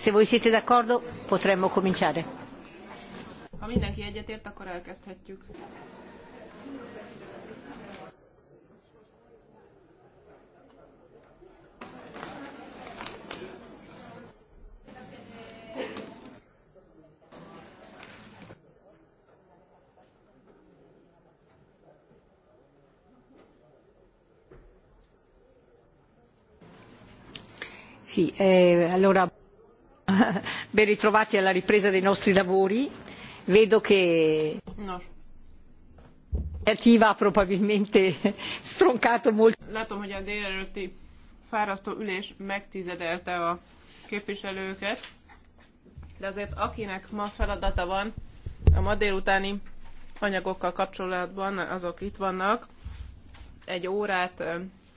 Se voi siete d'accordo, potremmo cominciare. Ha mindenki egyetért, akkor elkezdhetjük. Sì, eh, allora ben ritrovati alla ripresa dei nostri lavori. Vedo che l'iniziativa ha probabilmente stroncato molto. Látom, hogy a délelőtti fárasztó ülés megtizedelte a képviselőket, de azért akinek ma feladata van, a ma délutáni anyagokkal kapcsolatban azok itt vannak. Egy órát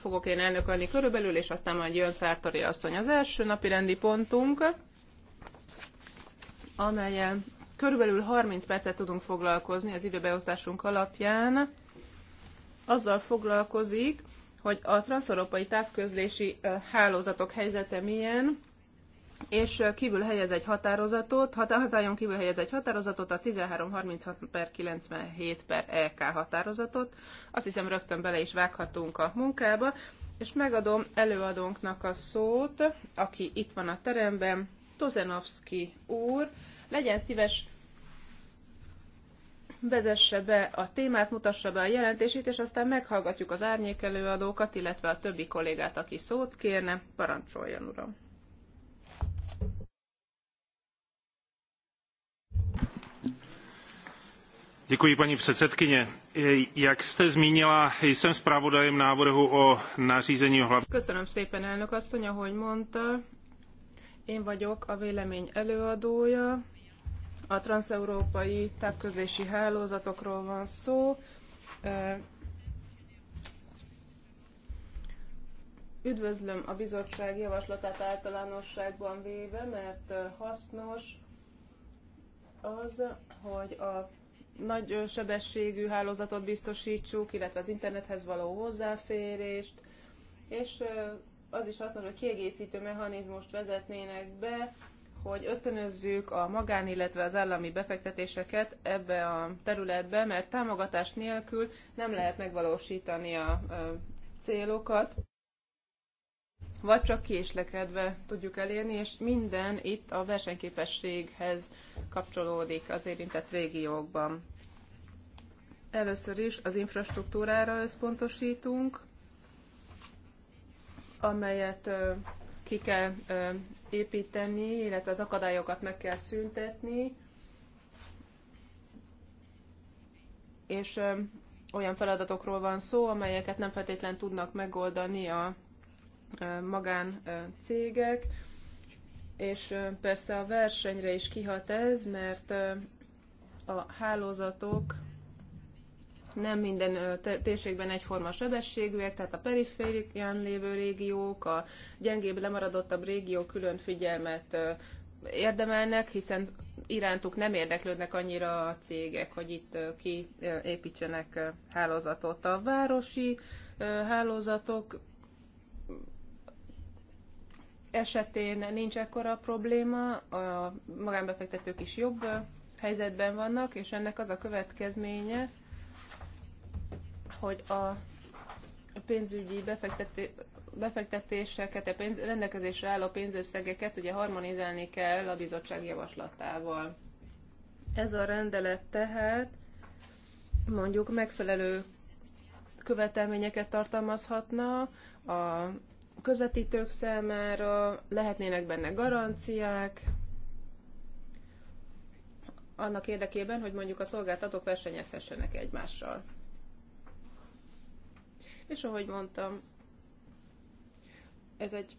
fogok én elnökölni körülbelül, és aztán majd jön Szártori asszony. Az első napi rendi pontunk amelyen körülbelül 30 percet tudunk foglalkozni az időbeosztásunk alapján, azzal foglalkozik, hogy a transzeurópai távközlési hálózatok helyzete milyen, és kívül helyez egy határozatot, hatályon kívül helyez egy határozatot, a 1336 per 97 per EK határozatot. Azt hiszem rögtön bele is vághatunk a munkába, és megadom előadónknak a szót, aki itt van a teremben, Tozenovski úr, legyen szíves, vezesse be a témát, mutassa be a jelentését, és aztán meghallgatjuk az árnyékelőadókat, illetve a többi kollégát, aki szót kérne. Parancsoljon, uram! paní předsedkyně. jak jste zmínila jsem zpravodajem návrhu o nařízení o hlavních. köszönöm szépen elnök asszony ahogy mondta én vagyok a vélemény előadója. A transeurópai távközlési hálózatokról van szó. Üdvözlöm a bizottság javaslatát általánosságban véve, mert hasznos az, hogy a nagy sebességű hálózatot biztosítsuk, illetve az internethez való hozzáférést, és az is mondja, hogy kiegészítő mechanizmust vezetnének be, hogy ösztönözzük a magán, illetve az állami befektetéseket ebbe a területbe, mert támogatás nélkül nem lehet megvalósítani a célokat, vagy csak késlekedve tudjuk elérni, és minden itt a versenyképességhez kapcsolódik az érintett régiókban. Először is az infrastruktúrára összpontosítunk, amelyet ki kell építeni, illetve az akadályokat meg kell szüntetni, és olyan feladatokról van szó, amelyeket nem feltétlen tudnak megoldani a magáncégek, és persze a versenyre is kihat ez, mert a hálózatok nem minden térségben egyforma sebességűek, tehát a periférián lévő régiók, a gyengébb, lemaradottabb régiók külön figyelmet érdemelnek, hiszen irántuk nem érdeklődnek annyira a cégek, hogy itt kiépítsenek hálózatot. A városi hálózatok esetén nincs ekkora probléma, a magánbefektetők is jobb helyzetben vannak, és ennek az a következménye, hogy a pénzügyi befektetéseket, a pénz, rendelkezésre álló pénzösszegeket ugye harmonizálni kell a bizottság javaslatával. Ez a rendelet tehát mondjuk megfelelő követelményeket tartalmazhatna a közvetítők számára, lehetnének benne garanciák, annak érdekében, hogy mondjuk a szolgáltatók versenyezhessenek egymással. És ahogy mondtam, ez egy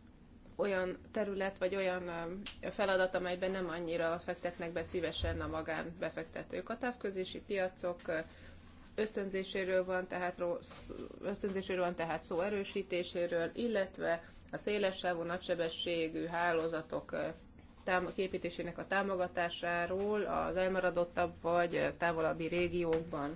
olyan terület, vagy olyan um, feladat, amelyben nem annyira fektetnek be szívesen a magánbefektetők. A távközési piacok uh, ösztönzéséről van, tehát rossz, ösztönzéséről van tehát szó erősítéséről, illetve a széles sávú, nagysebességű hálózatok uh, képítésének a támogatásáról az elmaradottabb vagy uh, távolabbi régiókban.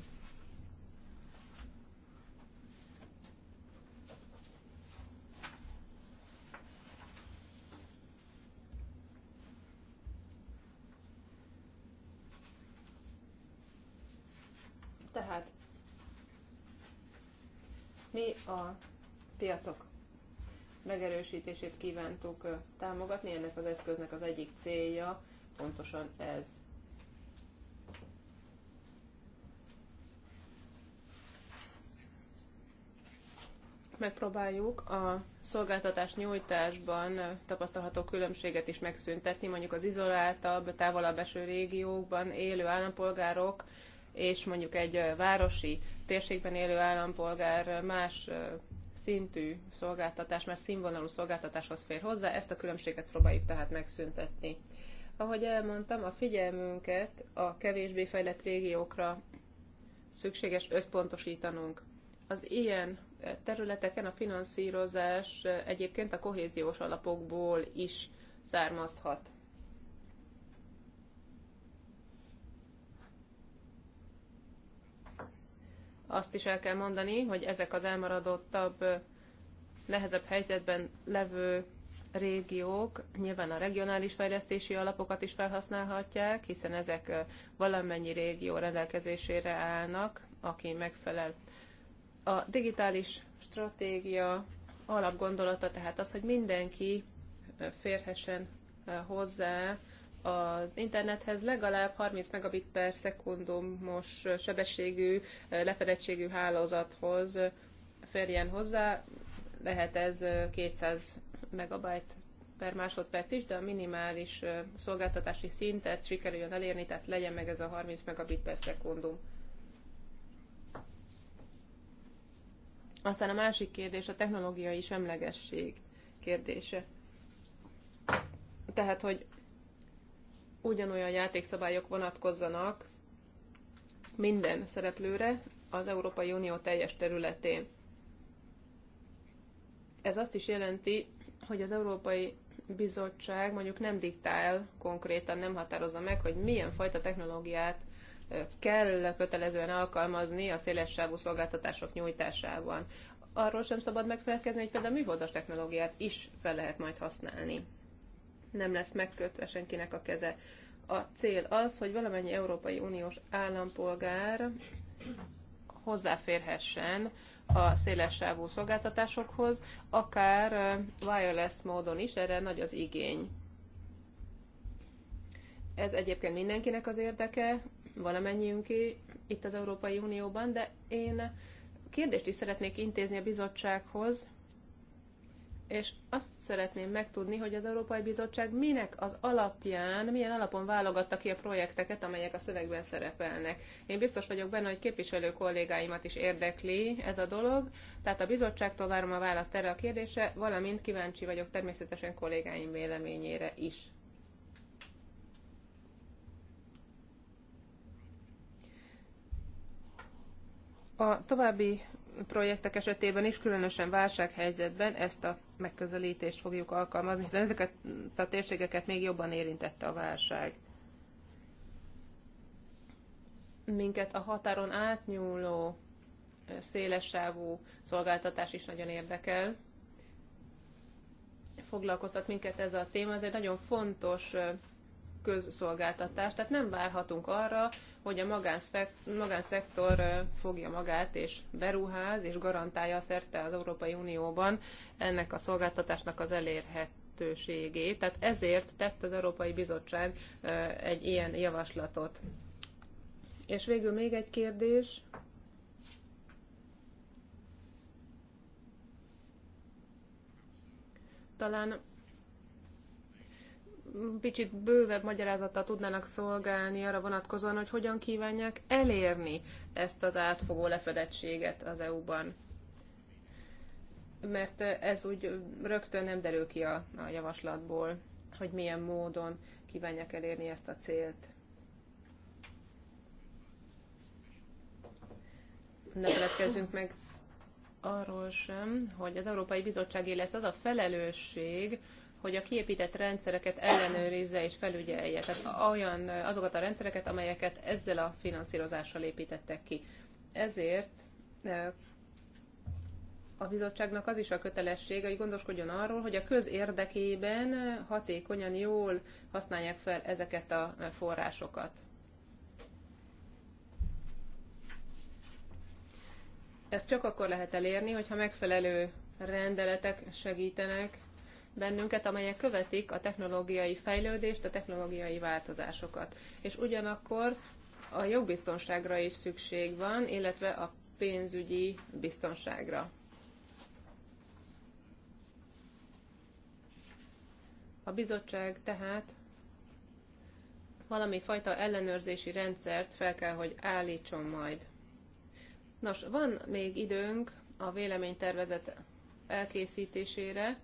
Mi a piacok megerősítését kívántuk támogatni, ennek az eszköznek az egyik célja pontosan ez. megpróbáljuk a szolgáltatás nyújtásban tapasztalható különbséget is megszüntetni, mondjuk az izoláltabb, távolabb eső régiókban élő állampolgárok és mondjuk egy városi térségben élő állampolgár más szintű szolgáltatás, más színvonalú szolgáltatáshoz fér hozzá, ezt a különbséget próbáljuk tehát megszüntetni. Ahogy elmondtam, a figyelmünket a kevésbé fejlett régiókra szükséges összpontosítanunk. Az ilyen területeken a finanszírozás egyébként a kohéziós alapokból is származhat. Azt is el kell mondani, hogy ezek az elmaradottabb, nehezebb helyzetben levő régiók nyilván a regionális fejlesztési alapokat is felhasználhatják, hiszen ezek valamennyi régió rendelkezésére állnak, aki megfelel. A digitális stratégia alapgondolata tehát az, hogy mindenki férhessen hozzá az internethez legalább 30 megabit per szekundumos sebességű, eh, lefedettségű hálózathoz férjen hozzá, lehet ez 200 eh, megabyte per másodperc is, de a minimális eh, szolgáltatási szintet sikerüljön elérni, tehát legyen meg ez a 30 megabit per szekundum. Aztán a másik kérdés a technológiai semlegesség kérdése. Tehát, hogy ugyanolyan játékszabályok vonatkozzanak minden szereplőre az Európai Unió teljes területén. Ez azt is jelenti, hogy az Európai Bizottság mondjuk nem diktál konkrétan, nem határozza meg, hogy milyen fajta technológiát kell kötelezően alkalmazni a szélessávú szolgáltatások nyújtásában. Arról sem szabad megfelelkezni, hogy például műholdas technológiát is fel lehet majd használni nem lesz megkötve senkinek a keze. A cél az, hogy valamennyi Európai Uniós állampolgár hozzáférhessen a szélessávú szolgáltatásokhoz, akár wireless módon is, erre nagy az igény. Ez egyébként mindenkinek az érdeke, valamennyiünké itt az Európai Unióban, de én kérdést is szeretnék intézni a bizottsághoz, és azt szeretném megtudni, hogy az Európai Bizottság minek az alapján, milyen alapon válogatta ki a projekteket, amelyek a szövegben szerepelnek. Én biztos vagyok benne, hogy képviselő kollégáimat is érdekli ez a dolog, tehát a bizottságtól várom a választ erre a kérdésre, valamint kíváncsi vagyok természetesen kollégáim véleményére is. A további projektek esetében is, különösen válsághelyzetben ezt a megközelítést fogjuk alkalmazni, hiszen ezeket a térségeket még jobban érintette a válság. Minket a határon átnyúló szélessávú szolgáltatás is nagyon érdekel. Foglalkoztat minket ez a téma, ez egy nagyon fontos közszolgáltatás, tehát nem várhatunk arra, hogy a magánszektor fogja magát és beruház, és garantálja szerte az Európai Unióban ennek a szolgáltatásnak az elérhetőségét. Tehát ezért tett az Európai Bizottság egy ilyen javaslatot. És végül még egy kérdés. Talán kicsit bővebb magyarázattal tudnának szolgálni arra vonatkozóan, hogy hogyan kívánják elérni ezt az átfogó lefedettséget az EU-ban. Mert ez úgy rögtön nem derül ki a, a javaslatból, hogy milyen módon kívánják elérni ezt a célt. Ne feledkezzünk meg arról sem, hogy az Európai Bizottságé lesz az a felelősség, hogy a kiépített rendszereket ellenőrizze és felügyelje. Tehát olyan, azokat a rendszereket, amelyeket ezzel a finanszírozással építettek ki. Ezért a bizottságnak az is a kötelessége, hogy gondoskodjon arról, hogy a közérdekében hatékonyan, jól használják fel ezeket a forrásokat. Ezt csak akkor lehet elérni, hogyha megfelelő rendeletek segítenek bennünket, amelyek követik a technológiai fejlődést, a technológiai változásokat. És ugyanakkor a jogbiztonságra is szükség van, illetve a pénzügyi biztonságra. A bizottság tehát valami fajta ellenőrzési rendszert fel kell, hogy állítson majd. Nos, van még időnk a véleménytervezet elkészítésére,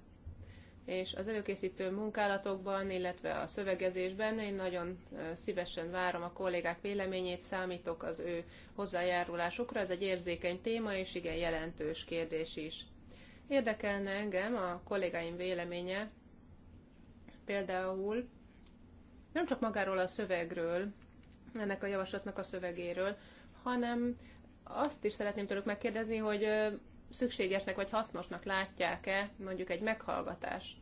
és az előkészítő munkálatokban, illetve a szövegezésben én nagyon szívesen várom a kollégák véleményét, számítok az ő hozzájárulásukra. Ez egy érzékeny téma, és igen jelentős kérdés is. Érdekelne engem a kollégáim véleménye, például nem csak magáról a szövegről, ennek a javaslatnak a szövegéről, hanem azt is szeretném tőlük megkérdezni, hogy szükségesnek vagy hasznosnak látják-e mondjuk egy meghallgatás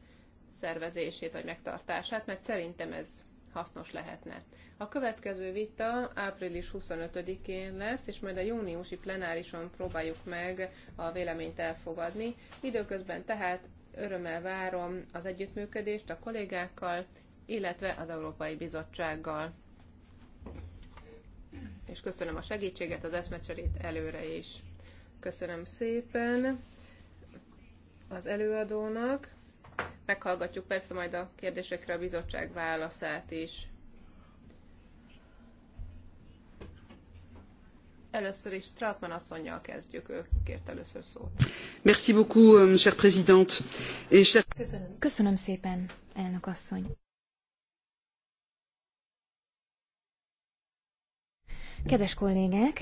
szervezését vagy megtartását, mert szerintem ez hasznos lehetne. A következő vita április 25-én lesz, és majd a júniusi plenárison próbáljuk meg a véleményt elfogadni. Időközben tehát örömmel várom az együttműködést a kollégákkal, illetve az Európai Bizottsággal. És köszönöm a segítséget, az eszmecserét előre is. Köszönöm szépen az előadónak. Meghallgatjuk persze majd a kérdésekre a bizottság válaszát is. Először is Trautmann asszonynal kezdjük, ő kért először szót. Merci beaucoup, euh, chère présidente. Et cher... Köszönöm. Köszönöm szépen, elnök asszony. Kedves kollégák,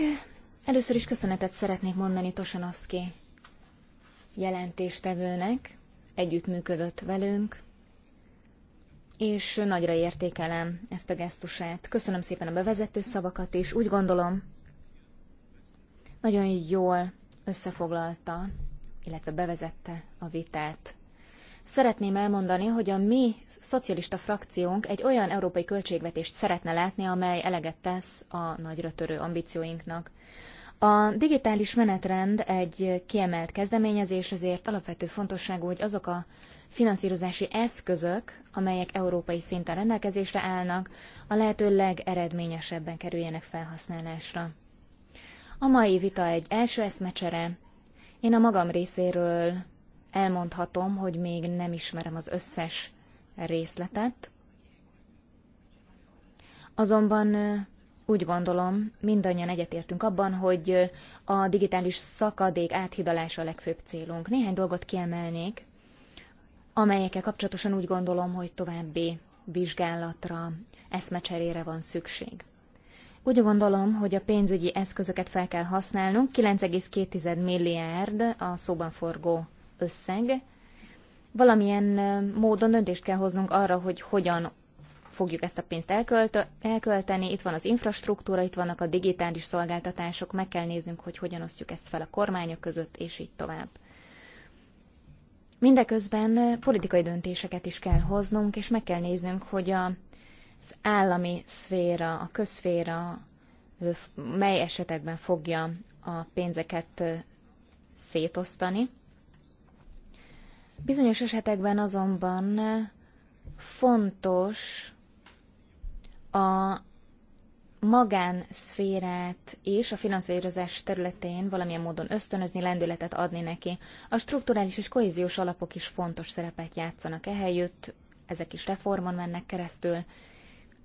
Először is köszönetet szeretnék mondani Tosanovszki jelentéstevőnek, együttműködött velünk, és nagyra értékelem ezt a gesztusát. Köszönöm szépen a bevezető szavakat, és úgy gondolom, nagyon jól összefoglalta, illetve bevezette a vitát. Szeretném elmondani, hogy a mi szocialista frakciónk egy olyan európai költségvetést szeretne látni, amely eleget tesz a nagyra törő ambícióinknak. A digitális menetrend egy kiemelt kezdeményezés, ezért alapvető fontosságú, hogy azok a finanszírozási eszközök, amelyek európai szinten rendelkezésre állnak, a lehető legeredményesebben kerüljenek felhasználásra. A mai vita egy első eszmecsere. Én a magam részéről elmondhatom, hogy még nem ismerem az összes részletet. Azonban úgy gondolom, mindannyian egyetértünk abban, hogy a digitális szakadék áthidalása a legfőbb célunk. Néhány dolgot kiemelnék, amelyekkel kapcsolatosan úgy gondolom, hogy további vizsgálatra, eszmecserére van szükség. Úgy gondolom, hogy a pénzügyi eszközöket fel kell használnunk, 9,2 milliárd a szóban forgó összeg. Valamilyen módon döntést kell hoznunk arra, hogy hogyan fogjuk ezt a pénzt elkölteni. Itt van az infrastruktúra, itt vannak a digitális szolgáltatások, meg kell néznünk, hogy hogyan osztjuk ezt fel a kormányok között, és így tovább. Mindeközben politikai döntéseket is kell hoznunk, és meg kell néznünk, hogy az állami szféra, a közszféra mely esetekben fogja a pénzeket szétosztani. Bizonyos esetekben azonban fontos a magánszférát és a finanszírozás területén valamilyen módon ösztönözni, lendületet adni neki. A strukturális és kohéziós alapok is fontos szerepet játszanak ehelyütt, ezek is reformon mennek keresztül.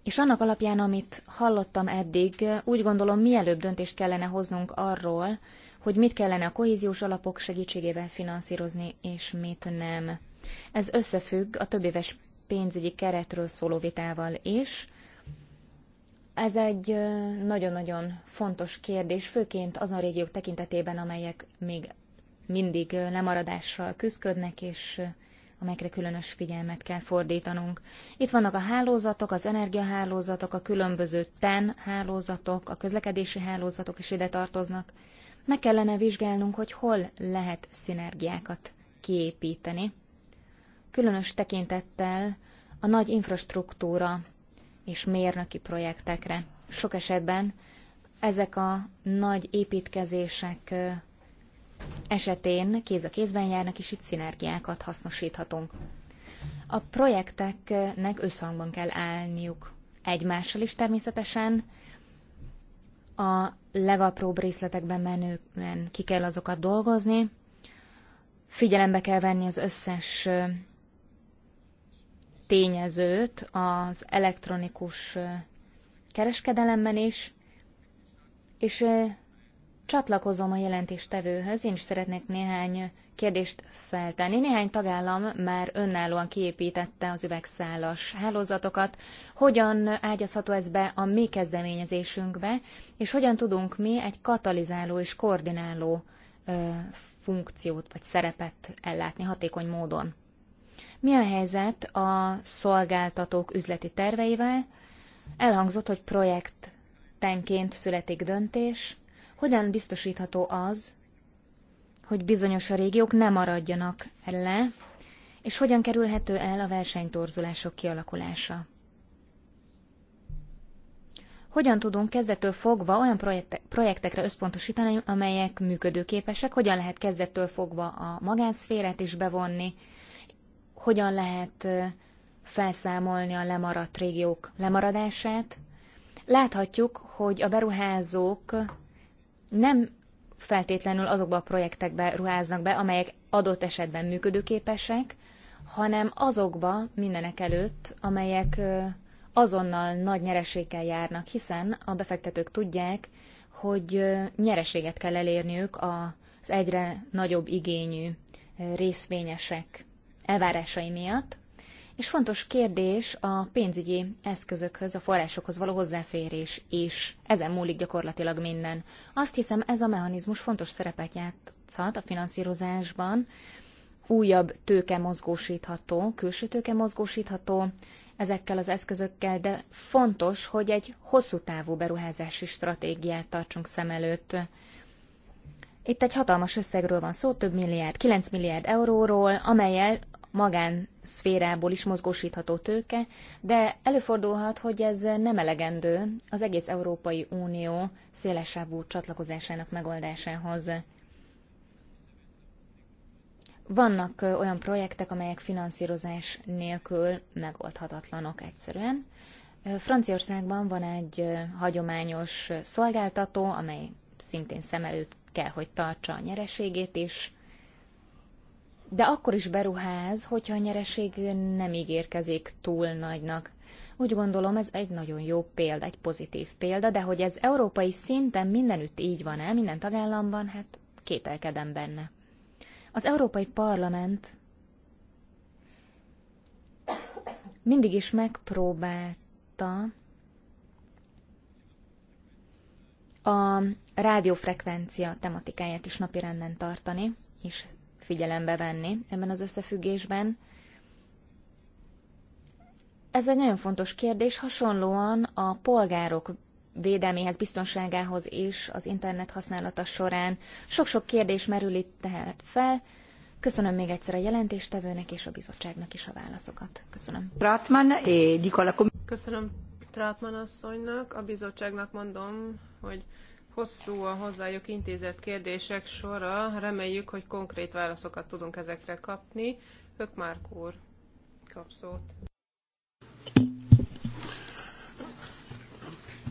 És annak alapján, amit hallottam eddig, úgy gondolom, mielőbb döntést kellene hoznunk arról, hogy mit kellene a kohéziós alapok segítségével finanszírozni, és mit nem. Ez összefügg a éves pénzügyi keretről szóló vitával is. Ez egy nagyon-nagyon fontos kérdés, főként azon régiók tekintetében, amelyek még mindig lemaradással küzdködnek, és amelyekre különös figyelmet kell fordítanunk. Itt vannak a hálózatok, az energiahálózatok, a különböző TEN hálózatok, a közlekedési hálózatok is ide tartoznak, meg kellene vizsgálnunk, hogy hol lehet szinergiákat kiépíteni, különös tekintettel a nagy infrastruktúra és mérnöki projektekre. Sok esetben ezek a nagy építkezések esetén kéz a kézben járnak, és itt szinergiákat hasznosíthatunk. A projekteknek összhangban kell állniuk egymással is természetesen, a legapróbb részletekben menően ki kell azokat dolgozni, figyelembe kell venni az összes tényezőt az elektronikus kereskedelemben is, és csatlakozom a jelentéstevőhöz, én is szeretnék néhány kérdést feltenni. Néhány tagállam már önállóan kiépítette az üvegszálas hálózatokat. Hogyan ágyazható ez be a mi kezdeményezésünkbe, és hogyan tudunk mi egy katalizáló és koordináló ö, funkciót vagy szerepet ellátni hatékony módon? Mi a helyzet a szolgáltatók üzleti terveivel? Elhangzott, hogy projekt tenként születik döntés. Hogyan biztosítható az, hogy bizonyos a régiók ne maradjanak le, és hogyan kerülhető el a versenytorzulások kialakulása. Hogyan tudunk kezdettől fogva olyan projektekre összpontosítani, amelyek működőképesek, hogyan lehet kezdettől fogva a magánszférát is bevonni, hogyan lehet felszámolni a lemaradt régiók lemaradását. Láthatjuk, hogy a beruházók nem feltétlenül azokba a projektekbe ruháznak be, amelyek adott esetben működőképesek, hanem azokba mindenek előtt, amelyek azonnal nagy nyereséggel járnak, hiszen a befektetők tudják, hogy nyereséget kell elérniük az egyre nagyobb igényű részvényesek elvárásai miatt, és fontos kérdés a pénzügyi eszközökhöz, a forrásokhoz való hozzáférés is. Ezen múlik gyakorlatilag minden. Azt hiszem, ez a mechanizmus fontos szerepet játszhat a finanszírozásban, újabb tőke mozgósítható, külső tőke mozgósítható ezekkel az eszközökkel, de fontos, hogy egy hosszú távú beruházási stratégiát tartsunk szem előtt. Itt egy hatalmas összegről van szó, több milliárd, 9 milliárd euróról, amelyel magánszférából is mozgósítható tőke, de előfordulhat, hogy ez nem elegendő az egész Európai Unió szélesávú csatlakozásának megoldásához. Vannak olyan projektek, amelyek finanszírozás nélkül megoldhatatlanok egyszerűen. Franciaországban van egy hagyományos szolgáltató, amely szintén szem előtt kell, hogy tartsa a nyereségét is, de akkor is beruház, hogyha a nyereség nem ígérkezik túl nagynak. Úgy gondolom, ez egy nagyon jó példa, egy pozitív példa, de hogy ez európai szinten mindenütt így van-e, minden tagállamban, hát kételkedem benne. Az Európai Parlament mindig is megpróbálta a rádiófrekvencia tematikáját is napirenden tartani, és figyelembe venni ebben az összefüggésben. Ez egy nagyon fontos kérdés, hasonlóan a polgárok védelméhez, biztonságához is az internet használata során. Sok-sok kérdés merül itt tehát fel. Köszönöm még egyszer a jelentéstevőnek és a bizottságnak is a válaszokat. Köszönöm. Tratman, eh, Köszönöm Trátman asszonynak, a bizottságnak mondom, hogy Hosszú a hozzájuk intézett kérdések sora, reméljük, hogy konkrét válaszokat tudunk ezekre kapni. Hökmárk úr kap szót.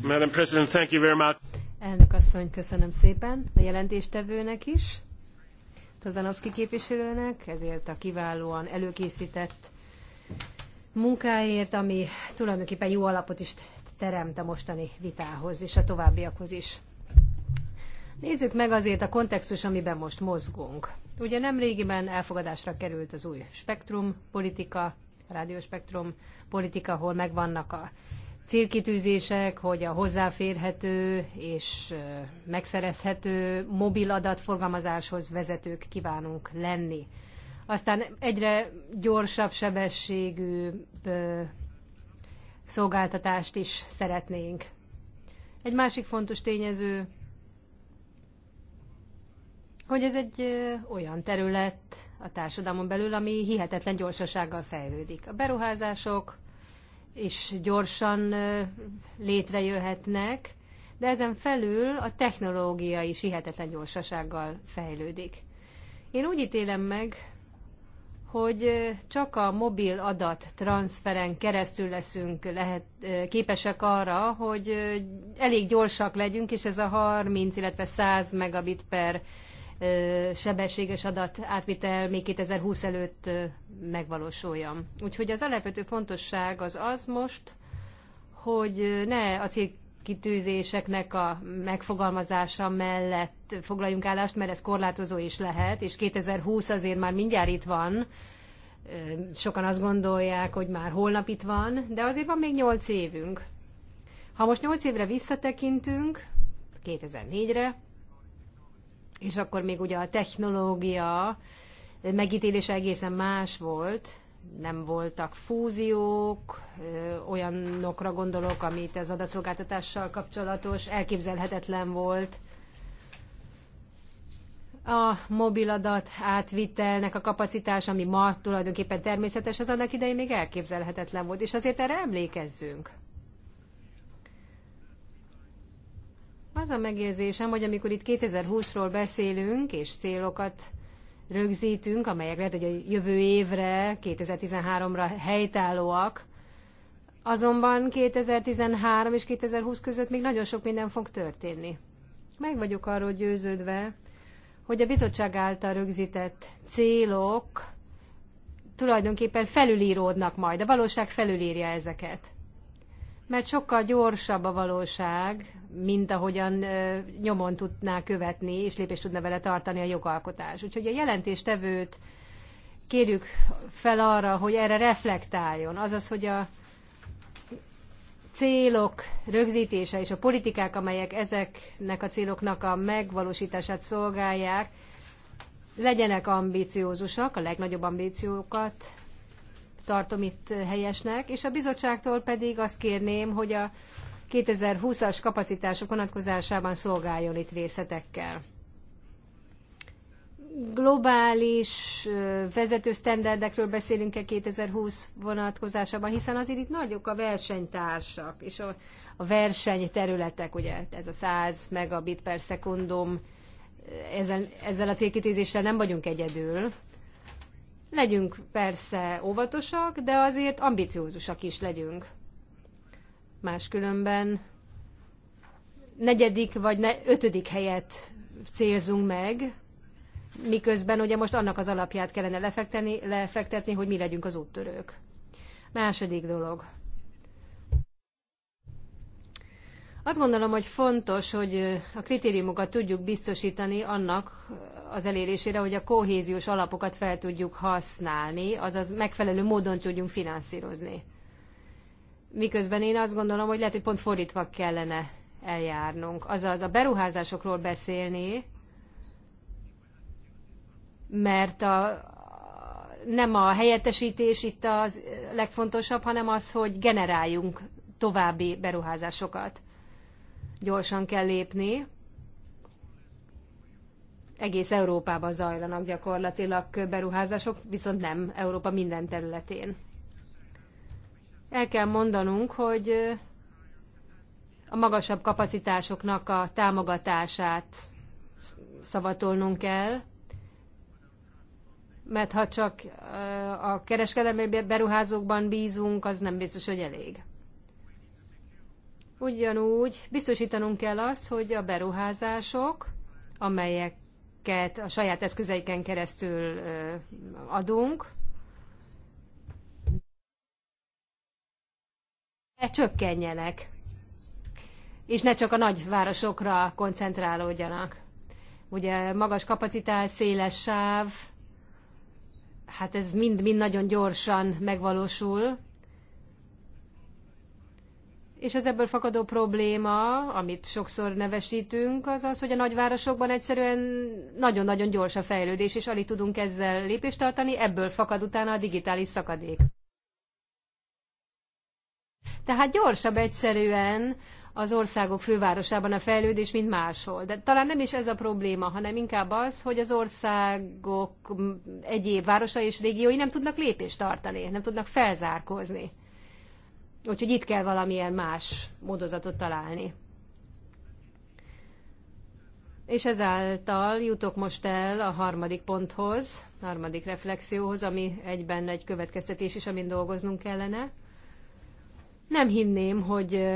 Madam President, thank you very much. Elnök asszony, köszönöm szépen a jelentéstevőnek is, Tozanovszki képviselőnek, ezért a kiválóan előkészített munkáért, ami tulajdonképpen jó alapot is teremt a mostani vitához és a továbbiakhoz is. Nézzük meg azért a kontextus, amiben most mozgunk. Ugye nem régiben elfogadásra került az új spektrum politika, rádióspektrum politika, ahol megvannak a célkitűzések, hogy a hozzáférhető és megszerezhető mobil adatforgalmazáshoz vezetők kívánunk lenni. Aztán egyre gyorsabb sebességű szolgáltatást is szeretnénk. Egy másik fontos tényező hogy ez egy olyan terület a társadalmon belül, ami hihetetlen gyorsasággal fejlődik. A beruházások is gyorsan létrejöhetnek, de ezen felül a technológia is hihetetlen gyorsasággal fejlődik. Én úgy ítélem meg, hogy csak a mobil adat transferen keresztül leszünk lehet, képesek arra, hogy elég gyorsak legyünk, és ez a 30, illetve 100 megabit per sebességes adat átvitel még 2020 előtt megvalósuljon. Úgyhogy az alapvető fontosság az az most, hogy ne a célkitűzéseknek a megfogalmazása mellett foglaljunk állást, mert ez korlátozó is lehet, és 2020 azért már mindjárt itt van, sokan azt gondolják, hogy már holnap itt van, de azért van még 8 évünk. Ha most 8 évre visszatekintünk, 2004-re, és akkor még ugye a technológia megítélése egészen más volt, nem voltak fúziók, olyanokra gondolok, amit az adatszolgáltatással kapcsolatos, elképzelhetetlen volt. A mobiladat átvitelnek a kapacitás, ami ma tulajdonképpen természetes, az annak idején még elképzelhetetlen volt, és azért erre emlékezzünk. Az a megérzésem, hogy amikor itt 2020-ról beszélünk, és célokat rögzítünk, amelyek lehet, hogy a jövő évre, 2013-ra helytállóak, azonban 2013 és 2020 között még nagyon sok minden fog történni. Meg vagyok arról győződve, hogy a bizottság által rögzített célok tulajdonképpen felülíródnak majd, a valóság felülírja ezeket. Mert sokkal gyorsabb a valóság, mint ahogyan nyomon tudná követni, és lépést tudna vele tartani a jogalkotás. Úgyhogy a jelentéstevőt kérjük fel arra, hogy erre reflektáljon. Azaz, hogy a célok rögzítése és a politikák, amelyek ezeknek a céloknak a megvalósítását szolgálják, legyenek ambiciózusak, a legnagyobb ambíciókat tartom itt helyesnek, és a bizottságtól pedig azt kérném, hogy a 2020-as kapacitások vonatkozásában szolgáljon itt részletekkel. Globális vezető sztenderdekről beszélünk-e 2020 vonatkozásában, hiszen azért itt nagyok a versenytársak, és a, a versenyterületek, ugye ez a 100 megabit per szekundum, ezzel, ezzel a célkitűzéssel nem vagyunk egyedül. Legyünk persze óvatosak, de azért ambiciózusak is legyünk. Máskülönben negyedik vagy ne, ötödik helyet célzunk meg, miközben ugye most annak az alapját kellene lefekteni, lefektetni, hogy mi legyünk az úttörők. Második dolog. Azt gondolom, hogy fontos, hogy a kritériumokat tudjuk biztosítani annak az elérésére, hogy a kohéziós alapokat fel tudjuk használni, azaz megfelelő módon tudjunk finanszírozni. Miközben én azt gondolom, hogy lehet, hogy pont fordítva kellene eljárnunk. Azaz a beruházásokról beszélni, mert a, nem a helyettesítés itt a legfontosabb, hanem az, hogy generáljunk további beruházásokat. Gyorsan kell lépni. Egész Európában zajlanak gyakorlatilag beruházások, viszont nem Európa minden területén el kell mondanunk, hogy a magasabb kapacitásoknak a támogatását szavatolnunk kell, mert ha csak a kereskedelmi beruházókban bízunk, az nem biztos, hogy elég. Ugyanúgy biztosítanunk kell azt, hogy a beruházások, amelyeket a saját eszközeiken keresztül adunk, E csökkenjenek, és ne csak a nagyvárosokra koncentrálódjanak. Ugye magas kapacitás, széles sáv, hát ez mind-mind nagyon gyorsan megvalósul, és az ebből fakadó probléma, amit sokszor nevesítünk, az az, hogy a nagyvárosokban egyszerűen nagyon-nagyon gyors a fejlődés, és alig tudunk ezzel lépést tartani, ebből fakad utána a digitális szakadék. Tehát gyorsabb egyszerűen az országok fővárosában a fejlődés, mint máshol. De talán nem is ez a probléma, hanem inkább az, hogy az országok egyéb városa és régiói nem tudnak lépést tartani, nem tudnak felzárkózni. Úgyhogy itt kell valamilyen más módozatot találni. És ezáltal jutok most el a harmadik ponthoz, harmadik reflexióhoz, ami egyben egy következtetés is, amin dolgoznunk kellene – nem hinném, hogy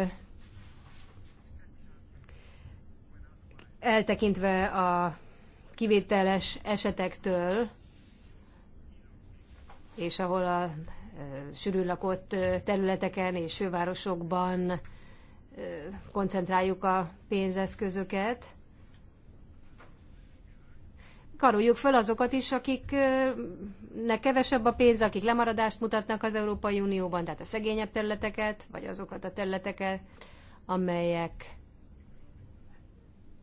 eltekintve a kivételes esetektől, és ahol a sűrűn lakott területeken és fővárosokban koncentráljuk a pénzeszközöket, karoljuk fel azokat is, akiknek kevesebb a pénz, akik lemaradást mutatnak az Európai Unióban, tehát a szegényebb területeket, vagy azokat a területeket, amelyek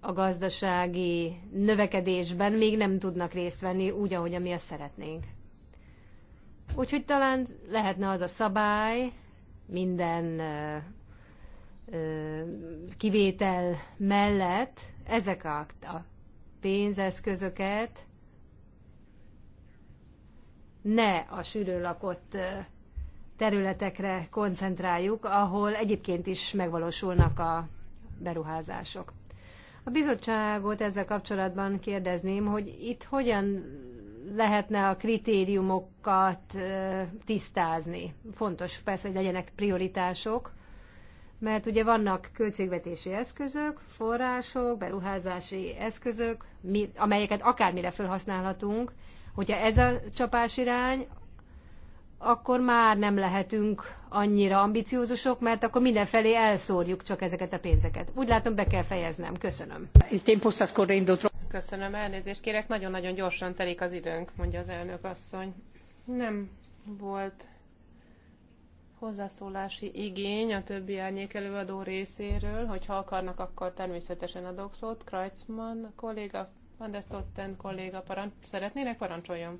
a gazdasági növekedésben még nem tudnak részt venni úgy, ahogy mi azt szeretnénk. Úgyhogy talán lehetne az a szabály minden kivétel mellett ezek a, a pénzeszközöket ne a sűrűn lakott területekre koncentráljuk, ahol egyébként is megvalósulnak a beruházások. A bizottságot ezzel kapcsolatban kérdezném, hogy itt hogyan lehetne a kritériumokat tisztázni. Fontos persze, hogy legyenek prioritások, mert ugye vannak költségvetési eszközök, források, beruházási eszközök, mi, amelyeket akármire felhasználhatunk, hogyha ez a csapás irány, akkor már nem lehetünk annyira ambiciózusok, mert akkor mindenfelé elszórjuk csak ezeket a pénzeket. Úgy látom, be kell fejeznem. Köszönöm. Köszönöm, elnézést kérek. Nagyon-nagyon gyorsan telik az időnk, mondja az elnök asszony. Nem volt hozzászólási igény a többi árnyék előadó részéről, ha akarnak, akkor természetesen adok szót. Kreitzmann kolléga, Van der Stotten kolléga, parancs... szeretnének parancsoljon?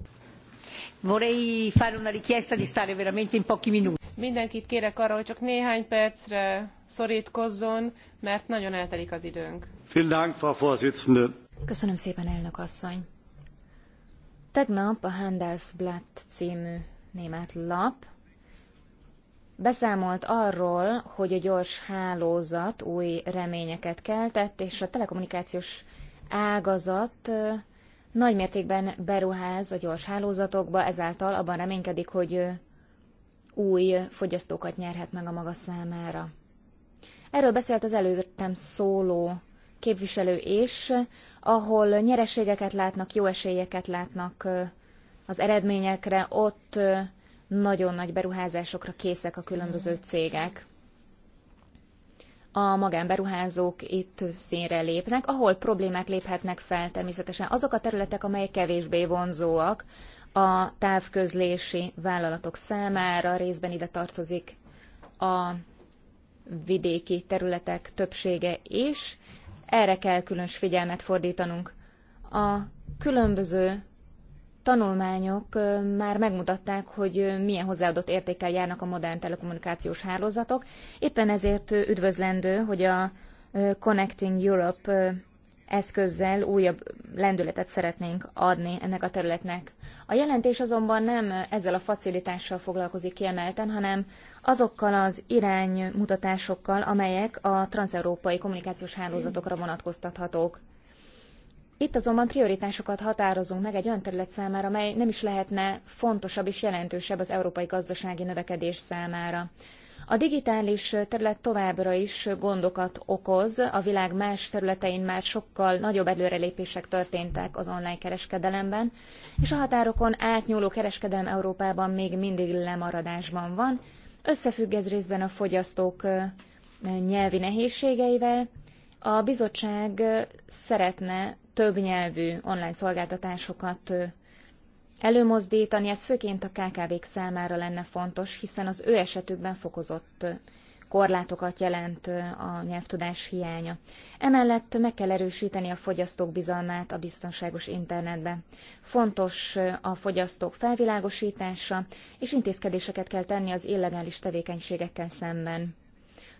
Vorrei fare una richiesta di stare veramente in pochi minuti. Mindenkit kérek arra, hogy csak néhány percre szorítkozzon, mert nagyon eltelik az időnk. Köszönöm szépen, elnök asszony. Tegnap a Handelsblatt című német lap beszámolt arról, hogy a gyors hálózat új reményeket keltett, és a telekommunikációs ágazat nagy mértékben beruház a gyors hálózatokba, ezáltal abban reménykedik, hogy új fogyasztókat nyerhet meg a maga számára. Erről beszélt az előttem szóló képviselő is, ahol nyereségeket látnak, jó esélyeket látnak az eredményekre, ott nagyon nagy beruházásokra készek a különböző mhm. cégek. A magánberuházók itt színre lépnek, ahol problémák léphetnek fel természetesen. Azok a területek, amelyek kevésbé vonzóak a távközlési vállalatok számára, részben ide tartozik a vidéki területek többsége is. Erre kell különös figyelmet fordítanunk. A különböző tanulmányok már megmutatták, hogy milyen hozzáadott értékkel járnak a modern telekommunikációs hálózatok. Éppen ezért üdvözlendő, hogy a Connecting Europe eszközzel újabb lendületet szeretnénk adni ennek a területnek. A jelentés azonban nem ezzel a facilitással foglalkozik kiemelten, hanem azokkal az iránymutatásokkal, amelyek a transeurópai kommunikációs hálózatokra vonatkoztathatók. Itt azonban prioritásokat határozunk meg egy olyan terület számára, amely nem is lehetne fontosabb és jelentősebb az európai gazdasági növekedés számára. A digitális terület továbbra is gondokat okoz, a világ más területein már sokkal nagyobb előrelépések történtek az online kereskedelemben, és a határokon átnyúló kereskedelem Európában még mindig lemaradásban van. Összefügg ez részben a fogyasztók nyelvi nehézségeivel. A bizottság szeretne több nyelvű online szolgáltatásokat előmozdítani, ez főként a KKV-k számára lenne fontos, hiszen az ő esetükben fokozott korlátokat jelent a nyelvtudás hiánya. Emellett meg kell erősíteni a fogyasztók bizalmát a biztonságos internetbe. Fontos a fogyasztók felvilágosítása, és intézkedéseket kell tenni az illegális tevékenységekkel szemben.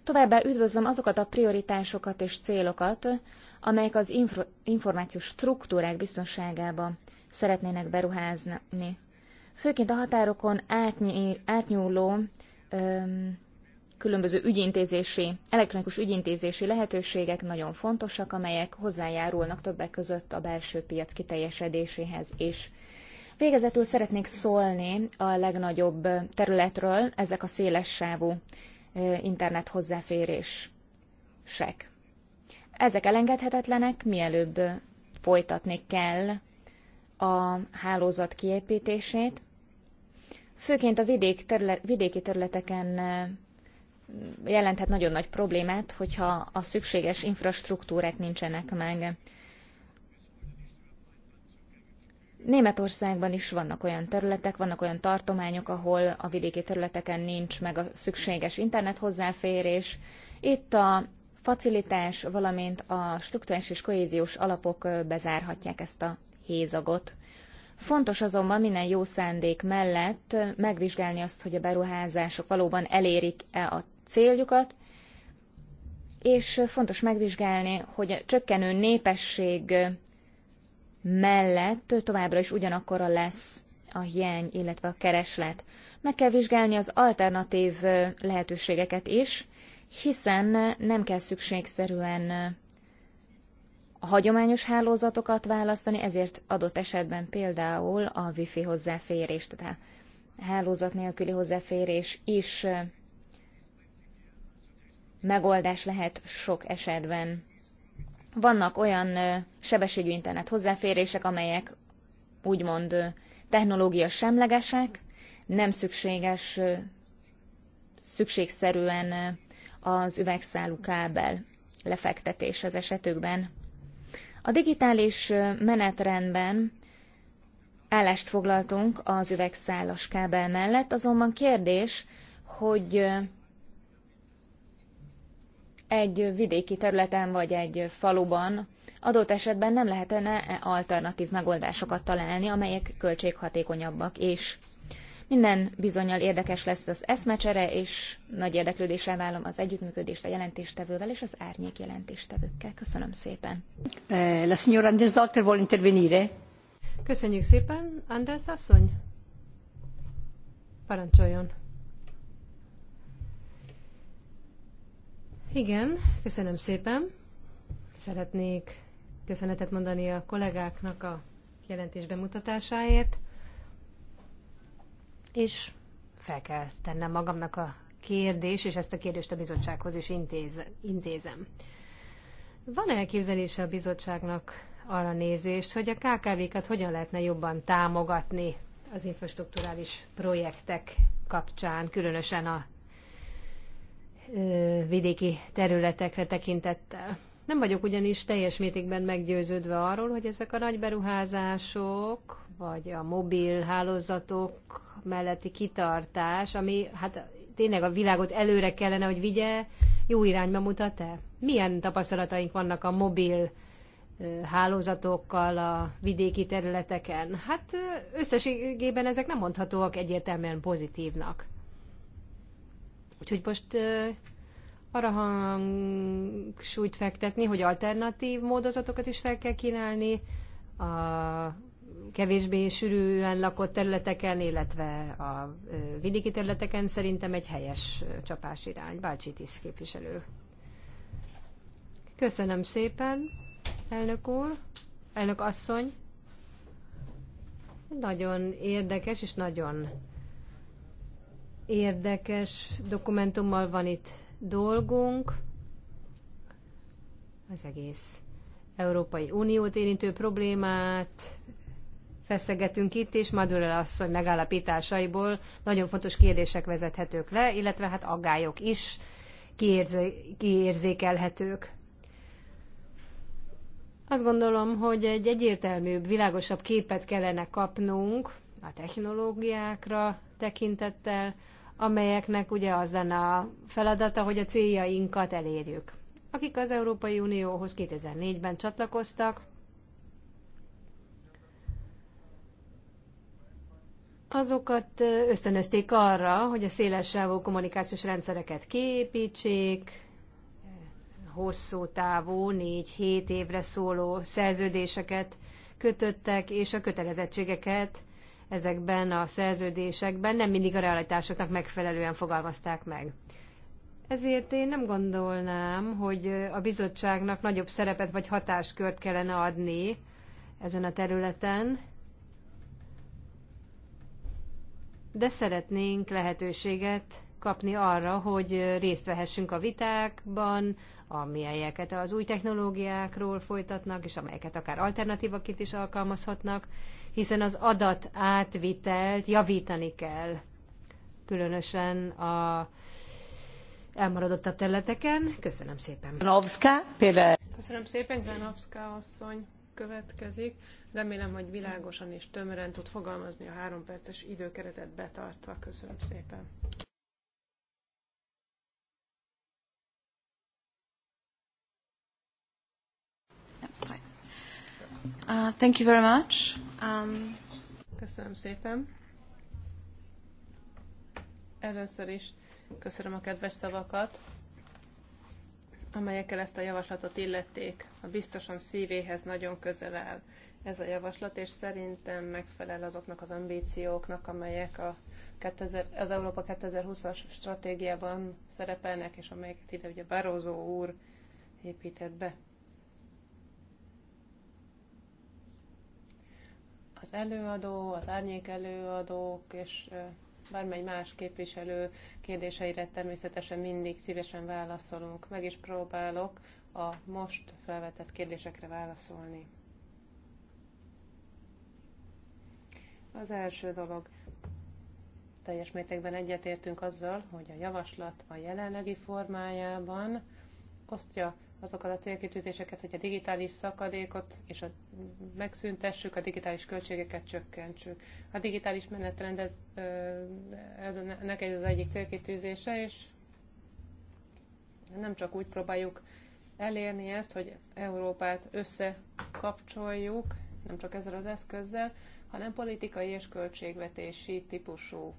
Továbbá üdvözlöm azokat a prioritásokat és célokat, amelyek az információs struktúrák biztonságába szeretnének beruházni. Főként a határokon átny- átnyúló öm, különböző ügyintézési, elektronikus ügyintézési lehetőségek nagyon fontosak, amelyek hozzájárulnak többek között a belső piac kiteljesedéséhez is. Végezetül szeretnék szólni a legnagyobb területről, ezek a széles sávú internet hozzáférések. Ezek elengedhetetlenek, mielőbb folytatni kell a hálózat kiépítését. Főként a vidék terület, vidéki területeken jelenthet nagyon nagy problémát, hogyha a szükséges infrastruktúrák nincsenek meg. Németországban is vannak olyan területek, vannak olyan tartományok, ahol a vidéki területeken nincs meg a szükséges internet hozzáférés. Itt a facilitás, valamint a struktúrás és kohéziós alapok bezárhatják ezt a hézagot. Fontos azonban minden jó szándék mellett megvizsgálni azt, hogy a beruházások valóban elérik-e a céljukat, és fontos megvizsgálni, hogy a csökkenő népesség mellett továbbra is ugyanakkora lesz a hiány, illetve a kereslet. Meg kell vizsgálni az alternatív lehetőségeket is, hiszen nem kell szükségszerűen a hagyományos hálózatokat választani, ezért adott esetben például a wifi hozzáférés, tehát a hálózat nélküli hozzáférés is megoldás lehet sok esetben. Vannak olyan sebességű internet hozzáférések, amelyek úgymond technológia semlegesek, nem szükséges szükségszerűen az üvegszálú kábel lefektetés az esetükben. A digitális menetrendben állást foglaltunk az üvegszálas kábel mellett, azonban kérdés, hogy egy vidéki területen vagy egy faluban adott esetben nem lehetene alternatív megoldásokat találni, amelyek költséghatékonyabbak is. Minden bizonyal érdekes lesz az eszmecsere, és nagy érdeklődéssel vállom az együttműködést a jelentéstevővel és az árnyék jelentéstevőkkel. Köszönöm szépen. Eh, la signora Andrés Doctor vuole intervenire. Köszönjük szépen, Andes asszony. Parancsoljon. Igen, köszönöm szépen. Szeretnék köszönetet mondani a kollégáknak a jelentés bemutatásáért és fel kell tennem magamnak a kérdés, és ezt a kérdést a bizottsághoz is intéz, intézem. Van elképzelése a bizottságnak arra nézést, hogy a KKV-kat hogyan lehetne jobban támogatni az infrastruktúrális projektek kapcsán, különösen a ö, vidéki területekre tekintettel. Nem vagyok ugyanis teljes mértékben meggyőződve arról, hogy ezek a nagy beruházások vagy a mobil hálózatok melletti kitartás, ami hát tényleg a világot előre kellene, hogy vigye, jó irányba mutat-e? Milyen tapasztalataink vannak a mobil hálózatokkal a vidéki területeken? Hát összességében ezek nem mondhatóak egyértelműen pozitívnak. Úgyhogy most arra hangsúlyt fektetni, hogy alternatív módozatokat is fel kell kínálni, a kevésbé sűrűen lakott területeken, illetve a vidéki területeken szerintem egy helyes csapás irány. Bácsi Tisz képviselő. Köszönöm szépen, elnök úr, elnök asszony. Nagyon érdekes és nagyon érdekes dokumentummal van itt dolgunk. Az egész Európai Uniót érintő problémát feszegetünk itt, és Madurell asszony megállapításaiból nagyon fontos kérdések vezethetők le, illetve hát aggályok is kiérzékelhetők. Azt gondolom, hogy egy egyértelműbb, világosabb képet kellene kapnunk a technológiákra tekintettel, amelyeknek ugye az lenne a feladata, hogy a céljainkat elérjük. Akik az Európai Unióhoz 2004-ben csatlakoztak, azokat ösztönözték arra, hogy a sávú kommunikációs rendszereket kiépítsék, hosszú távú, négy-hét évre szóló szerződéseket kötöttek, és a kötelezettségeket ezekben a szerződésekben nem mindig a realitásoknak megfelelően fogalmazták meg. Ezért én nem gondolnám, hogy a bizottságnak nagyobb szerepet vagy hatáskört kellene adni ezen a területen, de szeretnénk lehetőséget kapni arra, hogy részt vehessünk a vitákban, amelyeket az új technológiákról folytatnak, és amelyeket akár alternatívaként is alkalmazhatnak, hiszen az adat átvitelt javítani kell, különösen a elmaradottabb területeken. Köszönöm szépen. Zanovska, Köszönöm szépen, Zanovska asszony következik. Remélem, hogy világosan és tömören tud fogalmazni a három perces időkeretet betartva. Köszönöm szépen. Uh, thank you very much. Um... Köszönöm szépen. Először is köszönöm a kedves szavakat amelyekkel ezt a javaslatot illették. A biztosom szívéhez nagyon közel áll ez a javaslat, és szerintem megfelel azoknak az ambícióknak, amelyek a 2000, az Európa 2020-as stratégiában szerepelnek, és amelyeket ide ugye Barózó úr épített be. Az előadó, az árnyék előadók és bármely más képviselő kérdéseire természetesen mindig szívesen válaszolunk. Meg is próbálok a most felvetett kérdésekre válaszolni. Az első dolog. Teljes mértékben egyetértünk azzal, hogy a javaslat a jelenlegi formájában osztja azokat a célkitűzéseket, hogy a digitális szakadékot és a, megszüntessük, a digitális költségeket csökkentsük. A digitális menetrend ez, ez neked az egyik célkitűzése, és nem csak úgy próbáljuk elérni ezt, hogy Európát összekapcsoljuk, nem csak ezzel az eszközzel, hanem politikai és költségvetési típusú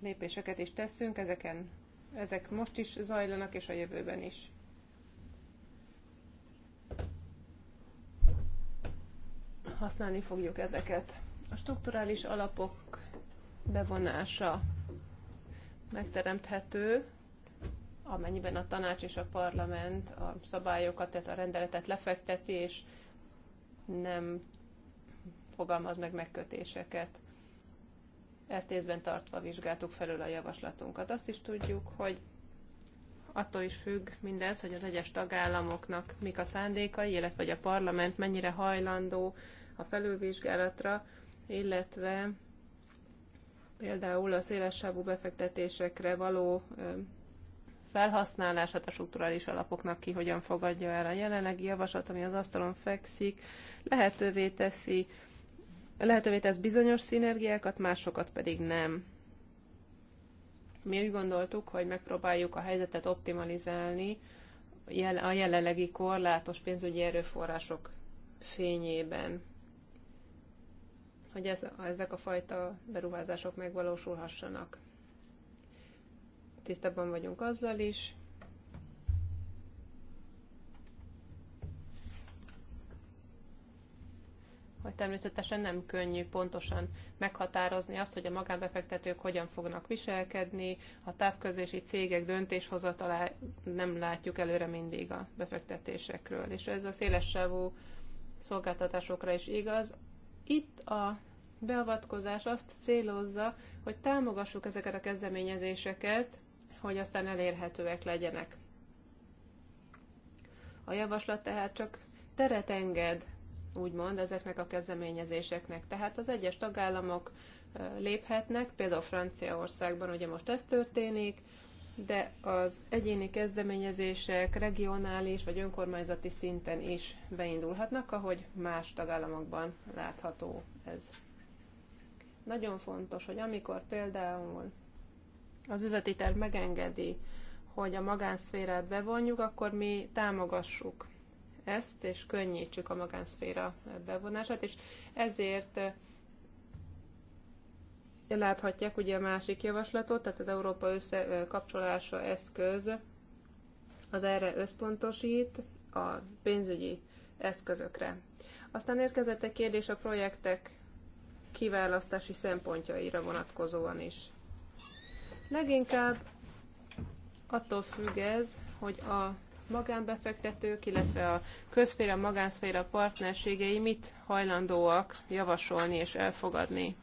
lépéseket is teszünk, ezeken ezek most is zajlanak, és a jövőben is. használni fogjuk ezeket. A strukturális alapok bevonása megteremthető, amennyiben a tanács és a parlament a szabályokat, tehát a rendeletet lefekteti, és nem fogalmaz meg megkötéseket. Ezt észben tartva vizsgáltuk felül a javaslatunkat. Azt is tudjuk, hogy attól is függ mindez, hogy az egyes tagállamoknak mik a szándékai, illetve hogy a parlament mennyire hajlandó a felülvizsgálatra, illetve például a szélessávú befektetésekre való felhasználását a strukturális alapoknak ki hogyan fogadja el a jelenlegi javaslat, ami az asztalon fekszik, lehetővé teszi, lehetővé tesz bizonyos szinergiákat, másokat pedig nem. Mi úgy gondoltuk, hogy megpróbáljuk a helyzetet optimalizálni a jelenlegi korlátos pénzügyi erőforrások fényében hogy ez, ezek a fajta beruházások megvalósulhassanak. Tisztában vagyunk azzal is, hogy természetesen nem könnyű pontosan meghatározni azt, hogy a magánbefektetők hogyan fognak viselkedni, a távközlési cégek döntéshozatalá nem látjuk előre mindig a befektetésekről. És ez a szélessávú szolgáltatásokra is igaz, itt a beavatkozás azt célozza, hogy támogassuk ezeket a kezdeményezéseket, hogy aztán elérhetőek legyenek. A javaslat tehát csak teret enged, úgymond, ezeknek a kezdeményezéseknek. Tehát az egyes tagállamok léphetnek, például Franciaországban ugye most ez történik, de az egyéni kezdeményezések regionális vagy önkormányzati szinten is beindulhatnak, ahogy más tagállamokban látható ez. Nagyon fontos, hogy amikor például az üzleti terv megengedi, hogy a magánszférát bevonjuk, akkor mi támogassuk ezt, és könnyítsük a magánszféra bevonását, és ezért láthatják ugye a másik javaslatot, tehát az Európa összekapcsolása eszköz az erre összpontosít a pénzügyi eszközökre. Aztán érkezett egy kérdés a projektek kiválasztási szempontjaira vonatkozóan is. Leginkább attól függ ez, hogy a magánbefektetők, illetve a közféra, magánszféra partnerségei mit hajlandóak javasolni és elfogadni.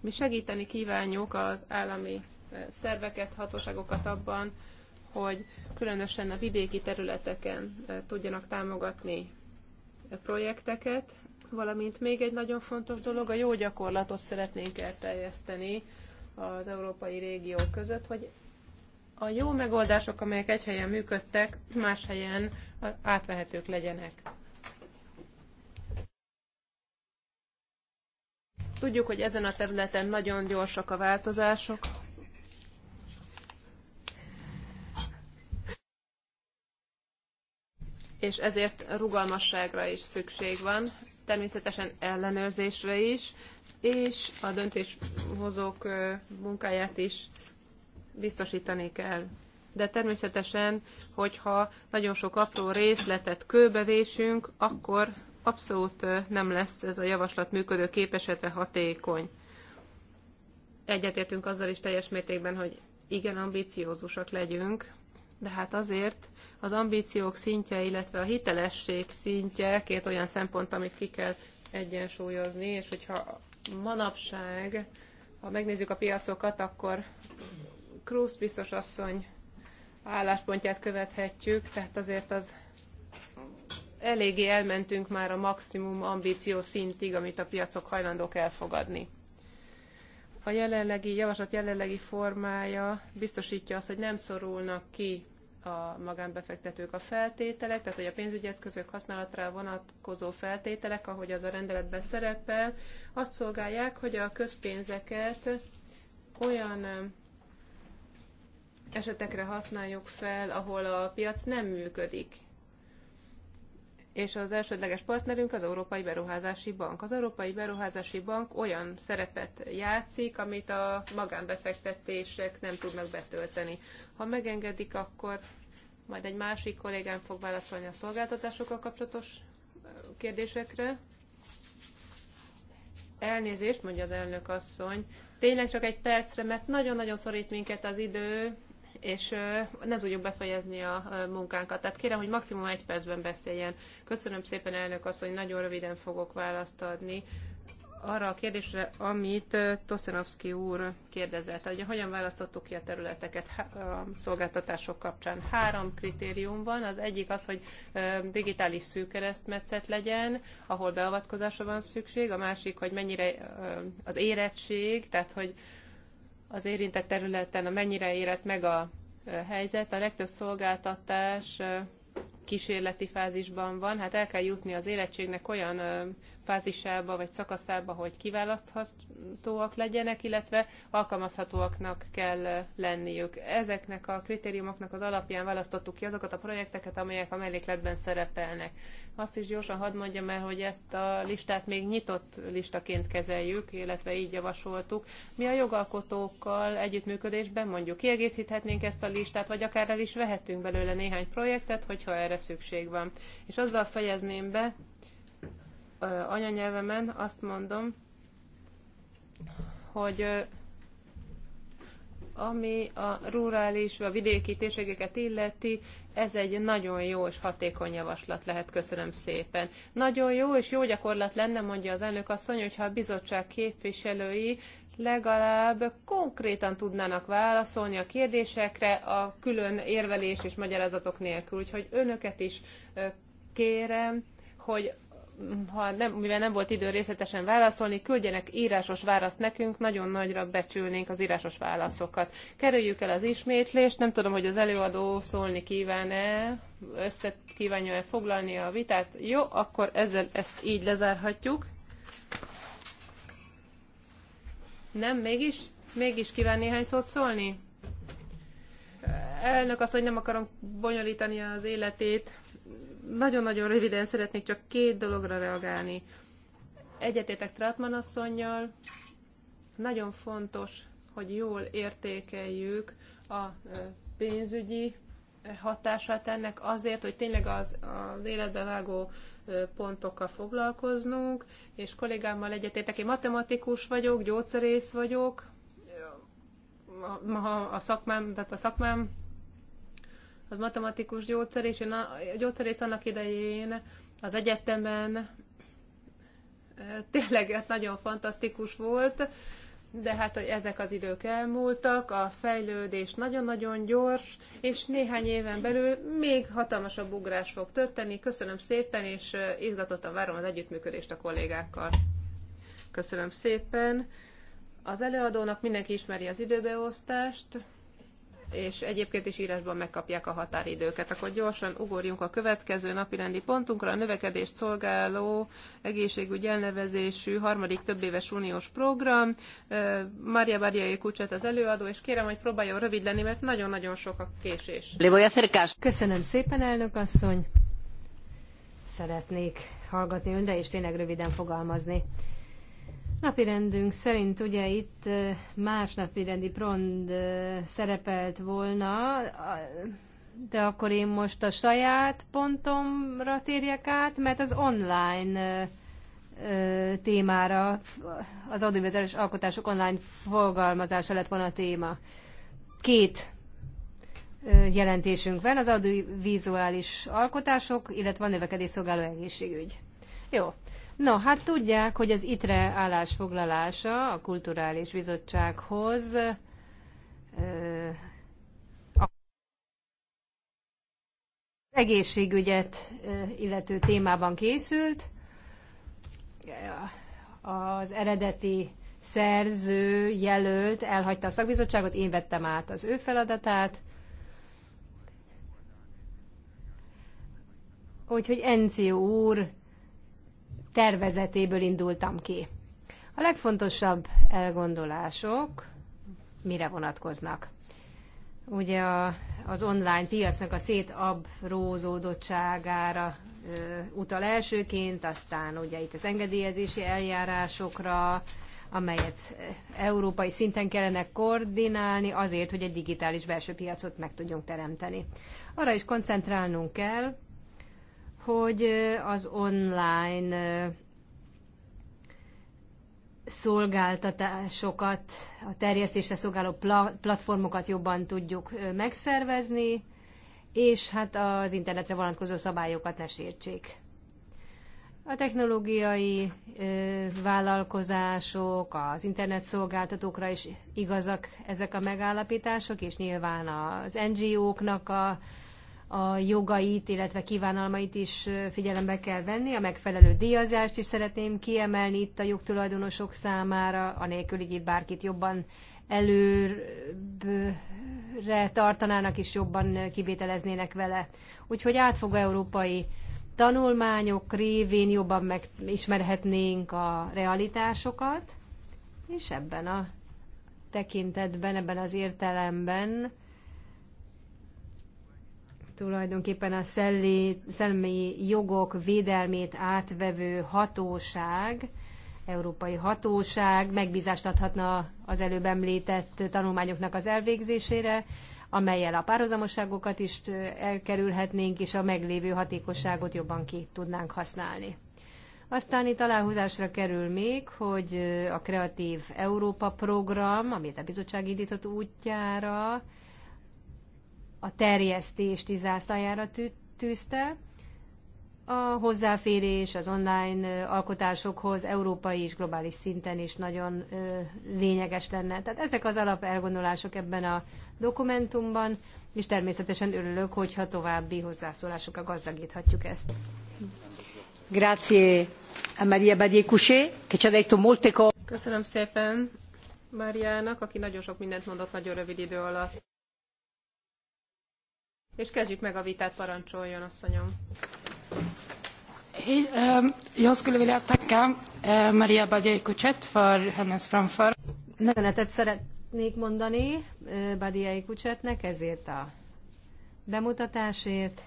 Mi segíteni kívánjuk az állami eh, szerveket, hatóságokat abban, hogy különösen a vidéki területeken eh, tudjanak támogatni projekteket, valamint még egy nagyon fontos dolog, a jó gyakorlatot szeretnénk elterjeszteni az európai régiók között, hogy a jó megoldások, amelyek egy helyen működtek, más helyen átvehetők legyenek. Tudjuk, hogy ezen a területen nagyon gyorsak a változások. És ezért rugalmasságra is szükség van, természetesen ellenőrzésre is, és a döntéshozók munkáját is biztosítani kell. De természetesen, hogyha nagyon sok apró részletet kőbevésünk, akkor abszolút nem lesz ez a javaslat működőképes, illetve hatékony. Egyetértünk azzal is teljes mértékben, hogy igen, ambíciózusak legyünk, de hát azért az ambíciók szintje, illetve a hitelesség szintje két olyan szempont, amit ki kell egyensúlyozni, és hogyha manapság, ha megnézzük a piacokat, akkor Cruz biztos asszony álláspontját követhetjük, tehát azért az eléggé elmentünk már a maximum ambíció szintig, amit a piacok hajlandók elfogadni. A jelenlegi javaslat jelenlegi formája biztosítja azt, hogy nem szorulnak ki a magánbefektetők a feltételek, tehát hogy a pénzügyi eszközök használatra vonatkozó feltételek, ahogy az a rendeletben szerepel, azt szolgálják, hogy a közpénzeket olyan um, esetekre használjuk fel, ahol a piac nem működik és az elsődleges partnerünk az Európai Beruházási Bank. Az Európai Beruházási Bank olyan szerepet játszik, amit a magánbefektetések nem tudnak betölteni. Ha megengedik, akkor majd egy másik kollégám fog válaszolni a szolgáltatásokkal kapcsolatos kérdésekre. Elnézést, mondja az elnök asszony. Tényleg csak egy percre, mert nagyon-nagyon szorít minket az idő és nem tudjuk befejezni a munkánkat. Tehát kérem, hogy maximum egy percben beszéljen. Köszönöm szépen, elnök Azt hogy nagyon röviden fogok választ adni arra a kérdésre, amit Toszenovszki úr kérdezett, hogy hogyan választottuk ki a területeket a szolgáltatások kapcsán. Három kritérium van, az egyik az, hogy digitális szűkeresztmetszet legyen, ahol beavatkozásra van szükség, a másik, hogy mennyire az érettség, tehát hogy az érintett területen mennyire érett meg a helyzet. A legtöbb szolgáltatás kísérleti fázisban van, hát el kell jutni az érettségnek olyan fázisába vagy szakaszába, hogy kiválaszthatóak legyenek, illetve alkalmazhatóaknak kell lenniük. Ezeknek a kritériumoknak az alapján választottuk ki azokat a projekteket, amelyek a mellékletben szerepelnek. Azt is gyorsan hadd mondjam el, hogy ezt a listát még nyitott listaként kezeljük, illetve így javasoltuk. Mi a jogalkotókkal együttműködésben mondjuk kiegészíthetnénk ezt a listát, vagy akár el is vehetünk belőle néhány projektet, hogyha erre amire szükség van. És azzal fejezném be anyanyelvemen, azt mondom, hogy ami a rurális, a vidéki térségeket illeti, ez egy nagyon jó és hatékony javaslat lehet, köszönöm szépen. Nagyon jó és jó gyakorlat lenne, mondja az elnök asszony, hogyha a bizottság képviselői legalább konkrétan tudnának válaszolni a kérdésekre a külön érvelés és magyarázatok nélkül. Úgyhogy önöket is kérem, hogy ha nem, mivel nem volt idő részletesen válaszolni, küldjenek írásos választ nekünk, nagyon nagyra becsülnénk az írásos válaszokat. Kerüljük el az ismétlést, nem tudom, hogy az előadó szólni kíván-e, össze kívánja-e foglalni a vitát. Jó, akkor ezzel ezt így lezárhatjuk. Nem, mégis? Mégis kíván néhány szót szólni? Elnök azt, hogy nem akarom bonyolítani az életét. Nagyon-nagyon röviden szeretnék csak két dologra reagálni. Egyetétek Tratman asszonynal. Nagyon fontos, hogy jól értékeljük a pénzügyi hatását ennek azért, hogy tényleg az, az életbe vágó pontokkal foglalkoznunk, és kollégámmal egyetétek, én matematikus vagyok, gyógyszerész vagyok, a, a szakmám, tehát a szakmám az matematikus gyógyszerész, és én a, a gyógyszerész annak idején az egyetemen tényleg hát nagyon fantasztikus volt, de hát ezek az idők elmúltak, a fejlődés nagyon-nagyon gyors, és néhány éven belül még hatalmasabb ugrás fog történni. Köszönöm szépen, és izgatottan várom az együttműködést a kollégákkal. Köszönöm szépen. Az előadónak mindenki ismeri az időbeosztást és egyébként is írásban megkapják a határidőket. Akkor gyorsan ugorjunk a következő napirendi pontunkra, a növekedést szolgáló egészségügy elnevezésű harmadik többéves uniós program. Mária Bárjai Kucset az előadó, és kérem, hogy próbáljon rövid lenni, mert nagyon-nagyon sok a késés. Köszönöm szépen, elnök asszony! Szeretnék hallgatni önre, és tényleg röviden fogalmazni. Napirendünk szerint ugye itt más napirendi prond szerepelt volna, de akkor én most a saját pontomra térjek át, mert az online témára, az audiovizuális alkotások online forgalmazása lett volna a téma. Két jelentésünk van, az audiovizuális alkotások, illetve a növekedés szolgáló egészségügy. Jó, No, hát tudják, hogy az ITRE állásfoglalása a Kulturális Bizottsághoz az egészségügyet illető témában készült. Az eredeti szerző jelölt elhagyta a szakbizottságot, én vettem át az ő feladatát. Úgyhogy Enci úr tervezetéből indultam ki. A legfontosabb elgondolások mire vonatkoznak? Ugye a, az online piacnak a szétabrózódottságára ö, utal elsőként, aztán ugye itt az engedélyezési eljárásokra, amelyet európai szinten kellene koordinálni azért, hogy egy digitális belső piacot meg tudjunk teremteni. Arra is koncentrálnunk kell, hogy az online szolgáltatásokat, a terjesztésre szolgáló platformokat jobban tudjuk megszervezni, és hát az internetre vonatkozó szabályokat ne sértsék. A technológiai vállalkozások, az internet szolgáltatókra is igazak ezek a megállapítások, és nyilván az NGO-knak a a jogait, illetve kívánalmait is figyelembe kell venni. A megfelelő díjazást is szeretném kiemelni itt a jogtulajdonosok számára, anélkül így itt bárkit jobban előre tartanának és jobban kivételeznének vele. Úgyhogy átfog európai tanulmányok révén jobban megismerhetnénk a realitásokat, és ebben a tekintetben, ebben az értelemben tulajdonképpen a szellé, szellemi jogok védelmét átvevő hatóság, európai hatóság megbízást adhatna az előbb említett tanulmányoknak az elvégzésére, amelyel a párhuzamosságokat is elkerülhetnénk, és a meglévő hatékosságot jobban ki tudnánk használni. Aztán itt aláhúzásra kerül még, hogy a Kreatív Európa program, amit a bizottság indított útjára, a terjesztést is zászlájára tűzte, a hozzáférés az online alkotásokhoz európai és globális szinten is nagyon ö, lényeges lenne. Tehát ezek az alap elgondolások ebben a dokumentumban, és természetesen örülök, hogyha további hozzászólásokkal gazdagíthatjuk ezt. Grazie a Maria Badier-Couché, che ci ha detto molte cose. Köszönöm szépen Mariának, aki nagyon sok mindent mondott nagyon rövid idő alatt. És kezdjük meg a vitát, parancsoljon, asszonyom. Hej, um, jag skulle vilja tacka eh, Maria Badiai Kucset för hennes framför. Nevenetet szeretnék mondani eh, Badiai Kucsetnek ezért a bemutatásért.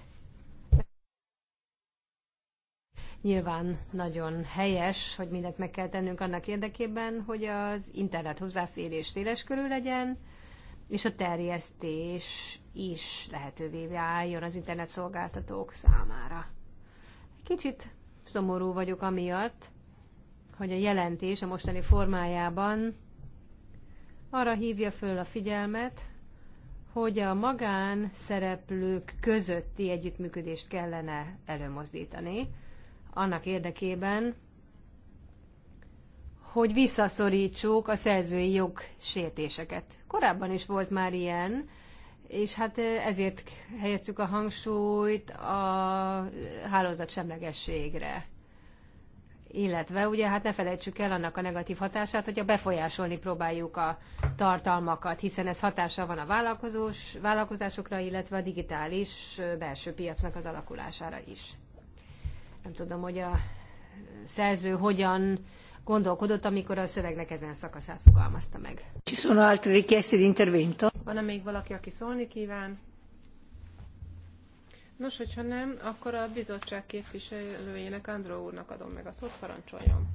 Nyilván nagyon helyes, hogy mindent meg kell tennünk annak érdekében, hogy az internet hozzáférés széles körül legyen, és a terjesztés is lehetővé váljon az internetszolgáltatók számára. Kicsit szomorú vagyok amiatt, hogy a jelentés a mostani formájában arra hívja föl a figyelmet, hogy a magán szereplők közötti együttműködést kellene előmozdítani, annak érdekében, hogy visszaszorítsuk a szerzői jog sértéseket. Korábban is volt már ilyen, és hát ezért helyeztük a hangsúlyt a hálózat semlegességre. Illetve ugye hát ne felejtsük el annak a negatív hatását, hogyha befolyásolni próbáljuk a tartalmakat, hiszen ez hatása van a vállalkozós, vállalkozásokra, illetve a digitális belső piacnak az alakulására is. Nem tudom, hogy a szerző hogyan gondolkodott, amikor a szövegnek ezen szakaszát fogalmazta meg. Van-e még valaki, aki szólni kíván? Nos, hogyha nem, akkor a bizottság képviselőjének, Andró úrnak adom meg a szót, parancsoljon.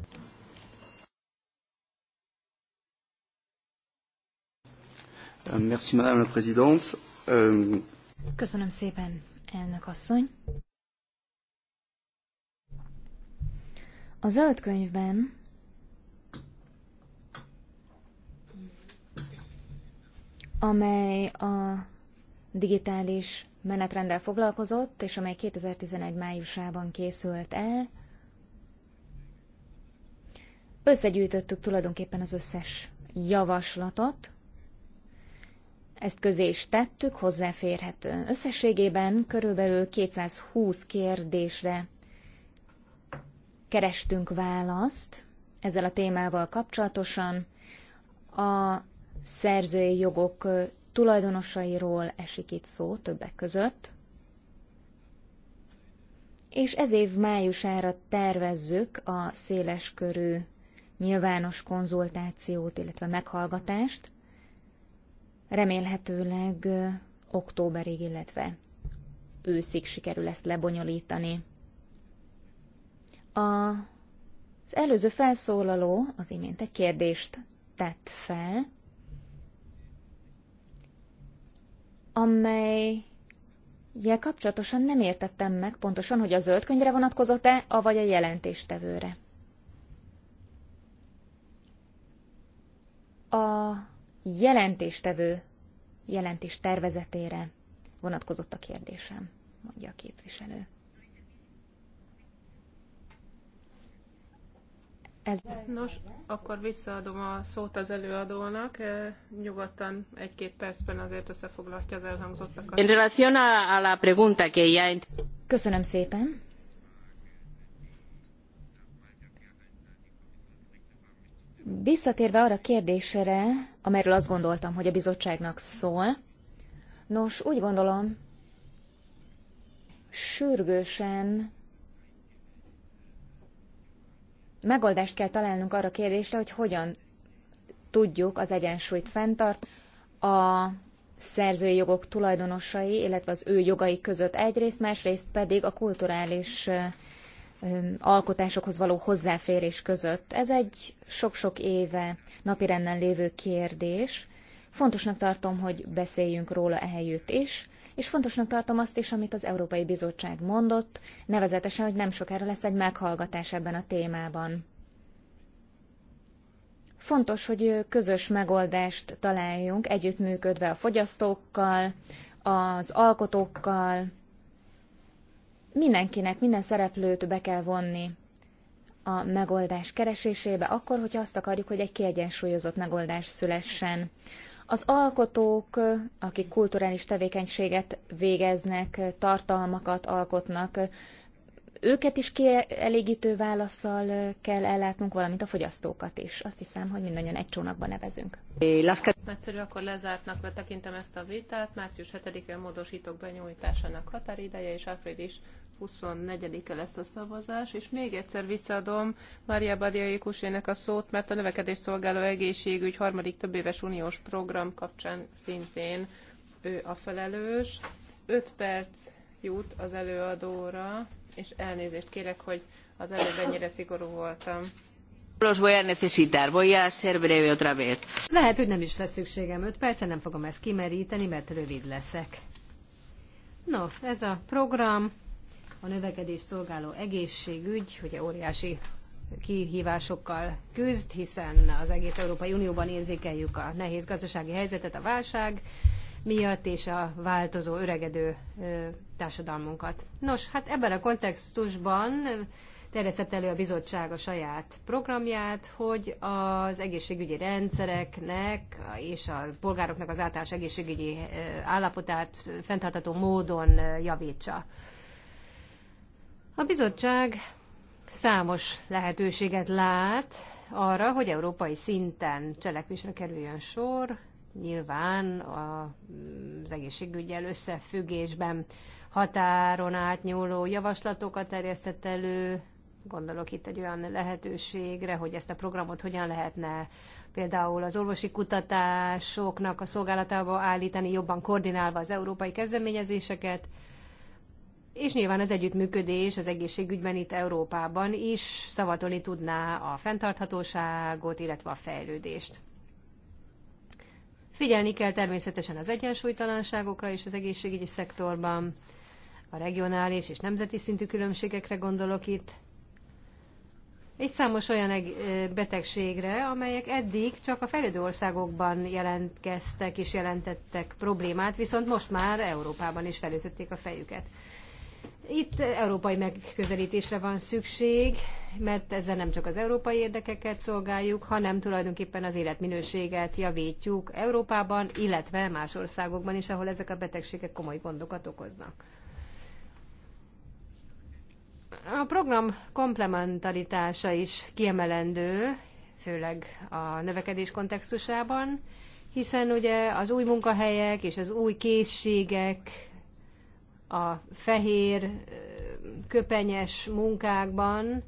Euh, merci, Madame la Présidente. Euh, Köszönöm szépen, elnök asszony. A zöld könyvben amely a digitális menetrenddel foglalkozott, és amely 2011 májusában készült el. Összegyűjtöttük tulajdonképpen az összes javaslatot, ezt közé is tettük, hozzáférhető. Összességében körülbelül 220 kérdésre kerestünk választ ezzel a témával kapcsolatosan. A szerzői jogok tulajdonosairól esik itt szó többek között, és ez év májusára tervezzük a széleskörű nyilvános konzultációt, illetve meghallgatást, remélhetőleg októberig, illetve őszig sikerül ezt lebonyolítani. A, az előző felszólaló az imént egy kérdést tett fel, amelyel kapcsolatosan nem értettem meg pontosan, hogy a zöld könyvre vonatkozott-e, avagy a jelentéstevőre. A jelentéstevő jelentés tervezetére vonatkozott a kérdésem, mondja a képviselő. Ez... Nos, akkor visszaadom a szót az előadónak. Nyugodtan egy-két percben azért összefoglalhatja az elhangzottakat. En relación a, la pregunta que ya... Köszönöm szépen. Visszatérve arra kérdésre, amelyről azt gondoltam, hogy a bizottságnak szól, nos, úgy gondolom, sürgősen megoldást kell találnunk arra a kérdésre, hogy hogyan tudjuk az egyensúlyt fenntart a szerzői jogok tulajdonosai, illetve az ő jogai között egyrészt, másrészt pedig a kulturális alkotásokhoz való hozzáférés között. Ez egy sok-sok éve napirenden lévő kérdés. Fontosnak tartom, hogy beszéljünk róla ehelyütt is, és fontosnak tartom azt is, amit az Európai Bizottság mondott, nevezetesen, hogy nem sokára lesz egy meghallgatás ebben a témában. Fontos, hogy közös megoldást találjunk, együttműködve a fogyasztókkal, az alkotókkal, mindenkinek, minden szereplőt be kell vonni a megoldás keresésébe, akkor, hogyha azt akarjuk, hogy egy kiegyensúlyozott megoldás szülessen. Az alkotók, akik kulturális tevékenységet végeznek, tartalmakat alkotnak, őket is kielégítő válaszsal kell ellátnunk, valamint a fogyasztókat is. Azt hiszem, hogy mindannyian egy csónakban nevezünk. Nagyszerű, akkor lezártnak tekintem ezt a vitát. Március 7-én módosítók benyújtásának határideje, és április 24-e lesz a szavazás, és még egyszer visszaadom Mária Badia Kusének a szót, mert a növekedés szolgáló egészségügy harmadik többéves uniós program kapcsán szintén ő a felelős. 5 perc jut az előadóra, és elnézést kérek, hogy az előbb ennyire szigorú voltam. Los voy a necesitar, voy a ser breve otra vez. Lehet, hogy nem is lesz szükségem 5 percen, nem fogom ezt kimeríteni, mert rövid leszek. No, ez a program a növekedés szolgáló egészségügy, ugye óriási kihívásokkal küzd, hiszen az egész Európai Unióban érzékeljük a nehéz gazdasági helyzetet, a válság miatt és a változó, öregedő társadalmunkat. Nos, hát ebben a kontextusban terjesztett elő a bizottság a saját programját, hogy az egészségügyi rendszereknek és a polgároknak az általános egészségügyi állapotát fenntartható módon javítsa. A bizottság számos lehetőséget lát arra, hogy európai szinten cselekvésre kerüljön sor, nyilván az egészségügyel összefüggésben határon átnyúló javaslatokat terjesztett elő, gondolok itt egy olyan lehetőségre, hogy ezt a programot hogyan lehetne például az orvosi kutatásoknak a szolgálatába állítani, jobban koordinálva az európai kezdeményezéseket, és nyilván az együttműködés az egészségügyben itt Európában is szavatolni tudná a fenntarthatóságot, illetve a fejlődést. Figyelni kell természetesen az egyensúlytalanságokra és az egészségügyi szektorban, a regionális és nemzeti szintű különbségekre gondolok itt, Egy számos olyan betegségre, amelyek eddig csak a fejlődő országokban jelentkeztek és jelentettek problémát, viszont most már Európában is felütötték a fejüket. Itt európai megközelítésre van szükség, mert ezzel nem csak az európai érdekeket szolgáljuk, hanem tulajdonképpen az életminőséget javítjuk Európában, illetve más országokban is, ahol ezek a betegségek komoly gondokat okoznak. A program komplementaritása is kiemelendő, főleg a növekedés kontextusában, hiszen ugye az új munkahelyek és az új készségek a fehér köpenyes munkákban,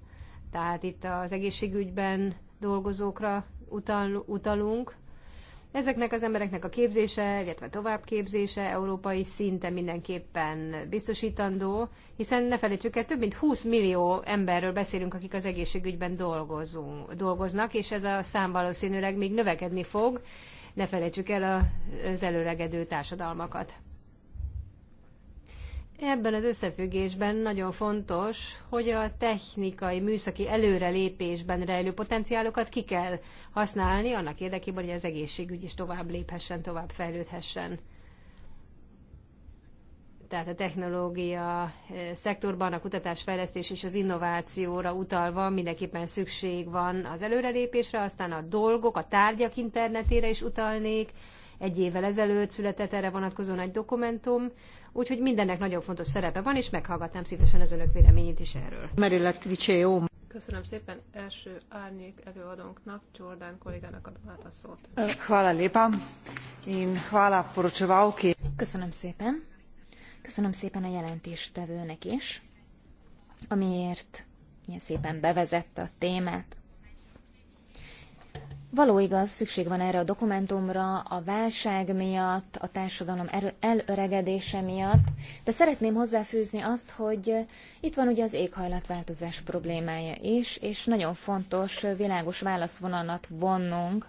tehát itt az egészségügyben dolgozókra utal, utalunk. Ezeknek az embereknek a képzése, illetve továbbképzése európai szinten mindenképpen biztosítandó, hiszen ne felejtsük el, több mint 20 millió emberről beszélünk, akik az egészségügyben dolgozunk, dolgoznak, és ez a szám valószínűleg még növekedni fog, ne felejtsük el az előregedő társadalmakat. Ebben az összefüggésben nagyon fontos, hogy a technikai, műszaki előrelépésben rejlő potenciálokat ki kell használni annak érdekében, hogy az egészségügy is tovább léphessen, tovább fejlődhessen. Tehát a technológia eh, szektorban a kutatásfejlesztés és az innovációra utalva mindenképpen szükség van az előrelépésre, aztán a dolgok, a tárgyak internetére is utalnék, egy évvel ezelőtt született erre vonatkozó nagy dokumentum, úgyhogy mindennek nagyon fontos szerepe van, és meghallgatnám szívesen az önök véleményét is erről. Köszönöm szépen első árnyék előadónknak, Jordan kollégának adom át a szót. Hvala lépa. Én hvala poročevalki. Köszönöm szépen. Köszönöm szépen a jelentéstevőnek is, amiért ilyen szépen bevezette a témát. Való igaz, szükség van erre a dokumentumra a válság miatt, a társadalom elöregedése miatt, de szeretném hozzáfűzni azt, hogy itt van ugye az éghajlatváltozás problémája is, és nagyon fontos világos válaszvonalat vonnunk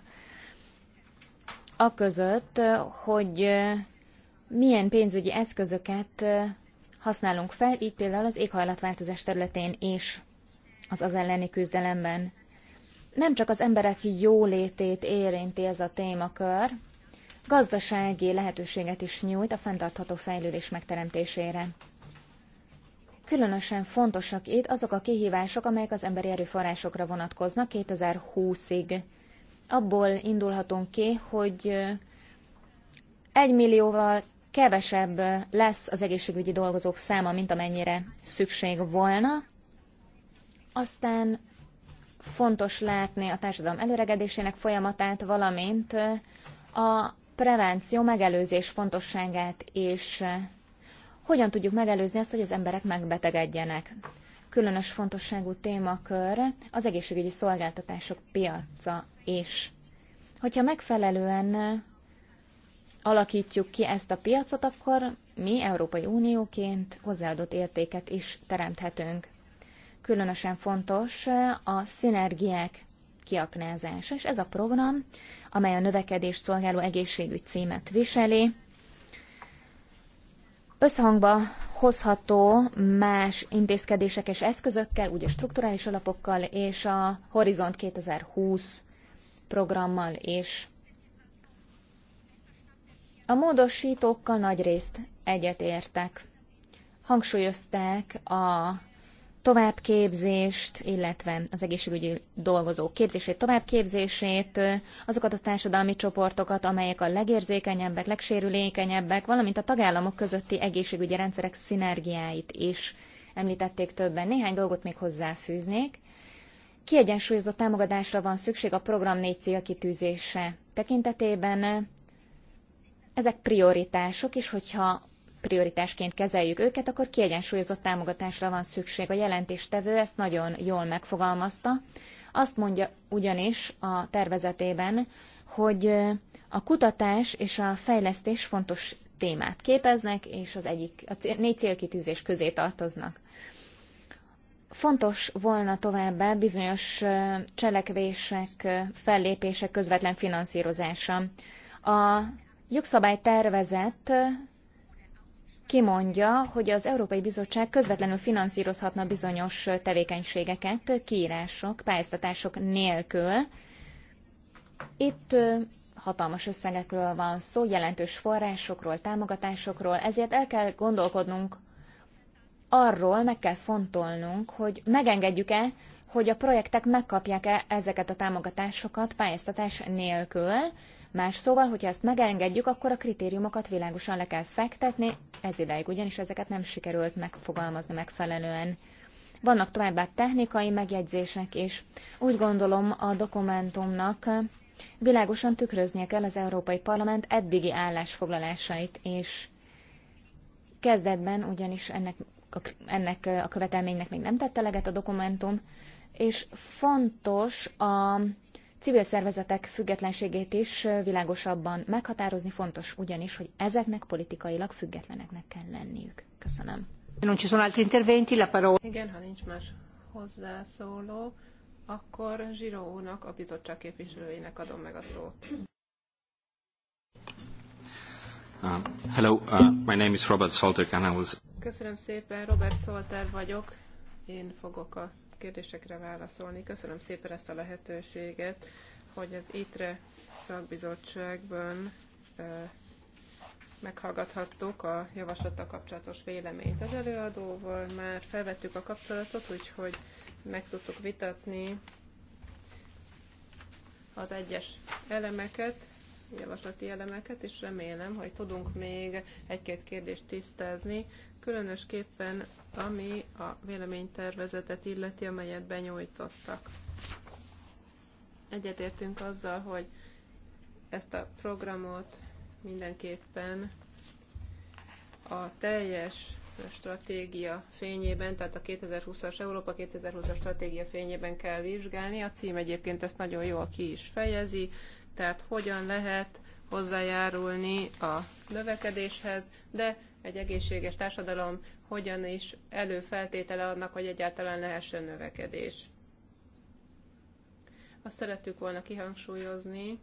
a között, hogy milyen pénzügyi eszközöket használunk fel, így például az éghajlatváltozás területén is, az az elleni küzdelemben nem csak az emberek jólétét érinti ez a témakör, gazdasági lehetőséget is nyújt a fenntartható fejlődés megteremtésére. Különösen fontosak itt azok a kihívások, amelyek az emberi erőforrásokra vonatkoznak 2020-ig. Abból indulhatunk ki, hogy egy millióval kevesebb lesz az egészségügyi dolgozók száma, mint amennyire szükség volna. Aztán fontos látni a társadalom előregedésének folyamatát, valamint a prevenció megelőzés fontosságát, és hogyan tudjuk megelőzni azt, hogy az emberek megbetegedjenek. Különös fontosságú témakör az egészségügyi szolgáltatások piaca is. Hogyha megfelelően alakítjuk ki ezt a piacot, akkor mi Európai Unióként hozzáadott értéket is teremthetünk különösen fontos a szinergiák kiaknázása, és ez a program, amely a növekedést szolgáló egészségügy címet viseli, összhangba hozható más intézkedések és eszközökkel, úgy a strukturális alapokkal és a Horizont 2020 programmal is. A módosítókkal nagy részt egyetértek. Hangsúlyozták a továbbképzést, illetve az egészségügyi dolgozók képzését, továbbképzését, azokat a társadalmi csoportokat, amelyek a legérzékenyebbek, legsérülékenyebbek, valamint a tagállamok közötti egészségügyi rendszerek szinergiáit is említették többen. Néhány dolgot még hozzáfűznék. Kiegyensúlyozott támogatásra van szükség a program négy célkitűzése tekintetében. Ezek prioritások, és hogyha prioritásként kezeljük őket, akkor kiegyensúlyozott támogatásra van szükség. A jelentéstevő ezt nagyon jól megfogalmazta. Azt mondja ugyanis a tervezetében, hogy a kutatás és a fejlesztés fontos témát képeznek, és az egyik, a négy célkitűzés közé tartoznak. Fontos volna továbbá bizonyos cselekvések, fellépések közvetlen finanszírozása. A jogszabály tervezet kimondja, hogy az Európai Bizottság közvetlenül finanszírozhatna bizonyos tevékenységeket kiírások, pályáztatások nélkül. Itt hatalmas összegekről van szó, jelentős forrásokról, támogatásokról, ezért el kell gondolkodnunk arról, meg kell fontolnunk, hogy megengedjük-e, hogy a projektek megkapják-e ezeket a támogatásokat pályáztatás nélkül, Más szóval, hogyha ezt megengedjük, akkor a kritériumokat világosan le kell fektetni, ez ideig ugyanis ezeket nem sikerült megfogalmazni megfelelően. Vannak továbbá technikai megjegyzések is. Úgy gondolom a dokumentumnak világosan tükröznie kell az Európai Parlament eddigi állásfoglalásait, és kezdetben ugyanis ennek a, ennek a követelménynek még nem tette leget a dokumentum, és fontos a civil szervezetek függetlenségét is világosabban meghatározni fontos, ugyanis, hogy ezeknek politikailag függetleneknek kell lenniük. Köszönöm. Non ci sono altri interventi, la parola. Igen, ha nincs más hozzászóló, akkor Zsiró úrnak, a bizottság képviselőjének adom meg a szót. Uh, hello, uh, my name is Robert Salter, and I was... Köszönöm szépen, Robert Salter vagyok. Én fogok a kérdésekre válaszolni. Köszönöm szépen ezt a lehetőséget, hogy az ITRE szakbizottságban meghallgathattuk a javaslattal kapcsolatos véleményt. Az előadóval már felvettük a kapcsolatot, úgyhogy meg tudtuk vitatni az egyes elemeket, javaslati elemeket, és remélem, hogy tudunk még egy-két kérdést tisztázni, különösképpen ami a véleménytervezetet illeti, amelyet benyújtottak. Egyetértünk azzal, hogy ezt a programot mindenképpen a teljes stratégia fényében, tehát a 2020-as Európa 2020-as stratégia fényében kell vizsgálni. A cím egyébként ezt nagyon jól ki is fejezi, tehát hogyan lehet hozzájárulni a növekedéshez, de egy egészséges társadalom hogyan is előfeltétele annak, hogy egyáltalán lehessen növekedés. Azt szerettük volna kihangsúlyozni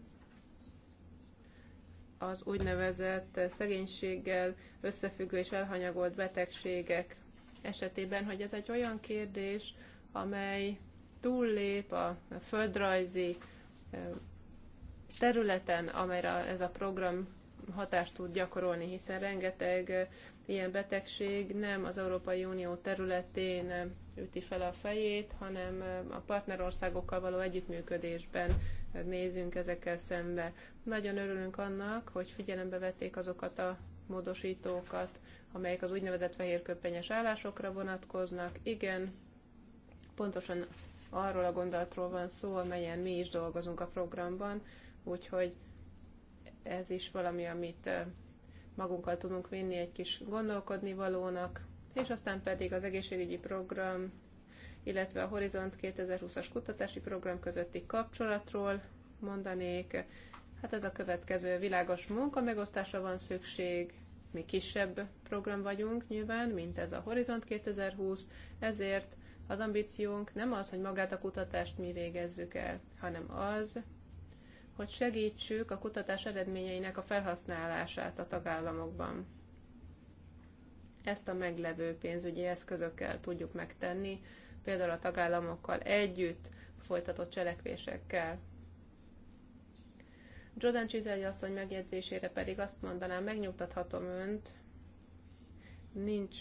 az úgynevezett szegénységgel összefüggő és elhanyagolt betegségek esetében, hogy ez egy olyan kérdés, amely túllép a földrajzi területen, amelyre ez a program hatást tud gyakorolni, hiszen rengeteg ilyen betegség nem az Európai Unió területén üti fel a fejét, hanem a partnerországokkal való együttműködésben nézünk ezekkel szembe. Nagyon örülünk annak, hogy figyelembe vették azokat a módosítókat, amelyek az úgynevezett fehérköppenyes állásokra vonatkoznak. Igen, pontosan arról a gondolatról van szó, amelyen mi is dolgozunk a programban, úgyhogy ez is valami, amit magunkkal tudunk vinni egy kis gondolkodni valónak, és aztán pedig az egészségügyi program, illetve a Horizont 2020-as kutatási program közötti kapcsolatról mondanék. Hát ez a következő világos munka megosztásra van szükség, mi kisebb program vagyunk nyilván, mint ez a Horizont 2020, ezért az ambíciónk nem az, hogy magát a kutatást mi végezzük el, hanem az, hogy segítsük a kutatás eredményeinek a felhasználását a tagállamokban. Ezt a meglevő pénzügyi eszközökkel tudjuk megtenni, például a tagállamokkal együtt folytatott cselekvésekkel. Jordan Csizely asszony megjegyzésére pedig azt mondanám, megnyugtathatom önt, nincs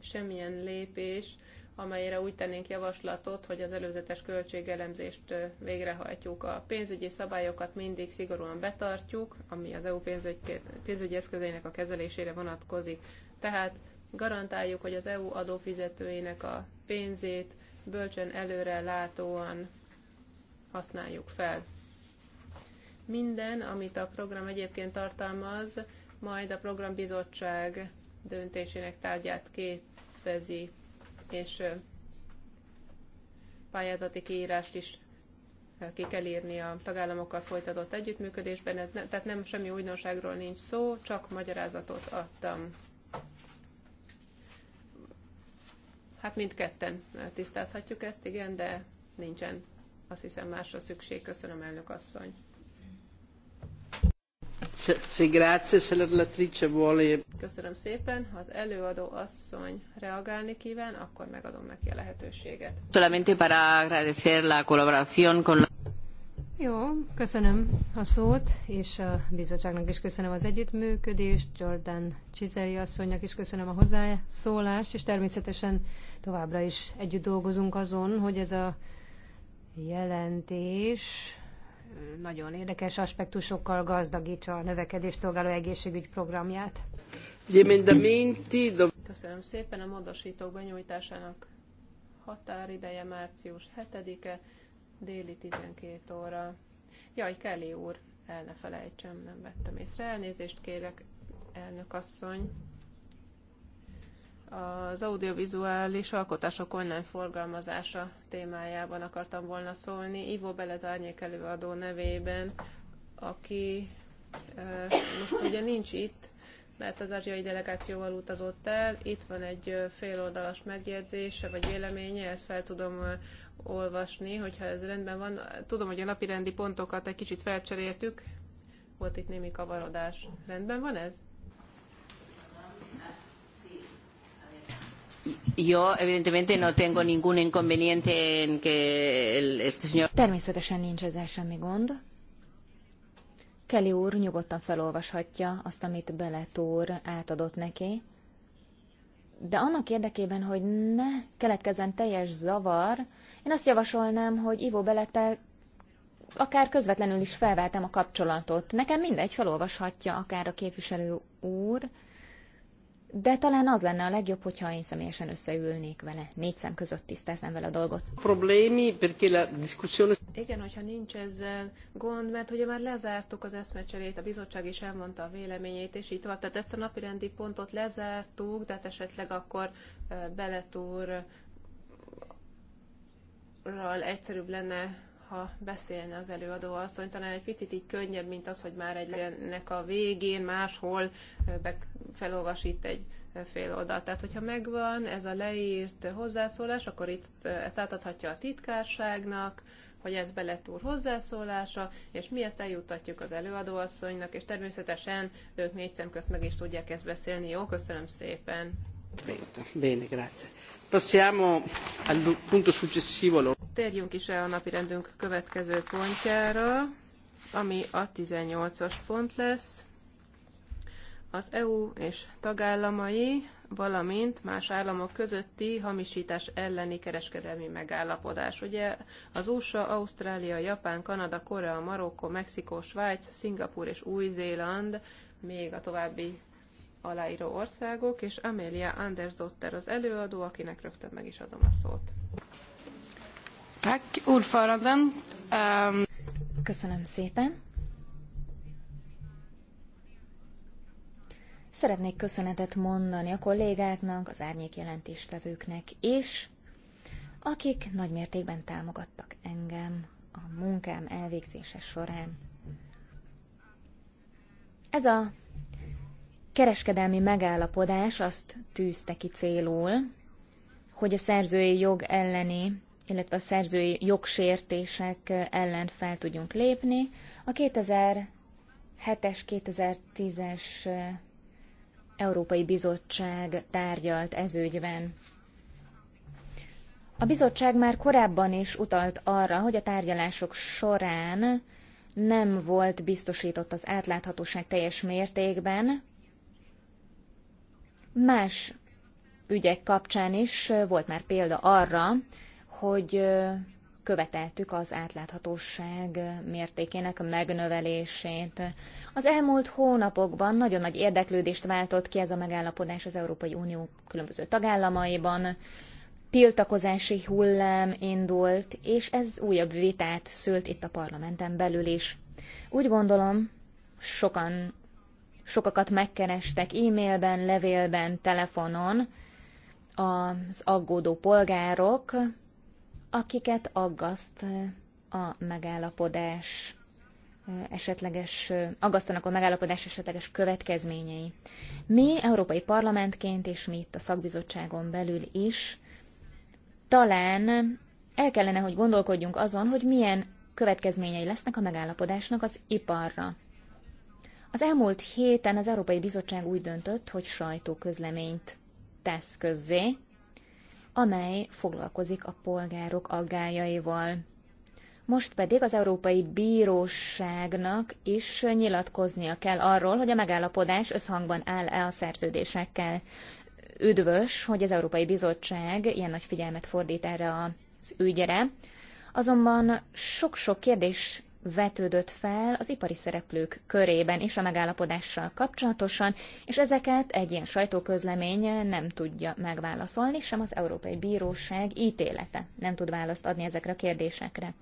semmilyen lépés, amelyre úgy tennénk javaslatot, hogy az előzetes költségelemzést végrehajtjuk. A pénzügyi szabályokat mindig szigorúan betartjuk, ami az EU pénzügyi eszközeinek a kezelésére vonatkozik. Tehát garantáljuk, hogy az EU adófizetőinek a pénzét bölcsen előre látóan használjuk fel. Minden, amit a program egyébként tartalmaz, majd a programbizottság döntésének tárgyát képezi és pályázati kiírást is ki kell írni a tagállamokkal folytatott együttműködésben, ez ne, tehát nem semmi újdonságról nincs szó, csak magyarázatot adtam. Hát mindketten tisztázhatjuk ezt, igen, de nincsen azt hiszem másra szükség. Köszönöm, elnök asszony. Köszönöm szépen. Ha az előadó asszony reagálni kíván, akkor megadom neki a lehetőséget. Solamente para agradecer la colaboración con jó, köszönöm a szót, és a bizottságnak is köszönöm az együttműködést, Jordan Csizeli asszonynak is köszönöm a hozzászólást, és természetesen továbbra is együtt dolgozunk azon, hogy ez a jelentés nagyon érdekes aspektusokkal gazdagítsa a növekedés szolgáló egészségügy programját. Köszönöm szépen a módosítók benyújtásának határideje március 7-e, déli 12 óra. Jaj, Kelly úr, el ne felejtsem, nem vettem észre. Elnézést kérek, elnök asszony az audiovizuális alkotások online forgalmazása témájában akartam volna szólni. Ivo Belez árnyék előadó nevében, aki most ugye nincs itt, mert az ázsiai delegációval utazott el. Itt van egy féloldalas megjegyzése vagy véleménye, ezt fel tudom olvasni, hogyha ez rendben van. Tudom, hogy a napi rendi pontokat egy kicsit felcseréltük, volt itt némi kavarodás. Rendben van ez? Yo, evidentemente, no tengo ningún inconveniente en que el, este señor... Természetesen nincs ezzel semmi gond. Kelly úr nyugodtan felolvashatja azt, amit Beletúr átadott neki. De annak érdekében, hogy ne keletkezzen teljes zavar, én azt javasolnám, hogy Ivo Belete akár közvetlenül is felváltam a kapcsolatot. Nekem mindegy, felolvashatja akár a képviselő úr, de talán az lenne a legjobb, hogyha én személyesen összeülnék vele, négy szem között tisztáznám vele a dolgot. Problémi, perché la discussione... Igen, hogyha nincs ezzel gond, mert ugye már lezártuk az eszmecserét, a bizottság is elmondta a véleményét, és így tovább. Tehát ezt a napirendi pontot lezártuk, de hát esetleg akkor eh, beletúr egyszerűbb lenne ha beszélne az előadó asszony, talán egy picit így könnyebb, mint az, hogy már egy ennek a végén máshol felolvas itt egy fél oldalt. Tehát, hogyha megvan ez a leírt hozzászólás, akkor itt ezt átadhatja a titkárságnak, hogy ez beletúr hozzászólása, és mi ezt eljuttatjuk az előadóasszonynak, és természetesen ők négy szem közt meg is tudják ezt beszélni. Jó, köszönöm szépen. Bene, grazie. Passiamo al punto successivo térjünk is el a napirendünk következő pontjára, ami a 18-as pont lesz. Az EU és tagállamai, valamint más államok közötti hamisítás elleni kereskedelmi megállapodás. Ugye az USA, Ausztrália, Japán, Kanada, Korea, Marokko, Mexikó, Svájc, Szingapur és Új-Zéland még a további aláíró országok, és Amelia Anders Dotter az előadó, akinek rögtön meg is adom a szót. Tack, ordföranden. Um... Köszönöm szépen. Szeretnék köszönetet mondani a kollégáknak, az árnyék jelentéstevőknek is, akik nagymértékben támogattak engem a munkám elvégzése során. Ez a kereskedelmi megállapodás azt tűzte ki célul, hogy a szerzői jog elleni illetve a szerzői jogsértések ellen fel tudjunk lépni. A 2007-es, 2010-es Európai Bizottság tárgyalt ezügyben. A bizottság már korábban is utalt arra, hogy a tárgyalások során nem volt biztosított az átláthatóság teljes mértékben. Más ügyek kapcsán is volt már példa arra, hogy követeltük az átláthatóság mértékének a megnövelését. Az elmúlt hónapokban nagyon nagy érdeklődést váltott ki ez a megállapodás az Európai Unió különböző tagállamaiban. Tiltakozási hullám indult, és ez újabb vitát szült itt a parlamenten belül is. Úgy gondolom, sokan, sokakat megkerestek e-mailben, levélben, telefonon az aggódó polgárok, akiket aggaszt a megállapodás esetleges, aggasztanak a megállapodás esetleges következményei. Mi Európai Parlamentként és mi itt a szakbizottságon belül is talán el kellene, hogy gondolkodjunk azon, hogy milyen következményei lesznek a megállapodásnak az iparra. Az elmúlt héten az Európai Bizottság úgy döntött, hogy sajtóközleményt tesz közzé, amely foglalkozik a polgárok aggájaival. Most pedig az Európai Bíróságnak is nyilatkoznia kell arról, hogy a megállapodás összhangban áll-e a szerződésekkel. Üdvös, hogy az Európai Bizottság ilyen nagy figyelmet fordít erre az ügyre, azonban sok-sok kérdés vetődött fel az ipari szereplők körében és a megállapodással kapcsolatosan, és ezeket egy ilyen sajtóközlemény nem tudja megválaszolni, sem az Európai Bíróság ítélete nem tud választ adni ezekre a kérdésekre.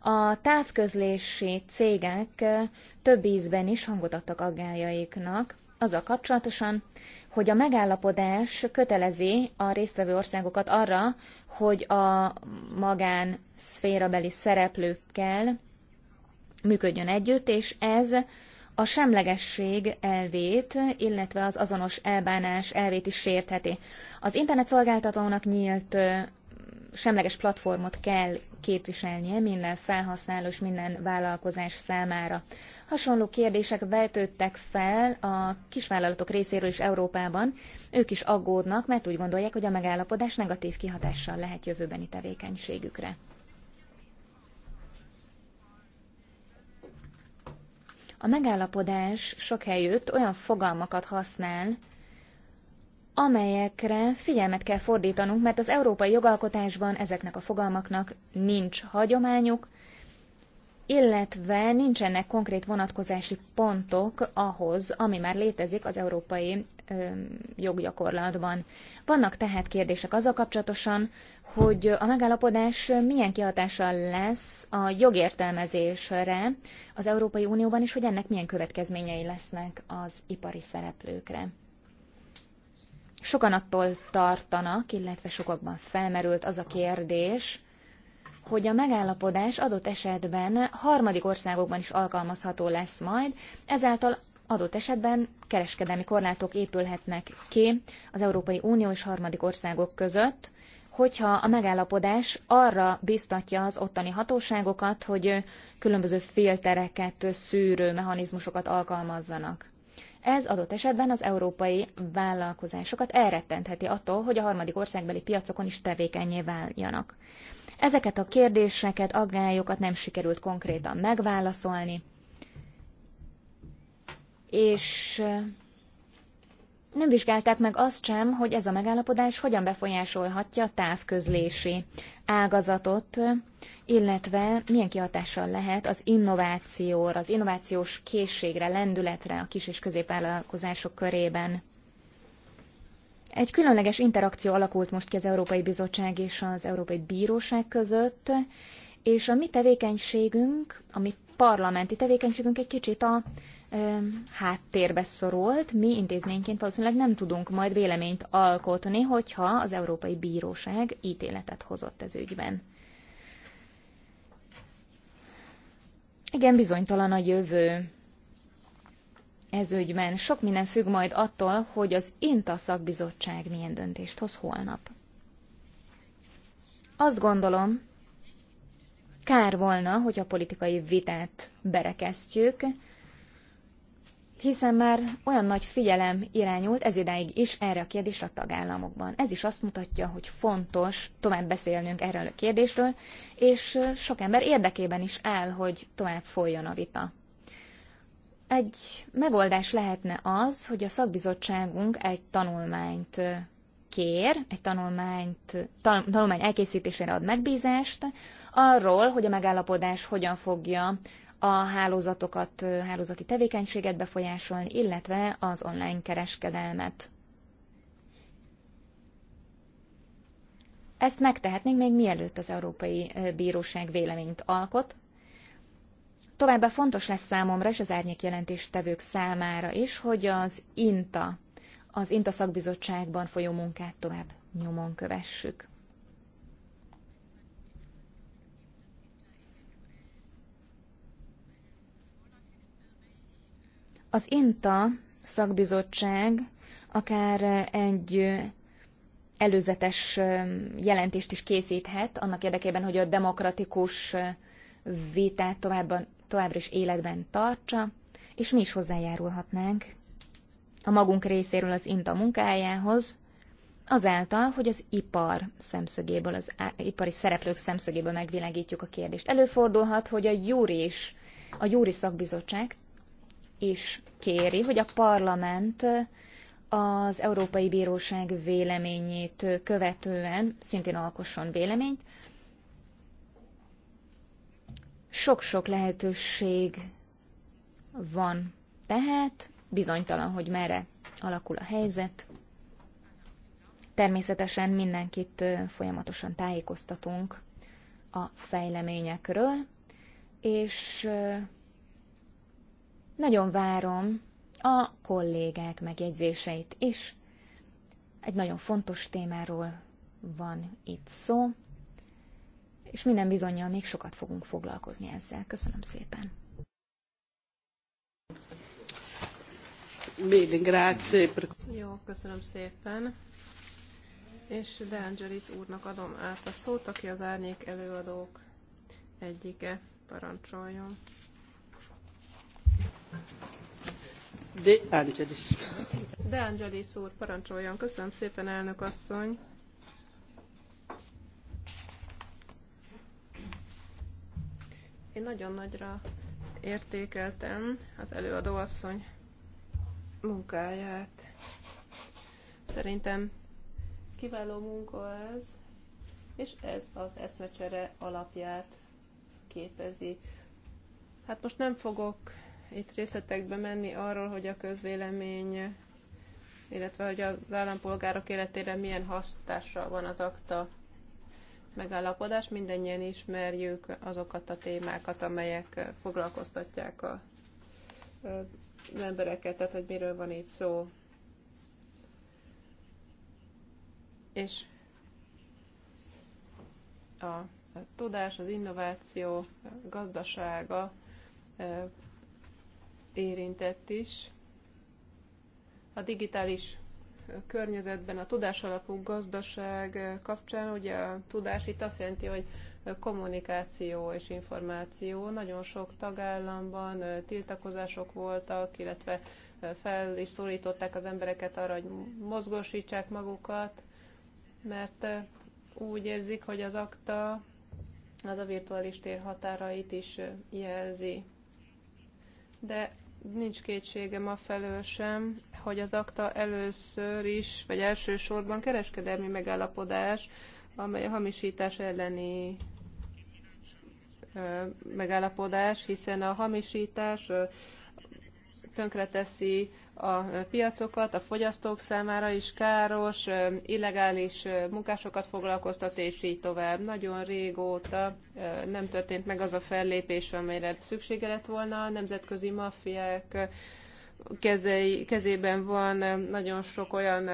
A távközlési cégek több ízben is hangot adtak aggájaiknak azzal kapcsolatosan, hogy a megállapodás kötelezi a résztvevő országokat arra, hogy a magán szférabeli szereplőkkel működjön együtt, és ez a semlegesség elvét, illetve az azonos elbánás elvét is sértheti. Az internet szolgáltatónak nyílt semleges platformot kell képviselnie minden felhasználó és minden vállalkozás számára. Hasonló kérdések vetődtek fel a kisvállalatok részéről is Európában. Ők is aggódnak, mert úgy gondolják, hogy a megállapodás negatív kihatással lehet jövőbeni tevékenységükre. A megállapodás sok helyütt olyan fogalmakat használ, amelyekre figyelmet kell fordítanunk, mert az európai jogalkotásban ezeknek a fogalmaknak nincs hagyományuk, illetve nincsenek konkrét vonatkozási pontok ahhoz, ami már létezik az európai ö, joggyakorlatban. Vannak tehát kérdések azzal kapcsolatosan, hogy a megállapodás milyen kihatással lesz a jogértelmezésre az Európai Unióban, és hogy ennek milyen következményei lesznek az ipari szereplőkre. Sokan attól tartanak, illetve sokakban felmerült az a kérdés, hogy a megállapodás adott esetben harmadik országokban is alkalmazható lesz majd, ezáltal adott esetben kereskedelmi korlátok épülhetnek ki az Európai Unió és harmadik országok között, hogyha a megállapodás arra biztatja az ottani hatóságokat, hogy különböző filtereket, szűrő mechanizmusokat alkalmazzanak. Ez adott esetben az európai vállalkozásokat elrettentheti attól, hogy a harmadik országbeli piacokon is tevékenyé váljanak. Ezeket a kérdéseket, aggályokat nem sikerült konkrétan megválaszolni, és nem vizsgálták meg azt sem, hogy ez a megállapodás hogyan befolyásolhatja a távközlési ágazatot, illetve milyen kihatással lehet az innovációra, az innovációs készségre, lendületre a kis- és középvállalkozások körében. Egy különleges interakció alakult most ki az Európai Bizottság és az Európai Bíróság között, és a mi tevékenységünk, a mi parlamenti tevékenységünk egy kicsit a ö, háttérbe szorult. Mi intézményként valószínűleg nem tudunk majd véleményt alkotni, hogyha az Európai Bíróság ítéletet hozott ez ügyben. Igen, bizonytalan a jövő ez ügyben. Sok minden függ majd attól, hogy az INTA szakbizottság milyen döntést hoz holnap. Azt gondolom, kár volna, hogy a politikai vitát berekesztjük, hiszen már olyan nagy figyelem irányult ez idáig is erre a kérdésre a tagállamokban. Ez is azt mutatja, hogy fontos tovább beszélnünk erről a kérdésről, és sok ember érdekében is áll, hogy tovább folyjon a vita. Egy megoldás lehetne az, hogy a szakbizottságunk egy tanulmányt kér, egy tanulmányt, tanulmány elkészítésére ad megbízást arról, hogy a megállapodás hogyan fogja a hálózatokat, hálózati tevékenységet befolyásolni, illetve az online kereskedelmet. Ezt megtehetnénk még mielőtt az Európai Bíróság véleményt alkot, Továbbá fontos lesz számomra és az árnyék jelentéstevők számára is, hogy az INTA, az INTA szakbizottságban folyó munkát tovább nyomon kövessük. Az INTA szakbizottság akár egy előzetes jelentést is készíthet, annak érdekében, hogy a demokratikus vitát továbban, továbbra is életben tartsa, és mi is hozzájárulhatnánk a magunk részéről az INTA munkájához, azáltal, hogy az ipar szemszögéből, az ipari szereplők szemszögéből megvilágítjuk a kérdést. Előfordulhat, hogy a júri is, a júri szakbizottság is kéri, hogy a parlament az Európai Bíróság véleményét követően szintén alkosson véleményt, sok-sok lehetőség van. Tehát bizonytalan, hogy merre alakul a helyzet. Természetesen mindenkit folyamatosan tájékoztatunk a fejleményekről, és nagyon várom a kollégák megjegyzéseit is. Egy nagyon fontos témáról van itt szó, és minden bizonyal még sokat fogunk foglalkozni ezzel. Köszönöm szépen! Bene, grazie. Jó, köszönöm szépen. És De Angelis úrnak adom át a szót, aki az árnyék előadók egyike. Parancsoljon. De Angelis. De Angelis úr, parancsoljon. Köszönöm szépen, elnök asszony. Én nagyon nagyra értékeltem az előadóasszony munkáját. Szerintem kiváló munka ez, és ez az eszmecsere alapját képezi. Hát most nem fogok itt részletekbe menni arról, hogy a közvélemény, illetve hogy az állampolgárok életére milyen hatással van az akta megállapodás, mindannyian ismerjük azokat a témákat, amelyek foglalkoztatják a, az embereket, tehát hogy miről van itt szó. És a tudás, az innováció gazdasága érintett is. A digitális környezetben a tudás alapú gazdaság kapcsán, ugye a tudás itt azt jelenti, hogy kommunikáció és információ. Nagyon sok tagállamban tiltakozások voltak, illetve fel is szólították az embereket arra, hogy mozgósítsák magukat, mert úgy érzik, hogy az akta az a virtuális tér határait is jelzi. De nincs kétségem a felől sem, hogy az akta először is, vagy elsősorban kereskedelmi megállapodás, amely a hamisítás elleni megállapodás, hiszen a hamisítás tönkreteszi a piacokat, a fogyasztók számára is káros, illegális munkásokat foglalkoztat, és így tovább. Nagyon régóta nem történt meg az a fellépés, amelyre szüksége lett volna. A nemzetközi maffiák kezei, kezében van nagyon sok olyan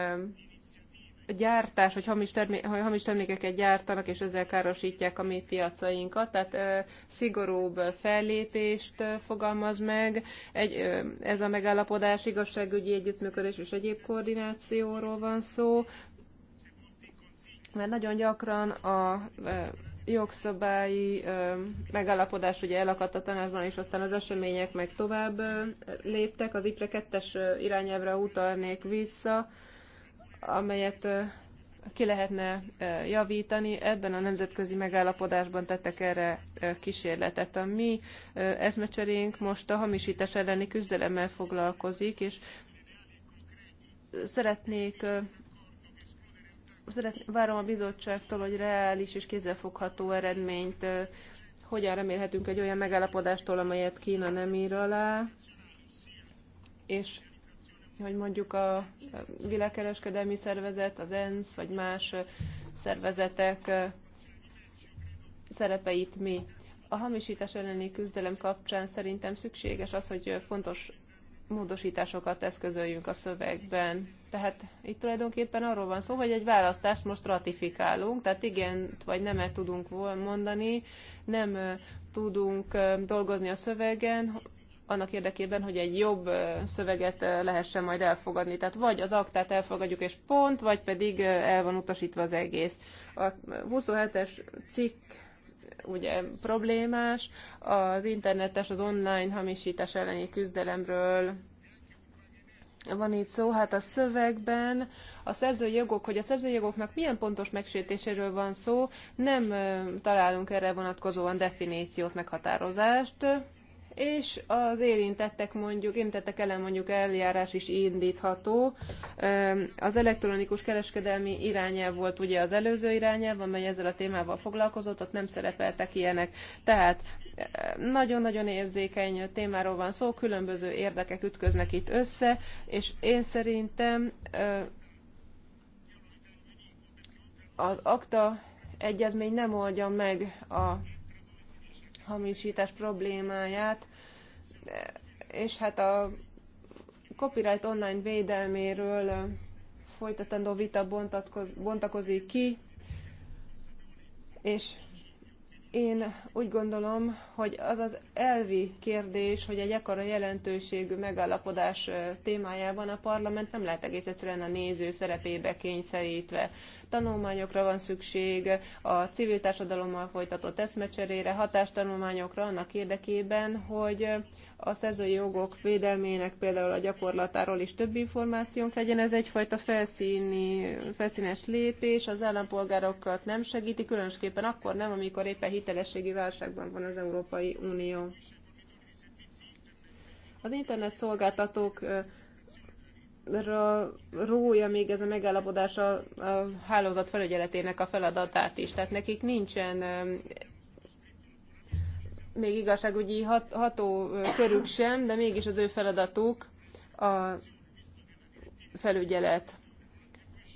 gyártás, hogy hamis, termé- hogy hamis termékeket gyártanak, és ezzel károsítják a mi piacainkat. Tehát ö, szigorúbb fellépést ö, fogalmaz meg. Egy, ö, ez a megállapodás igazságügyi együttműködés és egyéb koordinációról van szó, mert nagyon gyakran a jogszabályi megállapodás ugye elakadt a tanácsban, és aztán az események meg tovább léptek. Az IPRE 2-es irányelvre utalnék vissza, amelyet ki lehetne javítani. Ebben a nemzetközi megállapodásban tettek erre kísérletet. A mi eszmecserénk most a hamisítás elleni küzdelemmel foglalkozik, és szeretnék szeret, várom a bizottságtól, hogy reális és kézzelfogható eredményt hogyan remélhetünk egy olyan megállapodástól, amelyet Kína nem ír alá, és hogy mondjuk a világkereskedelmi szervezet, az ENSZ, vagy más szervezetek szerepeit mi. A hamisítás elleni küzdelem kapcsán szerintem szükséges az, hogy fontos módosításokat eszközöljünk a szövegben. Tehát itt tulajdonképpen arról van szó, hogy egy választást most ratifikálunk, tehát igen vagy nemet tudunk mondani, nem tudunk dolgozni a szövegen, annak érdekében, hogy egy jobb szöveget lehessen majd elfogadni. Tehát vagy az aktát elfogadjuk és pont, vagy pedig el van utasítva az egész. A 27-es cikk ugye problémás. Az internetes, az online hamisítás elleni küzdelemről van itt szó, hát a szövegben a szerzői jogok, hogy a szerzői jogoknak milyen pontos megsértéséről van szó, nem találunk erre vonatkozóan definíciót, meghatározást és az érintettek mondjuk, érintettek ellen mondjuk eljárás is indítható. Az elektronikus kereskedelmi irányelv volt ugye az előző irányelv, amely ezzel a témával foglalkozott, ott nem szerepeltek ilyenek. Tehát nagyon-nagyon érzékeny témáról van szó, különböző érdekek ütköznek itt össze, és én szerintem az akta egyezmény nem oldja meg a hamisítás problémáját, és hát a copyright online védelméről folytatandó vita bontatkoz, bontakozik ki, és én úgy gondolom, hogy az az elvi kérdés, hogy egy ekkora jelentőségű megállapodás témájában a parlament nem lehet egész egyszerűen a néző szerepébe kényszerítve tanulmányokra van szükség, a civil társadalommal folytatott eszmecserére, hatástanulmányokra annak érdekében, hogy a szerzői jogok védelmének például a gyakorlatáról is több információnk legyen. Ez egyfajta felszíni, felszínes lépés, az állampolgárokat nem segíti, különösképpen akkor nem, amikor éppen hitelességi válságban van az Európai Unió. Az internet szolgáltatók rója még ez a megállapodás a, a hálózat felügyeletének a feladatát is. Tehát nekik nincsen még igazságügyi hat, ható körük sem, de mégis az ő feladatuk a felügyelet.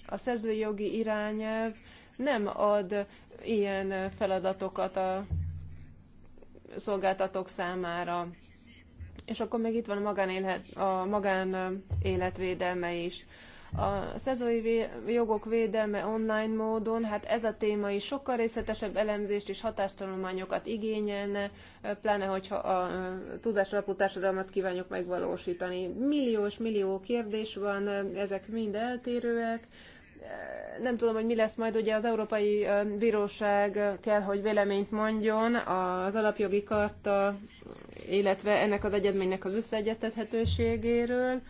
A szerzői jogi irányelv nem ad ilyen feladatokat a szolgáltatók számára. És akkor még itt van a magánélet, a magán életvédelme is. A szerzői vé jogok védelme online módon, hát ez a téma is sokkal részletesebb elemzést és hatástanulmányokat igényelne, pláne hogyha a tudásalapú társadalmat kívánjuk megvalósítani. Milliós, millió kérdés van, ezek mind eltérőek, nem tudom, hogy mi lesz majd, ugye az Európai Bíróság kell, hogy véleményt mondjon az alapjogi karta illetve ennek az egyezménynek az összeegyeztethetőségéről.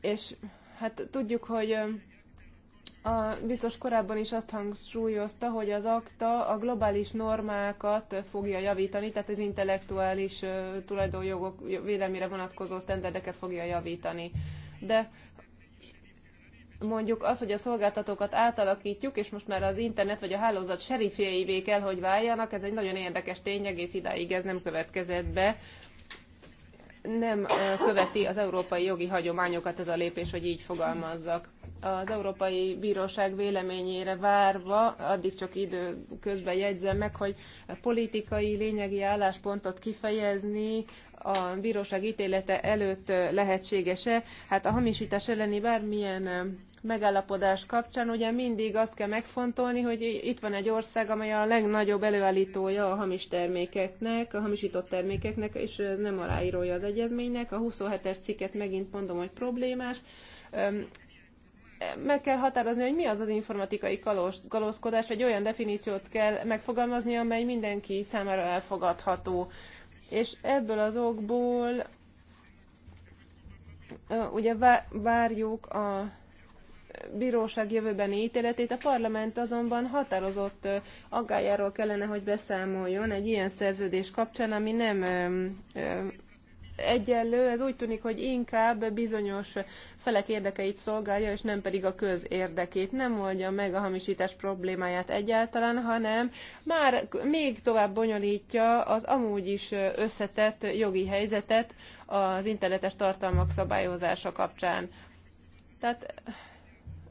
És hát tudjuk, hogy a biztos korábban is azt hangsúlyozta, hogy az akta a globális normákat fogja javítani, tehát az intellektuális tulajdonjogok védelmére vonatkozó sztenderdeket fogja javítani. De mondjuk az, hogy a szolgáltatókat átalakítjuk, és most már az internet vagy a hálózat serifjeivé kell, hogy váljanak, ez egy nagyon érdekes tény, egész idáig ez nem következett be. Nem követi az európai jogi hagyományokat ez a lépés, hogy így fogalmazzak. Az Európai Bíróság véleményére várva, addig csak idő közben jegyzem meg, hogy politikai lényegi álláspontot kifejezni a bíróság ítélete előtt lehetséges-e. Hát a hamisítás elleni bármilyen megállapodás kapcsán ugye mindig azt kell megfontolni, hogy itt van egy ország, amely a legnagyobb előállítója a hamis termékeknek, a hamisított termékeknek, és nem aláírója az egyezménynek. A 27-es cikket megint mondom, hogy problémás. Meg kell határozni, hogy mi az az informatikai kalóz, kalózkodás, egy olyan definíciót kell megfogalmazni, amely mindenki számára elfogadható. És ebből az okból ugye várjuk a bíróság jövőbeni ítéletét, a parlament azonban határozott aggájáról kellene, hogy beszámoljon egy ilyen szerződés kapcsán, ami nem egyenlő, ez úgy tűnik, hogy inkább bizonyos felek érdekeit szolgálja, és nem pedig a közérdekét. Nem oldja meg a hamisítás problémáját egyáltalán, hanem már még tovább bonyolítja az amúgy is összetett jogi helyzetet az internetes tartalmak szabályozása kapcsán. Tehát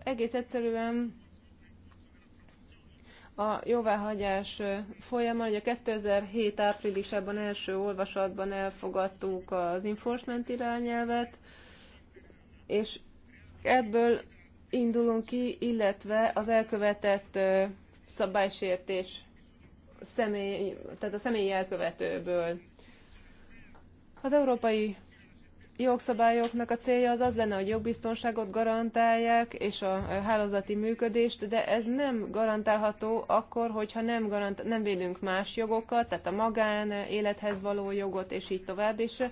egész egyszerűen a jóváhagyás folyamán, hogy a 2007 áprilisában első olvasatban elfogadtuk az enforcement irányelvet, és ebből indulunk ki, illetve az elkövetett szabálysértés személy, tehát a személyi elkövetőből. Az Európai jogszabályoknak a célja az az lenne, hogy jogbiztonságot garantálják, és a hálózati működést, de ez nem garantálható akkor, hogyha nem, garant, nem védünk más jogokat, tehát a magán élethez való jogot, és így tovább, és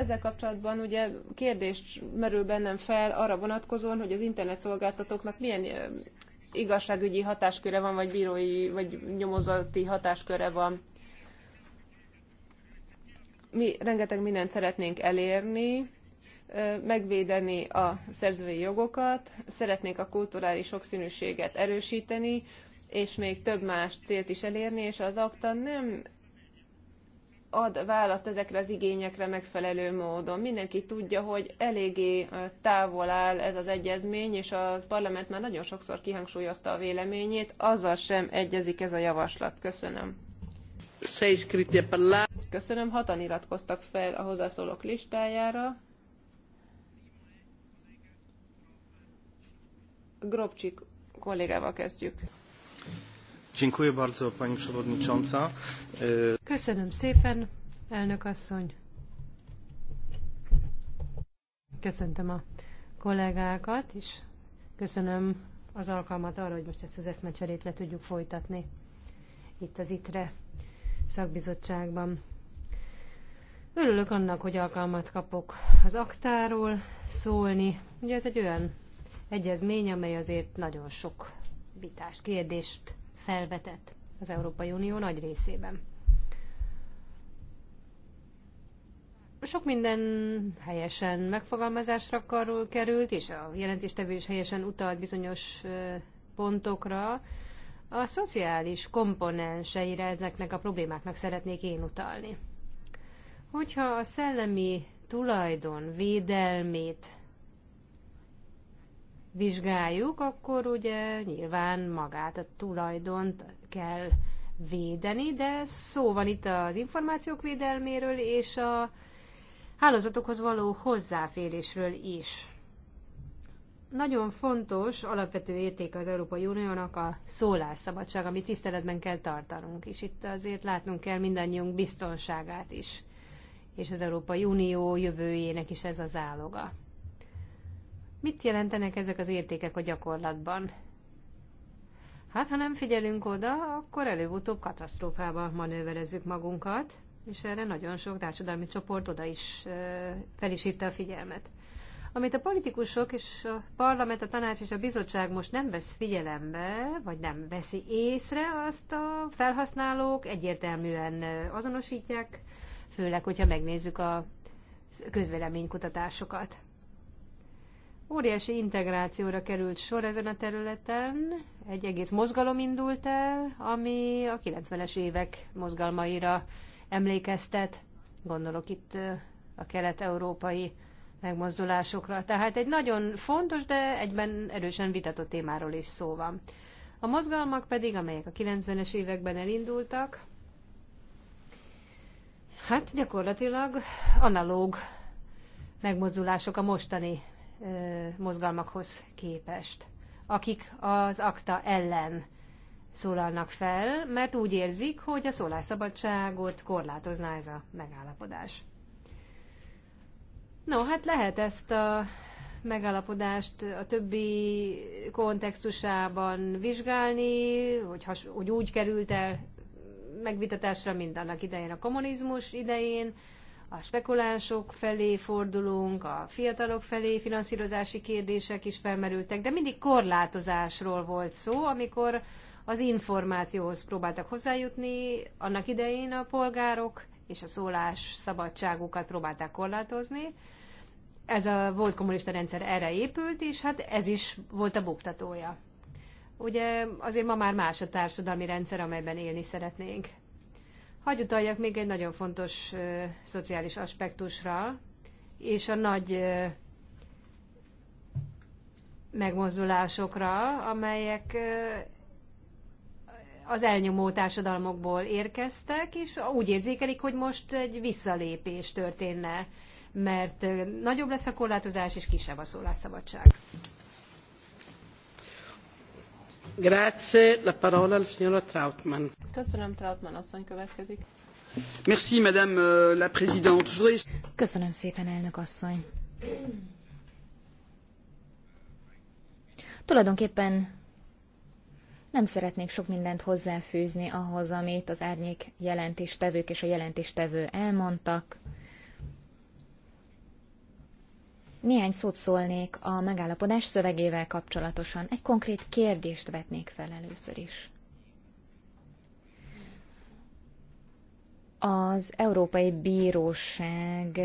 ezzel kapcsolatban ugye kérdést merül bennem fel arra vonatkozóan, hogy az internetszolgáltatóknak milyen igazságügyi hatásköre van, vagy bírói, vagy nyomozati hatásköre van mi rengeteg mindent szeretnénk elérni, megvédeni a szerzői jogokat, szeretnénk a kulturális sokszínűséget erősíteni, és még több más célt is elérni, és az akta nem ad választ ezekre az igényekre megfelelő módon. Mindenki tudja, hogy eléggé távol áll ez az egyezmény, és a parlament már nagyon sokszor kihangsúlyozta a véleményét, azzal sem egyezik ez a javaslat. Köszönöm. Köszönöm, hatan iratkoztak fel a hozzászólók listájára. Grobcsik kollégával kezdjük. Dziękuję bardzo, pani przewodnicząca. Köszönöm szépen, elnök asszony. Köszöntöm a kollégákat, és köszönöm az alkalmat arra, hogy most ezt az eszmecserét le tudjuk folytatni itt az ITRE szakbizottságban. Örülök annak, hogy alkalmat kapok az aktáról szólni. Ugye ez egy olyan egyezmény, amely azért nagyon sok vitás kérdést felvetett az Európai Unió nagy részében. Sok minden helyesen megfogalmazásra került, és a jelentéstevő is helyesen utalt bizonyos pontokra, a szociális komponenseire ezeknek a problémáknak szeretnék én utalni. Hogyha a szellemi tulajdon védelmét vizsgáljuk, akkor ugye nyilván magát a tulajdont kell védeni, de szó van itt az információk védelméről és a hálózatokhoz való hozzáférésről is. Nagyon fontos, alapvető érték az Európai Uniónak a szólásszabadság, amit tiszteletben kell tartanunk, és itt azért látnunk kell mindannyiunk biztonságát is, és az Európai Unió jövőjének is ez az áloga. Mit jelentenek ezek az értékek a gyakorlatban? Hát, ha nem figyelünk oda, akkor előbb-utóbb katasztrófába manőverezzük magunkat, és erre nagyon sok társadalmi csoport oda is fel is hívta a figyelmet. Amit a politikusok és a parlament, a tanács és a bizottság most nem vesz figyelembe, vagy nem veszi észre, azt a felhasználók egyértelműen azonosítják, főleg, hogyha megnézzük a közvéleménykutatásokat. Óriási integrációra került sor ezen a területen, egy egész mozgalom indult el, ami a 90-es évek mozgalmaira emlékeztet. Gondolok itt a kelet-európai megmozdulásokra. Tehát egy nagyon fontos, de egyben erősen vitatott témáról is szó van. A mozgalmak pedig, amelyek a 90-es években elindultak, hát gyakorlatilag analóg megmozdulások a mostani ö, mozgalmakhoz képest, akik az akta ellen szólalnak fel, mert úgy érzik, hogy a szólásszabadságot korlátozná ez a megállapodás. No, hát lehet ezt a megállapodást a többi kontextusában vizsgálni, hogy, has, hogy úgy került el megvitatásra, mint annak idején a kommunizmus idején, a spekulánsok felé fordulunk, a fiatalok felé finanszírozási kérdések is felmerültek, de mindig korlátozásról volt szó, amikor az információhoz próbáltak hozzájutni, annak idején a polgárok és a szólás szabadságukat próbálták korlátozni, ez a volt kommunista rendszer erre épült, és hát ez is volt a buktatója. Ugye azért ma már más a társadalmi rendszer, amelyben élni szeretnénk. Hagy utaljak még egy nagyon fontos ö, szociális aspektusra, és a nagy ö, megmozdulásokra, amelyek ö, az elnyomó társadalmokból érkeztek, és úgy érzékelik, hogy most egy visszalépés történne mert nagyobb lesz a korlátozás, és kisebb a szólásszabadság. Grazie, la parola al signora Trautmann. Köszönöm, Trautmann asszony következik. Merci, madame euh, la présidente. Köszönöm szépen, elnök asszony. Tulajdonképpen nem szeretnék sok mindent hozzáfűzni ahhoz, amit az árnyék jelentéstevők és a jelentéstevő elmondtak. Néhány szót szólnék a megállapodás szövegével kapcsolatosan. Egy konkrét kérdést vetnék fel először is. Az Európai Bíróság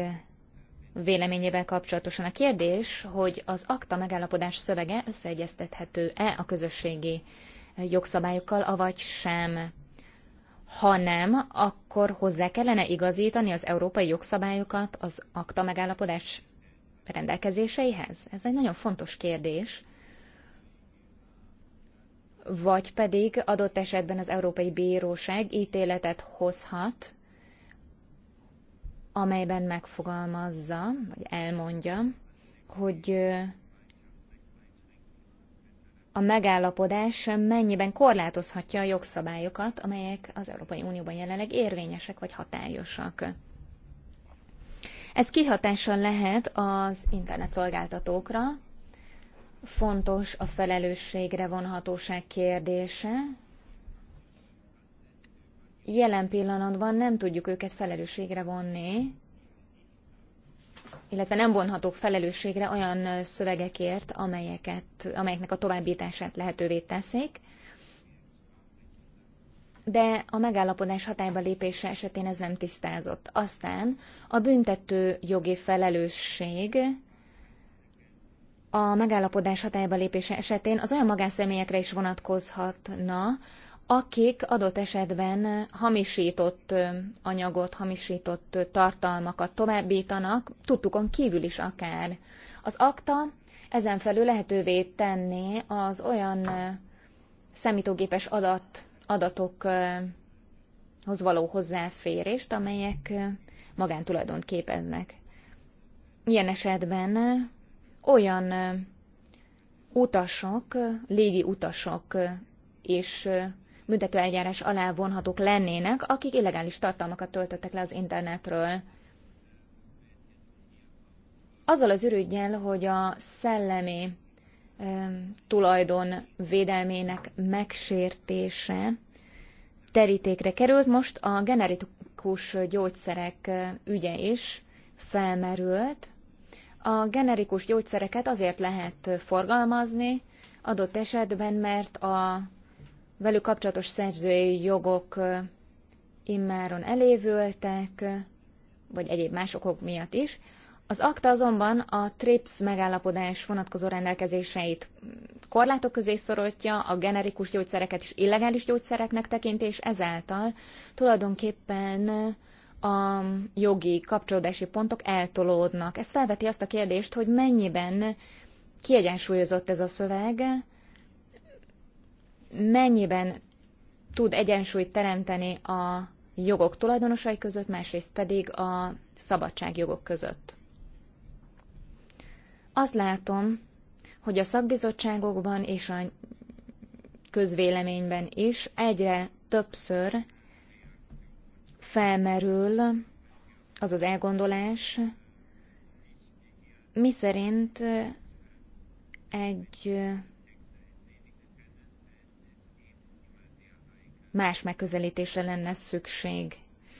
véleményével kapcsolatosan a kérdés, hogy az akta megállapodás szövege összeegyeztethető-e a közösségi jogszabályokkal, avagy sem. Ha nem, akkor hozzá kellene igazítani az európai jogszabályokat az akta megállapodás rendelkezéseihez? Ez egy nagyon fontos kérdés. Vagy pedig adott esetben az Európai Bíróság ítéletet hozhat, amelyben megfogalmazza, vagy elmondja, hogy a megállapodás mennyiben korlátozhatja a jogszabályokat, amelyek az Európai Unióban jelenleg érvényesek vagy hatályosak. Ez kihatással lehet az internetszolgáltatókra, fontos a felelősségre vonhatóság kérdése. Jelen pillanatban nem tudjuk őket felelősségre vonni, illetve nem vonhatók felelősségre olyan szövegekért, amelyeket, amelyeknek a továbbítását lehetővé teszik de a megállapodás hatályba lépése esetén ez nem tisztázott. Aztán a büntető jogi felelősség a megállapodás hatályba lépése esetén az olyan magánszemélyekre is vonatkozhatna, akik adott esetben hamisított anyagot, hamisított tartalmakat továbbítanak, tudtukon kívül is akár. Az akta ezen felül lehetővé tenné az olyan számítógépes adat adatokhoz való hozzáférést, amelyek magántulajdont képeznek. Ilyen esetben olyan utasok, légi utasok és büntetőeljárás alá vonhatók lennének, akik illegális tartalmakat töltöttek le az internetről. Azzal az ürügyjel, hogy a szellemi tulajdon védelmének megsértése terítékre került. Most a generikus gyógyszerek ügye is felmerült. A generikus gyógyszereket azért lehet forgalmazni, adott esetben, mert a velük kapcsolatos szerzői jogok immáron elévültek, vagy egyéb más okok miatt is. Az akta azonban a TRIPS megállapodás vonatkozó rendelkezéseit korlátok közé szoroltja, a generikus gyógyszereket is illegális gyógyszereknek tekinti, és ezáltal tulajdonképpen a jogi kapcsolódási pontok eltolódnak. Ez felveti azt a kérdést, hogy mennyiben kiegyensúlyozott ez a szöveg, mennyiben tud egyensúlyt teremteni a jogok tulajdonosai között, másrészt pedig a szabadságjogok között. Azt látom, hogy a szakbizottságokban és a közvéleményben is egyre többször felmerül az az elgondolás, miszerint egy más megközelítésre lenne szükség.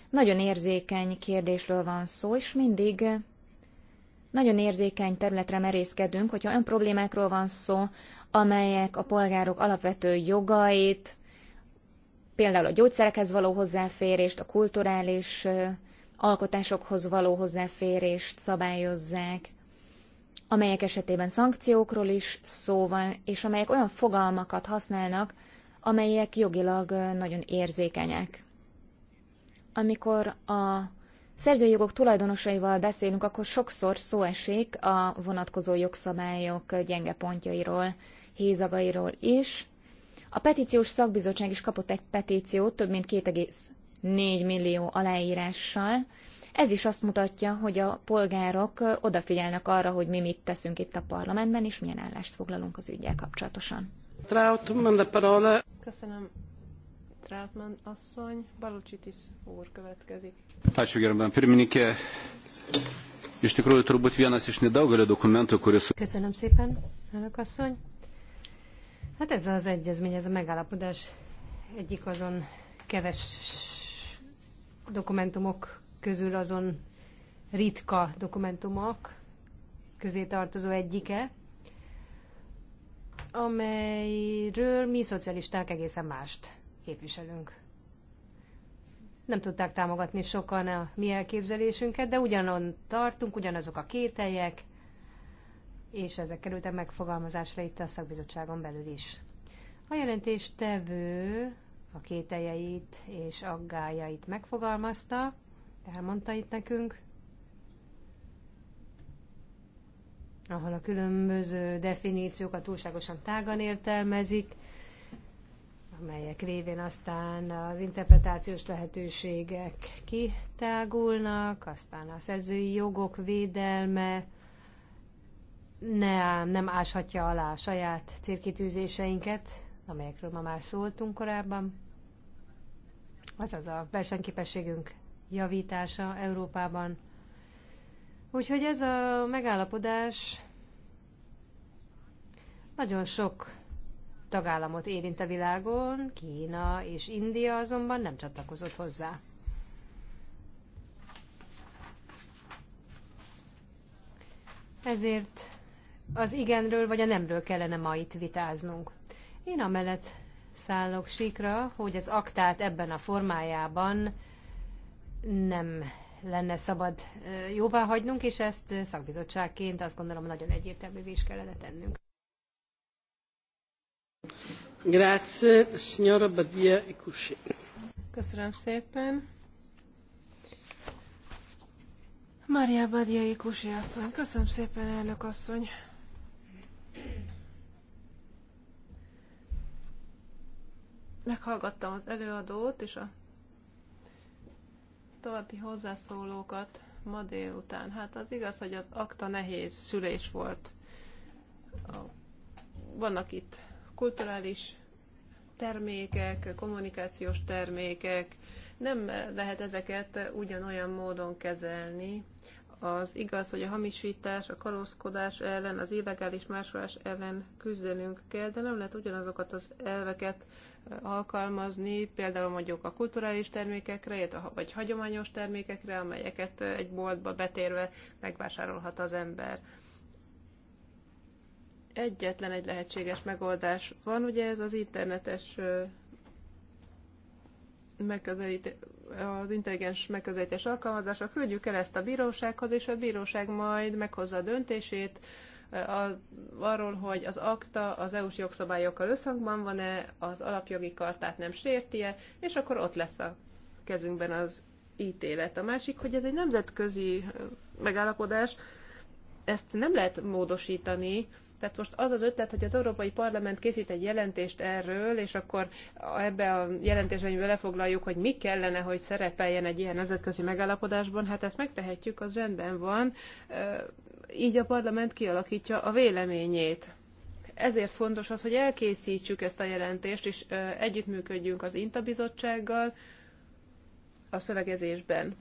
Nagyon érzékeny kérdésről van szó, és mindig nagyon érzékeny területre merészkedünk, hogyha olyan problémákról van szó, amelyek a polgárok alapvető jogait, például a gyógyszerekhez való hozzáférést, a kulturális alkotásokhoz való hozzáférést szabályozzák, amelyek esetében szankciókról is szó van, és amelyek olyan fogalmakat használnak, amelyek jogilag nagyon érzékenyek. Amikor a szerzőjogok tulajdonosaival beszélünk, akkor sokszor szó esik a vonatkozó jogszabályok gyenge pontjairól, hézagairól is. A petíciós szakbizottság is kapott egy petíciót több mint 2,4 millió aláírással. Ez is azt mutatja, hogy a polgárok odafigyelnek arra, hogy mi mit teszünk itt a parlamentben, és milyen állást foglalunk az ügyel kapcsolatosan. Köszönöm Trautmann asszony, Balucsitis úr következik. Ačiū gerbiam pirmininkė. Iš tikrųjų, turbūt vienas iš nedaugelio dokumentų, kuris... Köszönöm szépen, elnök asszony. Hát ez az egyezmény, ez a megállapodás egyik azon keves dokumentumok közül azon ritka dokumentumok közé tartozó egyike, amelyről mi szocialisták egészen mást képviselünk. Nem tudták támogatni sokan a mi elképzelésünket, de ugyanon tartunk, ugyanazok a kételjek, és ezek kerültek megfogalmazásra itt a szakbizottságon belül is. A jelentéstevő a kételjeit és aggájait megfogalmazta, elmondta itt nekünk, ahol a különböző definíciókat túlságosan tágan értelmezik, melyek révén aztán az interpretációs lehetőségek kitágulnak, aztán a szerzői jogok védelme nem, nem áshatja alá a saját célkitűzéseinket, amelyekről ma már szóltunk korábban. Azaz a versenyképességünk javítása Európában. Úgyhogy ez a megállapodás nagyon sok tagállamot érint a világon, Kína és India azonban nem csatlakozott hozzá. Ezért az igenről vagy a nemről kellene ma itt vitáznunk. Én amellett szállok síkra, hogy az aktát ebben a formájában nem lenne szabad jóvá hagynunk, és ezt szakbizottságként azt gondolom nagyon egyértelművé is kellene tennünk. Grazie, e Köszönöm szépen. Badia Ikusi e asszony, köszönöm szépen, elnök asszony. Meghallgattam az előadót és a további hozzászólókat ma délután. Hát az igaz, hogy az akta nehéz szülés volt. Vannak itt kulturális termékek, kommunikációs termékek, nem lehet ezeket ugyanolyan módon kezelni. Az igaz, hogy a hamisítás, a kalózkodás ellen, az illegális másolás ellen küzdenünk kell, de nem lehet ugyanazokat az elveket eh, alkalmazni, például mondjuk a kulturális termékekre, vagy hagyományos termékekre, amelyeket eh, egy boltba betérve megvásárolhat az ember egyetlen egy lehetséges megoldás van, ugye ez az internetes megközelítés, az intelligens megközelítés alkalmazása, küldjük el ezt a bírósághoz, és a bíróság majd meghozza a döntését a, arról, hogy az akta az EU-s jogszabályokkal összhangban van-e, az alapjogi kartát nem sérti-e, és akkor ott lesz a kezünkben az ítélet. A másik, hogy ez egy nemzetközi megállapodás, ezt nem lehet módosítani, tehát most az az ötlet, hogy az Európai Parlament készít egy jelentést erről, és akkor ebbe a jelentésben lefoglaljuk, hogy mi kellene, hogy szerepeljen egy ilyen nemzetközi megállapodásban, hát ezt megtehetjük, az rendben van. Így a parlament kialakítja a véleményét ezért fontos az, hogy elkészítsük ezt a jelentést, és együttműködjünk az INTA bizottsággal a szövegezésben.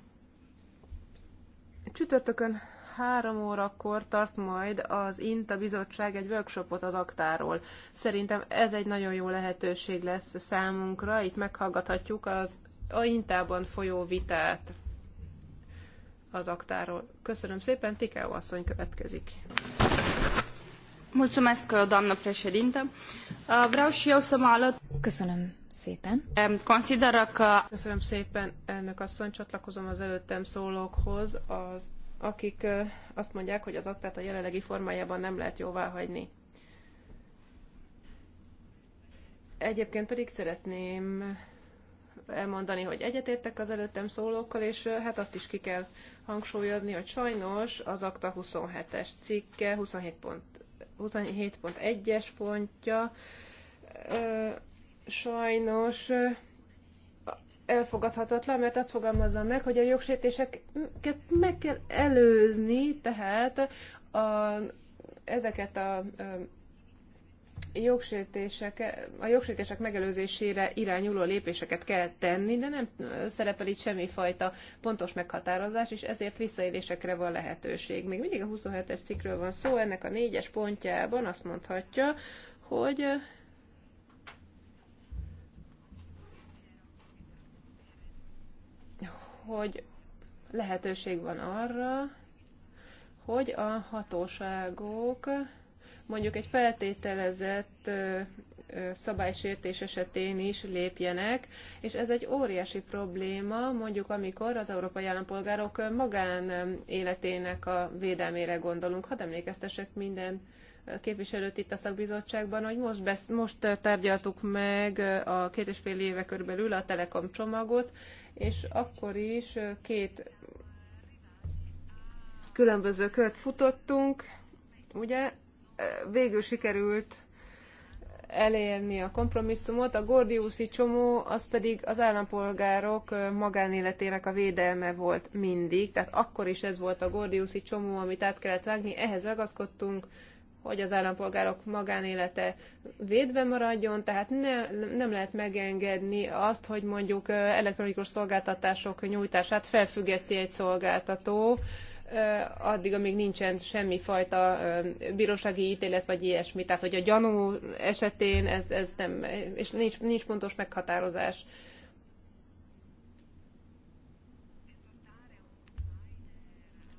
Csütörtökön Három órakor tart majd az INTA bizottság egy workshopot az aktáról. Szerintem ez egy nagyon jó lehetőség lesz számunkra. Itt meghallgathatjuk az a Intában folyó vitát az aktáról. Köszönöm szépen, Tikeo asszony következik. Mulțumesc, doamnă președintă. Vreau și eu să mă alăt... Köszönöm szépen. Consideră că... Köszönöm szépen, elnök asszony, csatlakozom az előttem szólókhoz. Az akik azt mondják, hogy az aktát a jelenlegi formájában nem lehet jóvá hagyni. Egyébként pedig szeretném elmondani, hogy egyetértek az előttem szólókkal, és hát azt is ki kell hangsúlyozni, hogy sajnos az akta 27-es cikke, 27.1-es 27 pontja, sajnos elfogadhatatlan, mert azt fogalmazza meg, hogy a jogsértéseket meg kell előzni, tehát a, ezeket a jogsértések, a jogsértések megelőzésére irányuló lépéseket kell tenni, de nem szerepel itt semmifajta pontos meghatározás, és ezért visszaélésekre van lehetőség. Még mindig a 27-es cikkről van szó, ennek a négyes pontjában azt mondhatja, hogy hogy lehetőség van arra, hogy a hatóságok mondjuk egy feltételezett szabálysértés esetén is lépjenek, és ez egy óriási probléma, mondjuk amikor az európai állampolgárok magán életének a védelmére gondolunk. Hadd emlékeztesek minden képviselőt itt a szakbizottságban, hogy most, besz- most tárgyaltuk meg a két és fél éve körülbelül a Telekom csomagot, és akkor is két különböző kört futottunk, ugye végül sikerült elérni a kompromisszumot, a Gordiuszi csomó az pedig az állampolgárok magánéletének a védelme volt mindig, tehát akkor is ez volt a Gordiuszi csomó, amit át kellett vágni, ehhez ragaszkodtunk, hogy az állampolgárok magánélete védve maradjon, tehát ne, nem lehet megengedni azt, hogy mondjuk elektronikus szolgáltatások nyújtását felfüggeszti egy szolgáltató, addig, amíg nincsen semmi fajta bírósági ítélet, vagy ilyesmi. Tehát, hogy a gyanú esetén ez, ez nem, és nincs, nincs pontos meghatározás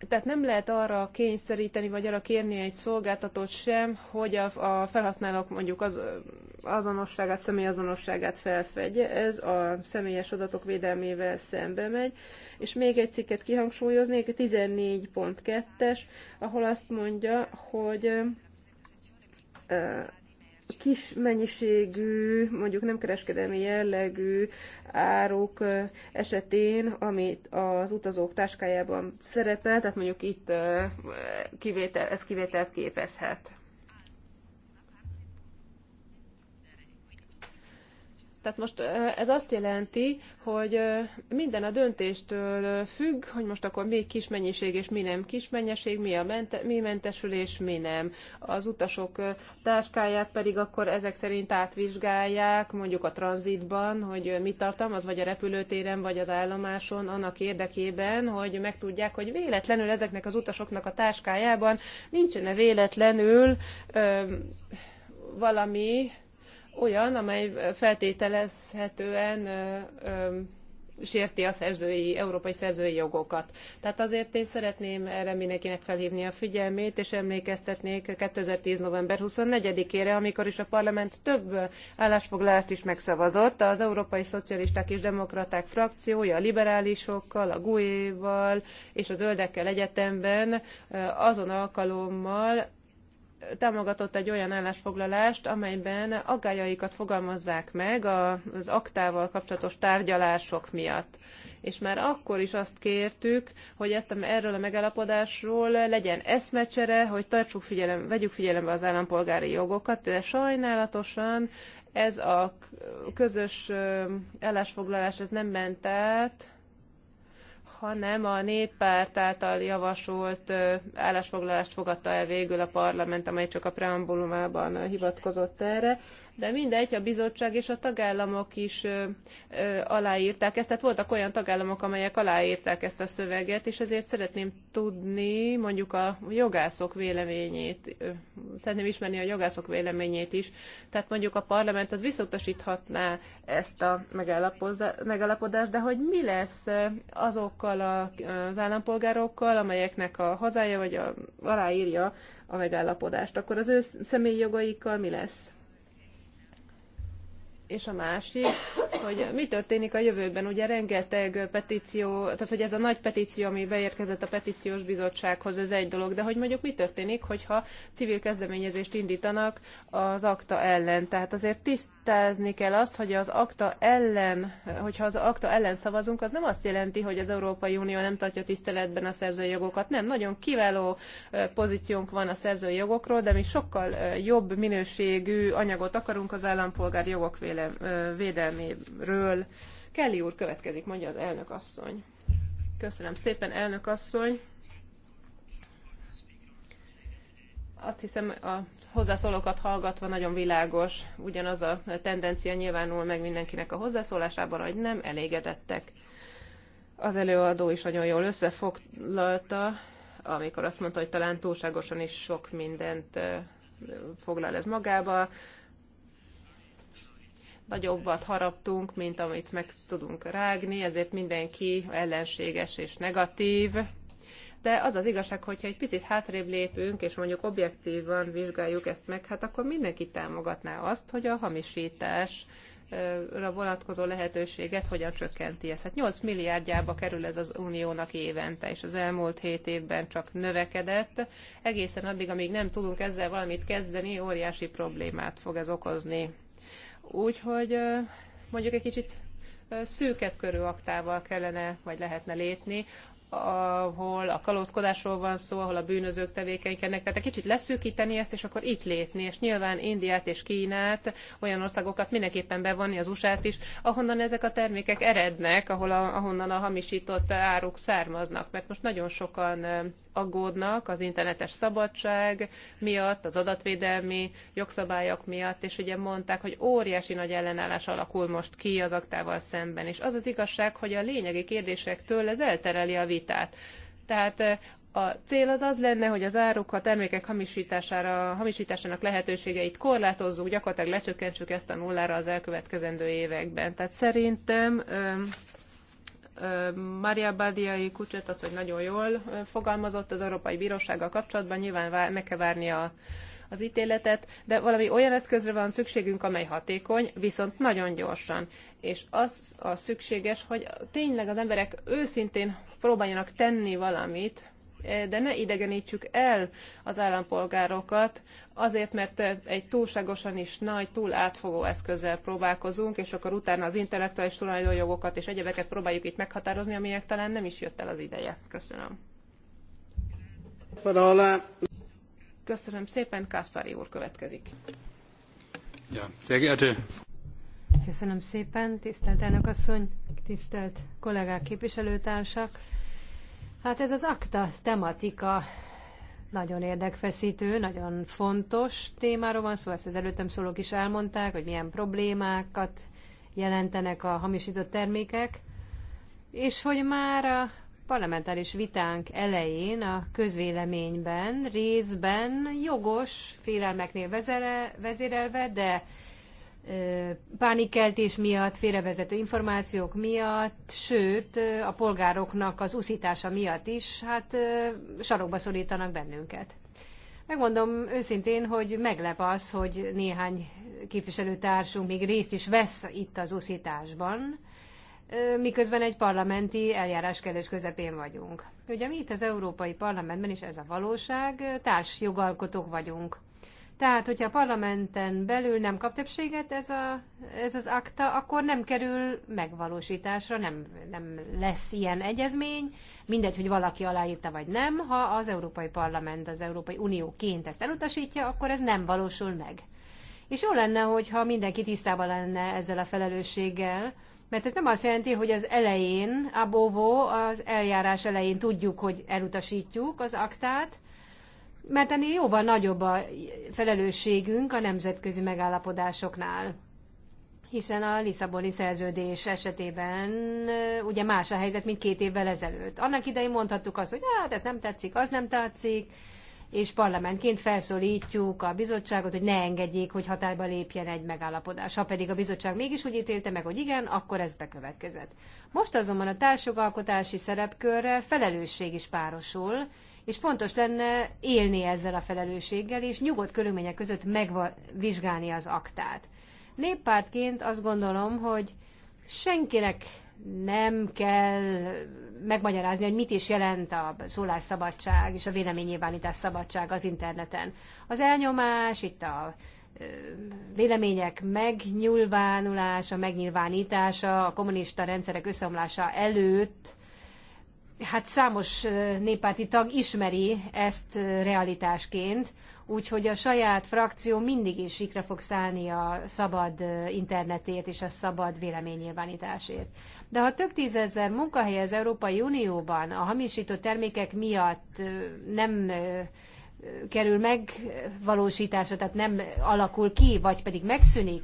tehát nem lehet arra kényszeríteni, vagy arra kérni egy szolgáltatót sem, hogy a, a felhasználók mondjuk az azonosságát, személyazonosságát felfedje. Ez a személyes adatok védelmével szembe megy. És még egy cikket kihangsúlyoznék, 14.2-es, ahol azt mondja, hogy kis mennyiségű, mondjuk nem kereskedelmi jellegű áruk esetén, amit az utazók táskájában szerepel, tehát mondjuk itt kivétel, ez kivételt képezhet. Tehát most ez azt jelenti, hogy minden a döntéstől függ, hogy most akkor mi kis mennyiség és mi nem kis mennyiség, mi, a mente, mi mentesülés, mi nem. Az utasok táskáját pedig akkor ezek szerint átvizsgálják, mondjuk a tranzitban, hogy mit tartalmaz, vagy a repülőtéren, vagy az állomáson, annak érdekében, hogy megtudják, hogy véletlenül ezeknek az utasoknak a táskájában nincsen-e véletlenül ö, valami, olyan, amely feltételezhetően sérti a szerzői, európai szerzői jogokat. Tehát azért én szeretném erre mindenkinek felhívni a figyelmét, és emlékeztetnék 2010. november 24-ére, amikor is a parlament több állásfoglalást is megszavazott. Az Európai Szocialisták és Demokraták frakciója a liberálisokkal, a GUE-val és a zöldekkel egyetemben azon alkalommal támogatott egy olyan állásfoglalást, amelyben aggájaikat fogalmazzák meg az aktával kapcsolatos tárgyalások miatt. És már akkor is azt kértük, hogy ezt a, erről a megállapodásról legyen eszmecsere, hogy tartsuk figyelem, vegyük figyelembe az állampolgári jogokat, de sajnálatosan ez a közös állásfoglalás ez nem ment át, hanem a néppárt által javasolt állásfoglalást fogadta el végül a parlament, amely csak a preambulumában hivatkozott erre de mindegy, a bizottság és a tagállamok is ö, ö, aláírták ezt, tehát voltak olyan tagállamok, amelyek aláírták ezt a szöveget, és azért szeretném tudni mondjuk a jogászok véleményét, ö, szeretném ismerni a jogászok véleményét is, tehát mondjuk a parlament az visszautasíthatná ezt a megállapodást, de hogy mi lesz azokkal a, az állampolgárokkal, amelyeknek a hazája vagy a, aláírja a megállapodást, akkor az ő személyi jogaikkal mi lesz? és a másik, hogy mi történik a jövőben. Ugye rengeteg petíció, tehát hogy ez a nagy petíció, ami beérkezett a petíciós bizottsághoz, ez egy dolog, de hogy mondjuk mi történik, hogyha civil kezdeményezést indítanak az akta ellen. Tehát azért tisztázni kell azt, hogy az akta ellen, hogyha az akta ellen szavazunk, az nem azt jelenti, hogy az Európai Unió nem tartja tiszteletben a szerzői jogokat. Nem, nagyon kiváló pozíciónk van a szerzői jogokról, de mi sokkal jobb minőségű anyagot akarunk az állampolgár jogok véleményében vélem, védelméről. Kelly úr következik, mondja az elnök asszony. Köszönöm szépen, elnök asszony. Azt hiszem, a hozzászólókat hallgatva nagyon világos, ugyanaz a tendencia nyilvánul meg mindenkinek a hozzászólásában, hogy nem elégedettek. Az előadó is nagyon jól összefoglalta, amikor azt mondta, hogy talán túlságosan is sok mindent foglal ez magába, nagyobbat haraptunk, mint amit meg tudunk rágni, ezért mindenki ellenséges és negatív. De az az igazság, hogyha egy picit hátrébb lépünk, és mondjuk objektívan vizsgáljuk ezt meg, hát akkor mindenki támogatná azt, hogy a hamisítás vonatkozó lehetőséget hogyan csökkenti ez. Hát 8 milliárdjába kerül ez az uniónak évente, és az elmúlt 7 évben csak növekedett. Egészen addig, amíg nem tudunk ezzel valamit kezdeni, óriási problémát fog ez okozni úgy, hogy mondjuk egy kicsit szűkebb körű aktával kellene, vagy lehetne lépni, ahol a kalózkodásról van szó, ahol a bűnözők tevékenykednek. Tehát egy kicsit leszűkíteni ezt, és akkor itt lépni. És nyilván Indiát és Kínát, olyan országokat mindenképpen bevonni, az usa is, ahonnan ezek a termékek erednek, ahol a, ahonnan a hamisított áruk származnak. Mert most nagyon sokan aggódnak az internetes szabadság miatt, az adatvédelmi jogszabályok miatt, és ugye mondták, hogy óriási nagy ellenállás alakul most ki az aktával szemben. És az az igazság, hogy a lényegi kérdésektől ez eltereli a vitát vitát. Tehát a cél az az lenne, hogy az áruk a termékek hamisítására, hamisításának lehetőségeit korlátozzuk, gyakorlatilag lecsökkentsük ezt a nullára az elkövetkezendő években. Tehát szerintem Maria Badiai Kucset az, hogy nagyon jól fogalmazott az Európai Bírósággal kapcsolatban, nyilván meg kell várni a, az ítéletet, de valami olyan eszközre van szükségünk, amely hatékony, viszont nagyon gyorsan. És az a szükséges, hogy tényleg az emberek őszintén próbáljanak tenni valamit, eh, de ne idegenítsük el az állampolgárokat, azért, mert eh, egy túlságosan is nagy, túl átfogó eszközzel próbálkozunk, és akkor utána az intellektuális tulajdonjogokat és egyebeket próbáljuk itt meghatározni, aminek talán nem is jött el az ideje. Köszönöm. Köszönöm szépen, Kászpári úr következik. Ja, sehr geehrte Köszönöm szépen, tisztelt elnök asszony, tisztelt kollégák, képviselőtársak. Hát ez az akta tematika nagyon érdekfeszítő, nagyon fontos témáról van szó, szóval ezt az előttem szólók is elmondták, hogy milyen problémákat jelentenek a hamisított termékek, és hogy már a parlamentális vitánk elején a közvéleményben részben jogos félelmeknél vezere, vezérelve, de pánikeltés miatt, félrevezető információk miatt, sőt a polgároknak az uszítása miatt is, hát sarokba szorítanak bennünket. Megmondom őszintén, hogy meglep az, hogy néhány képviselőtársunk még részt is vesz itt az uszításban, miközben egy parlamenti eljárás kellős közepén vagyunk. Ugye mi itt az Európai Parlamentben is ez a valóság, társjogalkotók vagyunk. Tehát, hogyha a parlamenten belül nem kap többséget ez, a, ez az akta, akkor nem kerül megvalósításra, nem, nem lesz ilyen egyezmény. Mindegy, hogy valaki aláírta vagy nem, ha az Európai Parlament, az Európai Unióként ezt elutasítja, akkor ez nem valósul meg. És jó lenne, hogyha mindenki tisztában lenne ezzel a felelősséggel, mert ez nem azt jelenti, hogy az elején, bovó, az eljárás elején tudjuk, hogy elutasítjuk az aktát, mert ennél jóval nagyobb a felelősségünk a nemzetközi megállapodásoknál. Hiszen a Lisszaboni szerződés esetében ugye más a helyzet, mint két évvel ezelőtt. Annak idején mondhattuk azt, hogy hát ez nem tetszik, az nem tetszik, és parlamentként felszólítjuk a bizottságot, hogy ne engedjék, hogy hatályba lépjen egy megállapodás. Ha pedig a bizottság mégis úgy ítélte meg, hogy igen, akkor ez bekövetkezett. Most azonban a társjogalkotási szerepkörrel felelősség is párosul, és fontos lenne élni ezzel a felelősséggel, és nyugodt körülmények között megvizsgálni az aktát. Néppártként azt gondolom, hogy senkinek nem kell megmagyarázni, hogy mit is jelent a szólásszabadság és a véleménynyilvánítás szabadság az interneten. Az elnyomás, itt a vélemények megnyilvánulása, megnyilvánítása, a kommunista rendszerek összeomlása előtt hát számos néppárti tag ismeri ezt realitásként, úgyhogy a saját frakció mindig is sikre fog szállni a szabad internetért és a szabad véleménynyilvánításért. De ha több tízezer munkahely az Európai Unióban a hamisított termékek miatt nem kerül megvalósításra, tehát nem alakul ki, vagy pedig megszűnik,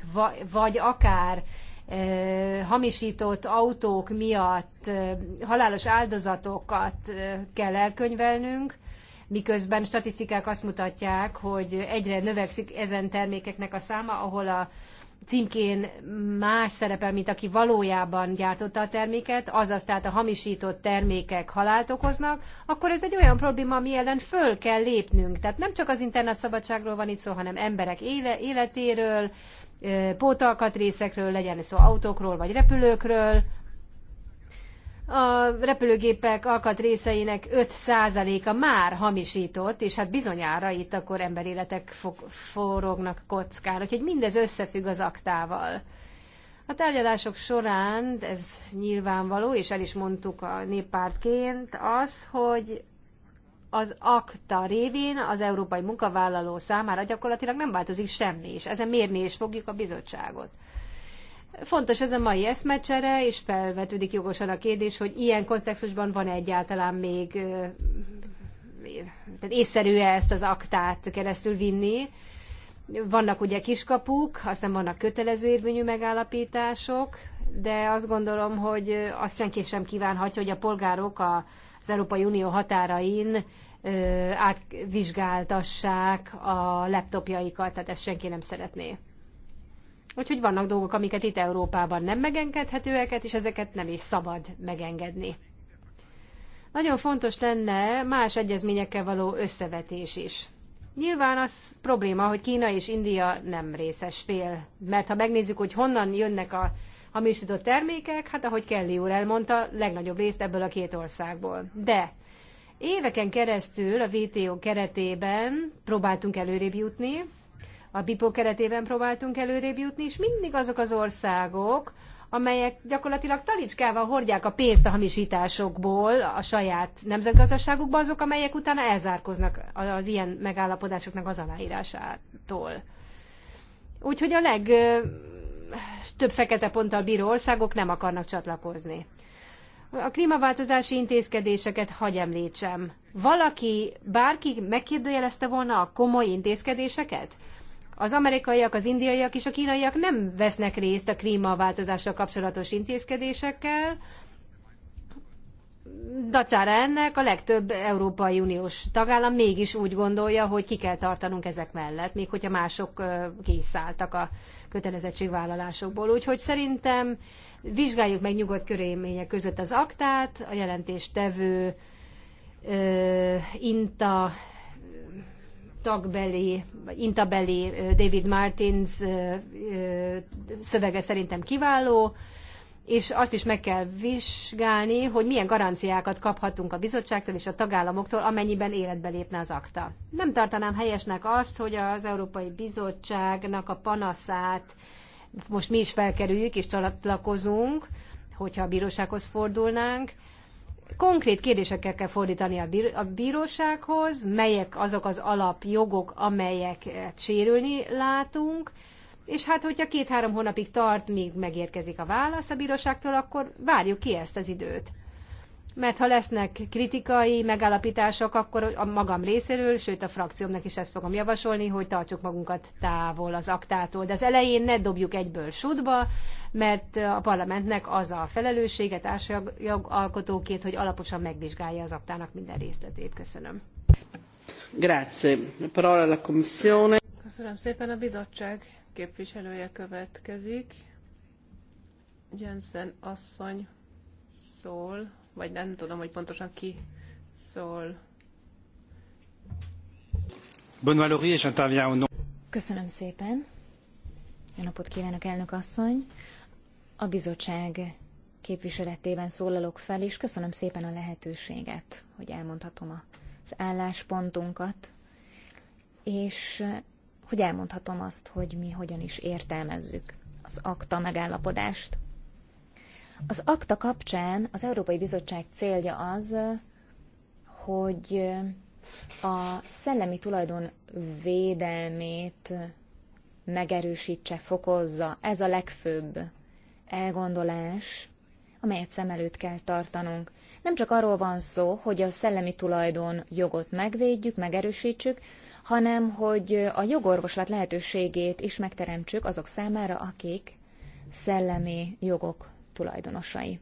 vagy akár Eh, hamisított autók miatt eh, halálos áldozatokat eh, kell elkönyvelnünk, miközben statisztikák azt mutatják, hogy egyre növekszik ezen termékeknek a száma, ahol a címkén más szerepel, mint aki valójában gyártotta a terméket, azaz tehát a hamisított termékek halált okoznak, akkor ez egy olyan probléma, ami ellen föl kell lépnünk. Tehát nem csak az internet szabadságról van itt szó, hanem emberek éle, életéről, pótalkatrészekről, legyen szó autókról vagy repülőkről. A repülőgépek alkatrészeinek 5%-a már hamisított, és hát bizonyára itt akkor emberéletek forognak kockán. Úgyhogy mindez összefügg az aktával. A tárgyalások során, ez nyilvánvaló, és el is mondtuk a néppártként, az, hogy az akta révén az európai munkavállaló számára gyakorlatilag nem változik semmi, és ezen mérni is fogjuk a bizottságot. Fontos ez a mai eszmecsere, és felvetődik jogosan a kérdés, hogy ilyen kontextusban van -e egyáltalán még tehát észszerű-e ezt az aktát keresztül vinni. Vannak ugye kiskapuk, aztán vannak kötelező érvényű megállapítások, de azt gondolom, hogy azt senki sem kívánhatja, hogy a polgárok az Európai Unió határain átvizsgáltassák a laptopjaikat, tehát ezt senki nem szeretné. Úgyhogy vannak dolgok, amiket itt Európában nem megengedhetőeket, és ezeket nem is szabad megengedni. Nagyon fontos lenne más egyezményekkel való összevetés is. Nyilván az probléma, hogy Kína és India nem részes fél, mert ha megnézzük, hogy honnan jönnek a hamisított termékek, hát ahogy Kelly úr elmondta, legnagyobb részt ebből a két országból. De éveken keresztül a WTO keretében próbáltunk előrébb jutni, a BIPO keretében próbáltunk előrébb jutni, és mindig azok az országok, amelyek gyakorlatilag talicskával hordják a pénzt a hamisításokból a saját nemzetgazdaságukba, azok, amelyek utána elzárkoznak az ilyen megállapodásoknak az aláírásától. Úgyhogy a leg több fekete ponttal bíró országok nem akarnak csatlakozni. A klímaváltozási intézkedéseket hagy említsem. Valaki, bárki megkérdőjelezte volna a komoly intézkedéseket? Az amerikaiak, az indiaiak és a kínaiak nem vesznek részt a klímaváltozással kapcsolatos intézkedésekkel, dacára ennek a legtöbb Európai Uniós tagállam mégis úgy gondolja, hogy ki kell tartanunk ezek mellett, még hogyha mások készálltak a kötelezettségvállalásokból. Úgyhogy szerintem vizsgáljuk meg nyugodt körülmények között az aktát, a jelentéstevő ö, inta tagbeli, intabeli David Martins ö, ö, szövege szerintem kiváló, és azt is meg kell vizsgálni, hogy milyen garanciákat kaphatunk a bizottságtól és a tagállamoktól, amennyiben életbe lépne az akta. Nem tartanám helyesnek azt, hogy az Európai Bizottságnak a panaszát most mi is felkerüljük és csatlakozunk, hogyha a bírósághoz fordulnánk. Konkrét kérdésekkel kell fordítani a bírósághoz, melyek azok az alapjogok, amelyeket sérülni látunk, és hát, hogyha két-három hónapig tart, még megérkezik a válasz a bíróságtól, akkor várjuk ki ezt az időt. Mert ha lesznek kritikai megállapítások, akkor a magam részéről, sőt a frakciómnak is ezt fogom javasolni, hogy tartsuk magunkat távol az aktától. De az elején ne dobjuk egyből sudba, mert a parlamentnek az a felelőssége alkotóként, hogy alaposan megvizsgálja az aktának minden részletét. Köszönöm. Grazie. Parola alla Commissione. Köszönöm szépen a bizottság képviselője következik. Jensen asszony szól, vagy nem tudom, hogy pontosan ki szól. Köszönöm szépen. Jó napot kívánok, elnök asszony. A bizottság képviseletében szólalok fel, és köszönöm szépen a lehetőséget, hogy elmondhatom az álláspontunkat. És hogy elmondhatom azt, hogy mi hogyan is értelmezzük az akta megállapodást. Az akta kapcsán az Európai Bizottság célja az, hogy a szellemi tulajdon védelmét megerősítse, fokozza. Ez a legfőbb elgondolás, amelyet szem előtt kell tartanunk. Nem csak arról van szó, hogy a szellemi tulajdon jogot megvédjük, megerősítsük, hanem hogy a jogorvoslat lehetőségét is megteremtsük azok számára, akik szellemi jogok tulajdonosai.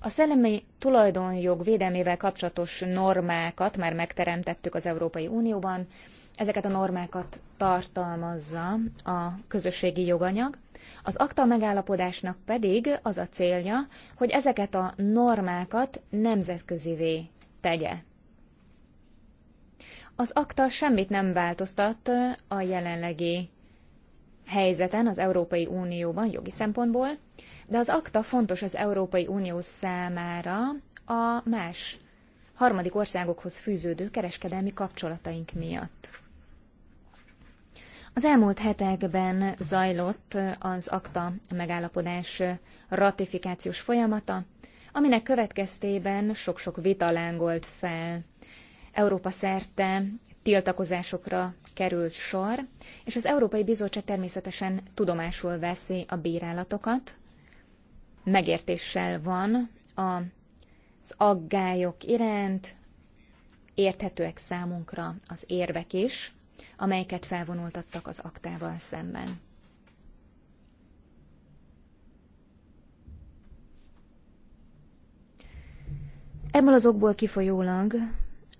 A szellemi tulajdonjog védelmével kapcsolatos normákat már megteremtettük az Európai Unióban, ezeket a normákat tartalmazza a közösségi joganyag, az akta megállapodásnak pedig az a célja, hogy ezeket a normákat nemzetközivé tegye. Az akta semmit nem változtat a jelenlegi helyzeten az Európai Unióban jogi szempontból, de az akta fontos az Európai Unió számára a más harmadik országokhoz fűződő kereskedelmi kapcsolataink miatt. Az elmúlt hetekben zajlott az akta megállapodás ratifikációs folyamata, aminek következtében sok-sok vita lángolt fel Európa szerte tiltakozásokra került sor, és az Európai Bizottság természetesen tudomásul veszi a bírálatokat, megértéssel van az aggályok iránt, érthetőek számunkra az érvek is, amelyeket felvonultattak az aktával szemben. Ebből az okból kifolyólag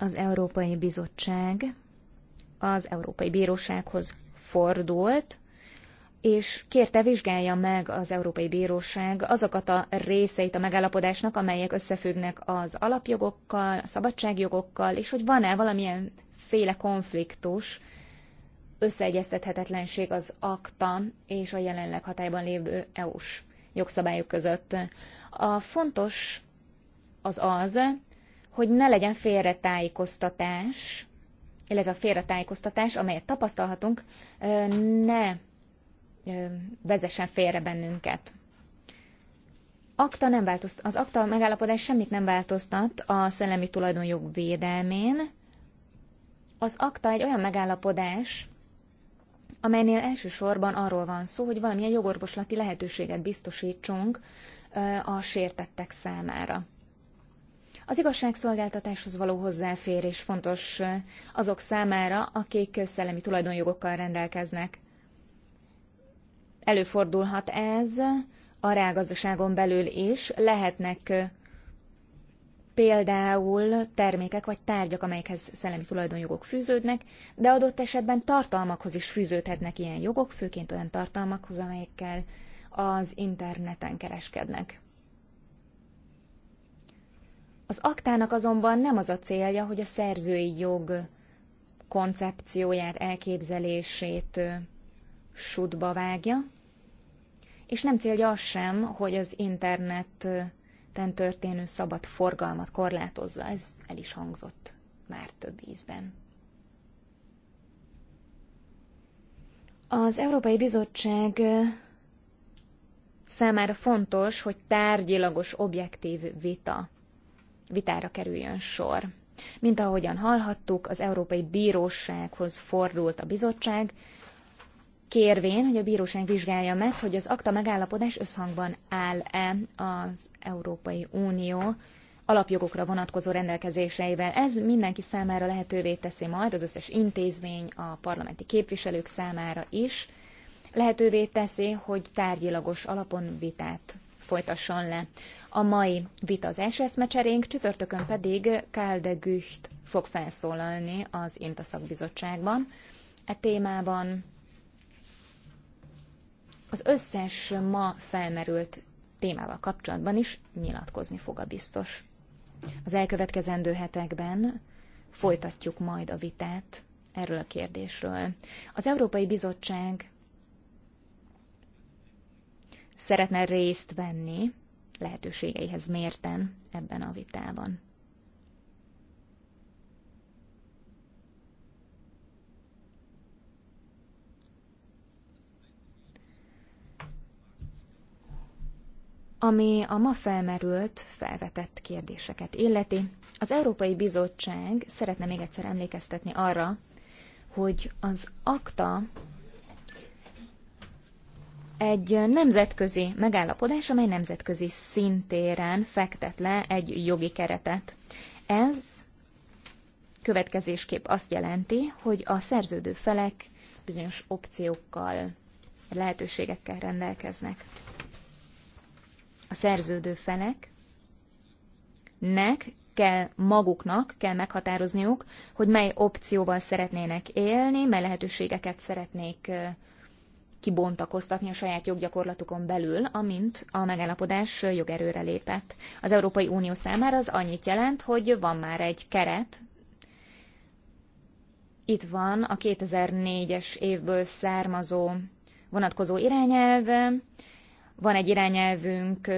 az Európai Bizottság az Európai Bírósághoz fordult, és kérte vizsgálja meg az Európai Bíróság azokat a részeit a megállapodásnak, amelyek összefüggnek az alapjogokkal, a szabadságjogokkal, és hogy van-e valamilyen féle konfliktus, összeegyeztethetetlenség az akta és a jelenleg hatályban lévő EU-s jogszabályok között. A fontos az az, hogy ne legyen félretájékoztatás, illetve a félretájékoztatás, amelyet tapasztalhatunk, ne vezessen félre bennünket. Akta nem változt, az akta megállapodás semmit nem változtat a szellemi tulajdonjog védelmén. Az akta egy olyan megállapodás, amelynél elsősorban arról van szó, hogy valamilyen jogorvoslati lehetőséget biztosítsunk a sértettek számára. Az igazságszolgáltatáshoz való hozzáférés fontos azok számára, akik szellemi tulajdonjogokkal rendelkeznek. Előfordulhat ez a reálgazdaságon belül is, lehetnek például termékek vagy tárgyak, amelyekhez szellemi tulajdonjogok fűződnek, de adott esetben tartalmakhoz is fűződhetnek ilyen jogok, főként olyan tartalmakhoz, amelyekkel az interneten kereskednek. Az aktának azonban nem az a célja, hogy a szerzői jog koncepcióját, elképzelését sudba vágja, és nem célja az sem, hogy az interneten történő szabad forgalmat korlátozza. Ez el is hangzott már több ízben. Az Európai Bizottság számára fontos, hogy tárgyilagos, objektív vita vitára kerüljön sor. Mint ahogyan hallhattuk, az Európai Bírósághoz fordult a bizottság, kérvén, hogy a bíróság vizsgálja meg, hogy az akta megállapodás összhangban áll-e az Európai Unió alapjogokra vonatkozó rendelkezéseivel. Ez mindenki számára lehetővé teszi majd, az összes intézmény, a parlamenti képviselők számára is lehetővé teszi, hogy tárgyilagos alapon vitát folytasson le. A mai vita az első eszmecserénk, csütörtökön pedig Kálde Gücht fog felszólalni az INTA szakbizottságban. E témában az összes ma felmerült témával kapcsolatban is nyilatkozni fog a biztos. Az elkövetkezendő hetekben folytatjuk majd a vitát erről a kérdésről. Az Európai Bizottság szeretne részt venni lehetőségeihez mérten ebben a vitában. ami a ma felmerült, felvetett kérdéseket illeti. Az Európai Bizottság szeretne még egyszer emlékeztetni arra, hogy az akta egy nemzetközi megállapodás, amely nemzetközi szintéren fektet le egy jogi keretet. Ez következésképp azt jelenti, hogy a szerződő felek bizonyos opciókkal, lehetőségekkel rendelkeznek. A szerződő feleknek kell maguknak kell meghatározniuk, hogy mely opcióval szeretnének élni, mely lehetőségeket szeretnék kibontakoztatni a saját joggyakorlatukon belül, amint a megállapodás jogerőre lépett. Az Európai Unió számára az annyit jelent, hogy van már egy keret, itt van a 2004-es évből származó vonatkozó irányelv, van egy irányelvünk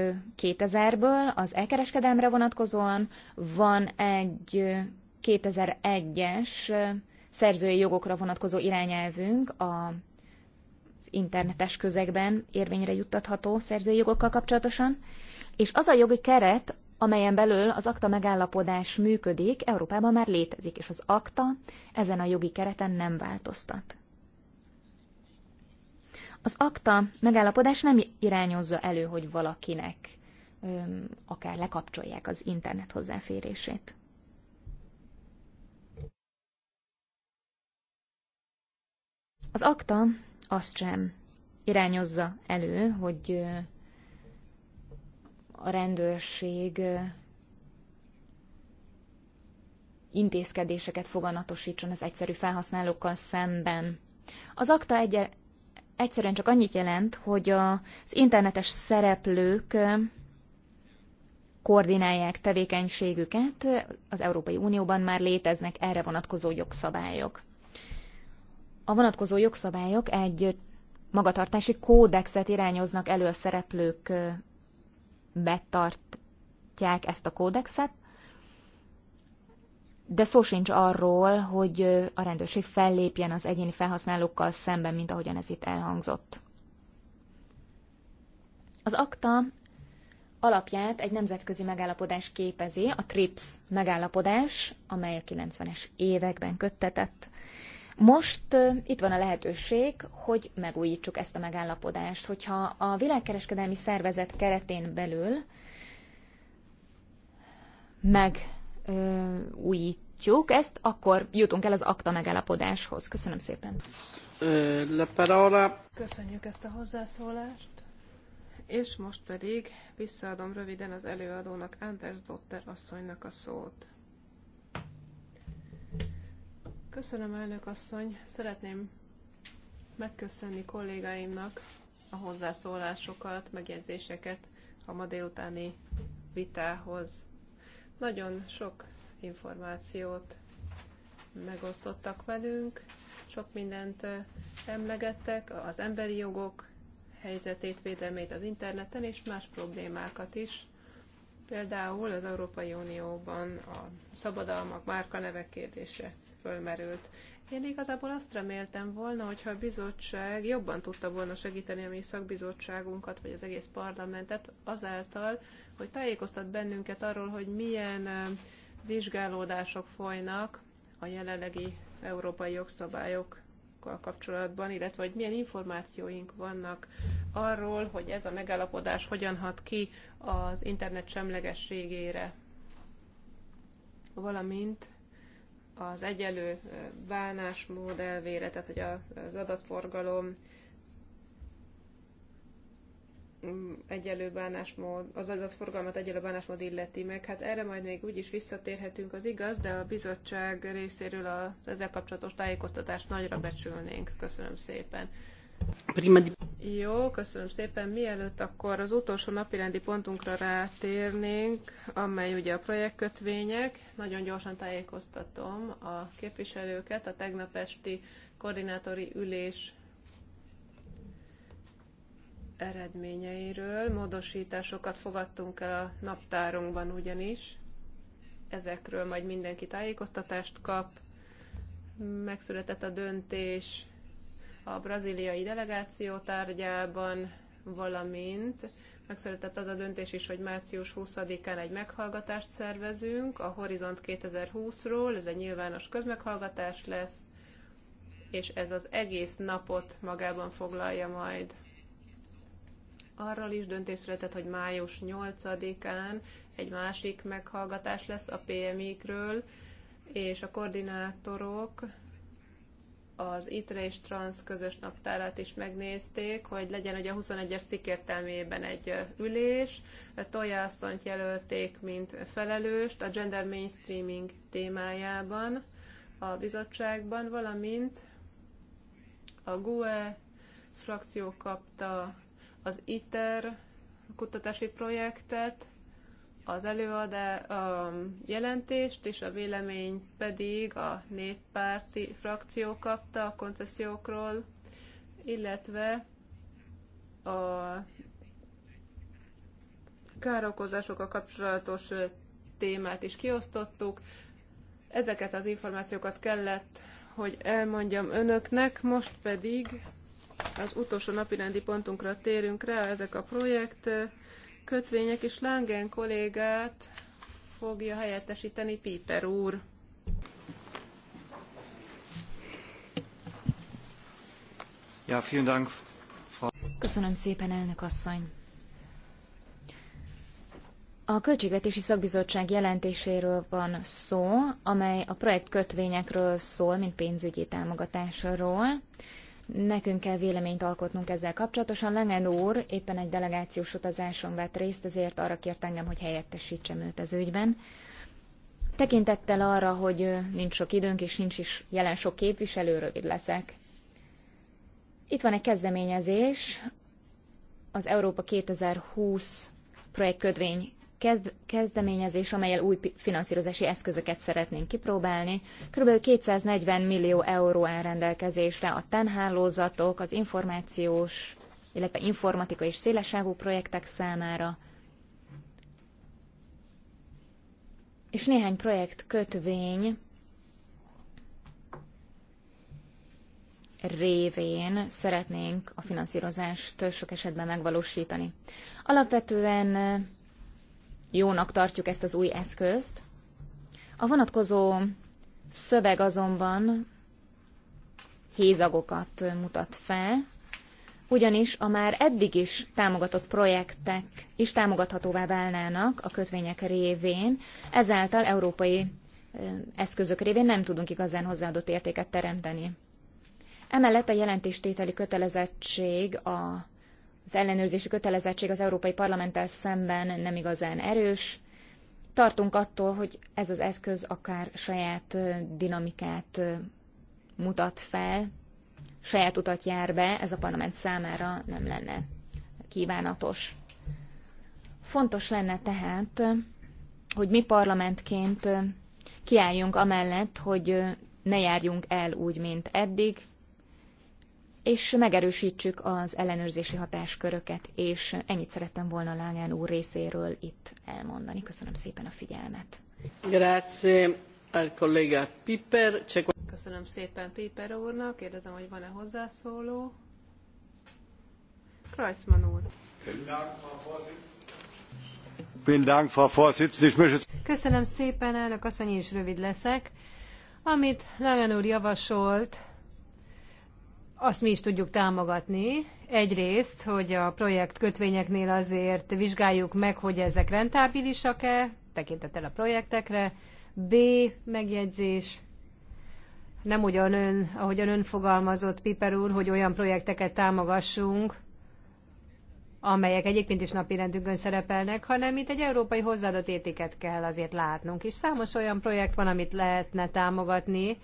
2000-ből az elkereskedelmre vonatkozóan, van egy 2001-es szerzői jogokra vonatkozó irányelvünk a az internetes közegben érvényre juttatható szerzői jogokkal kapcsolatosan, és az a jogi keret, amelyen belül az akta megállapodás működik, Európában már létezik, és az akta ezen a jogi kereten nem változtat. Az akta megállapodás nem irányozza elő, hogy valakinek öm, akár lekapcsolják az internet hozzáférését. Az akta azt sem irányozza elő, hogy a rendőrség intézkedéseket foganatosítson az egyszerű felhasználókkal szemben. Az akta egy- egyszerűen csak annyit jelent, hogy az internetes szereplők koordinálják tevékenységüket, az Európai Unióban már léteznek erre vonatkozó jogszabályok a vonatkozó jogszabályok egy magatartási kódexet irányoznak elő a szereplők betartják ezt a kódexet, de szó sincs arról, hogy a rendőrség fellépjen az egyéni felhasználókkal szemben, mint ahogyan ez itt elhangzott. Az akta alapját egy nemzetközi megállapodás képezi, a TRIPS megállapodás, amely a 90-es években köttetett. Most itt van a lehetőség, hogy megújítsuk ezt a megállapodást. Hogyha a világkereskedelmi szervezet keretén belül megújítjuk ezt, akkor jutunk el az akta megállapodáshoz. Köszönöm szépen. Köszönjük ezt a hozzászólást. És most pedig visszaadom röviden az előadónak, Anders Dotter asszonynak a szót. Köszönöm, elnök asszony. Szeretném megköszönni kollégáimnak a hozzászólásokat, megjegyzéseket a ma délutáni vitához. Nagyon sok információt megosztottak velünk, sok mindent eh, emlegettek, az emberi jogok helyzetét, védelmét az interneten és más problémákat is. Például az Európai Unióban a szabadalmak, márkanevek kérdése fölmerült. Én igazából azt reméltem volna, hogyha a bizottság jobban tudta volna segíteni a mi szakbizottságunkat, vagy az egész parlamentet azáltal, hogy tájékoztat bennünket arról, hogy milyen vizsgálódások folynak a jelenlegi európai jogszabályok kapcsolatban, illetve hogy milyen információink vannak arról, hogy ez a megállapodás hogyan hat ki az internet semlegességére, valamint az egyelő bánásmód elvére, tehát hogy az adatforgalom mm, egyelő bánásmód, az adatforgalmat egyelő bánásmód illeti meg. Hát erre majd még úgyis visszatérhetünk, az igaz, de a bizottság részéről az ezzel kapcsolatos tájékoztatást nagyra becsülnénk. Köszönöm szépen. Jó, köszönöm szépen. Mielőtt akkor az utolsó napirendi pontunkra rátérnénk, amely ugye a projektkötvények, nagyon gyorsan tájékoztatom a képviselőket a tegnap esti koordinátori ülés eredményeiről. Módosításokat fogadtunk el a naptárunkban ugyanis. Ezekről majd mindenki tájékoztatást kap. Megszületett a döntés a braziliai delegáció tárgyában, valamint megszületett az a döntés is, hogy március 20-án egy meghallgatást szervezünk a Horizont 2020-ról, ez egy nyilvános közmeghallgatás lesz, és ez az egész napot magában foglalja majd. Arról is döntés született, hogy május 8-án egy másik meghallgatás lesz a PMI-kről, és a koordinátorok az ITRE és TRANS közös naptárát is megnézték, hogy legyen ugye a 21-es cikk értelmében egy ülés, Tojászont jelölték, mint felelőst a gender mainstreaming témájában a bizottságban, valamint a GUE frakció kapta az ITER kutatási projektet, az előadá a jelentést, és a vélemény pedig a néppárti frakció kapta a koncesziókról, illetve a károkozásokkal kapcsolatos témát is kiosztottuk. Ezeket az információkat kellett, hogy elmondjam önöknek, most pedig az utolsó napirendi pontunkra térünk rá, ezek a projekt kötvények, és Langen kollégát fogja helyettesíteni Piper úr. Ja, vielen Dank. Frau. Köszönöm szépen, elnök asszony. A Költségvetési Szakbizottság jelentéséről van szó, amely a projekt kötvényekről szól, mint pénzügyi támogatásról. Nekünk kell véleményt alkotnunk ezzel kapcsolatosan. Langen úr éppen egy delegációs utazáson vett részt, ezért arra kért engem, hogy helyettesítsem őt az ügyben. Tekintettel arra, hogy nincs sok időnk, és nincs is jelen sok képviselő, rövid leszek. Itt van egy kezdeményezés, az Európa 2020 projektkötvény kezd, kezdeményezés, amelyel új finanszírozási eszközöket szeretnénk kipróbálni. Kb. 240 millió euró áll rendelkezésre a TEN hálózatok, az információs, illetve informatika és szélesávú projektek számára. És néhány projekt kötvény révén szeretnénk a finanszírozást sok esetben megvalósítani. Alapvetően jónak tartjuk ezt az új eszközt. A vonatkozó szöveg azonban hézagokat mutat fel, ugyanis a már eddig is támogatott projektek is támogathatóvá válnának a kötvények révén, ezáltal európai eszközök révén nem tudunk igazán hozzáadott értéket teremteni. Emellett a jelentéstételi kötelezettség a az ellenőrzési kötelezettség az Európai Parlamenttel szemben nem igazán erős. Tartunk attól, hogy ez az eszköz akár saját dinamikát mutat fel, saját utat jár be, ez a parlament számára nem lenne kívánatos. Fontos lenne tehát, hogy mi parlamentként kiálljunk amellett, hogy ne járjunk el úgy, mint eddig, és megerősítsük az ellenőrzési hatásköröket, és ennyit szerettem volna Lányán úr részéről itt elmondani. Köszönöm szépen a figyelmet. Grazie al collega Piper. Köszönöm szépen Piper úrnak. Kérdezem, hogy van-e hozzászóló. Kreuzmann úr. Köszönöm szépen, elnök asszony, is rövid leszek. Amit Lagan úr javasolt, azt mi is tudjuk támogatni. Egyrészt, hogy a projekt kötvényeknél azért vizsgáljuk meg, hogy ezek rentábilisak-e, tekintettel a projektekre. B. Megjegyzés. Nem ugyan ön, ahogyan ön fogalmazott, Piper úr, hogy olyan projekteket támogassunk, amelyek egyébként is napirendünkön szerepelnek, hanem itt egy európai hozzáadott értéket kell azért látnunk. És számos olyan projekt van, amit lehetne támogatni,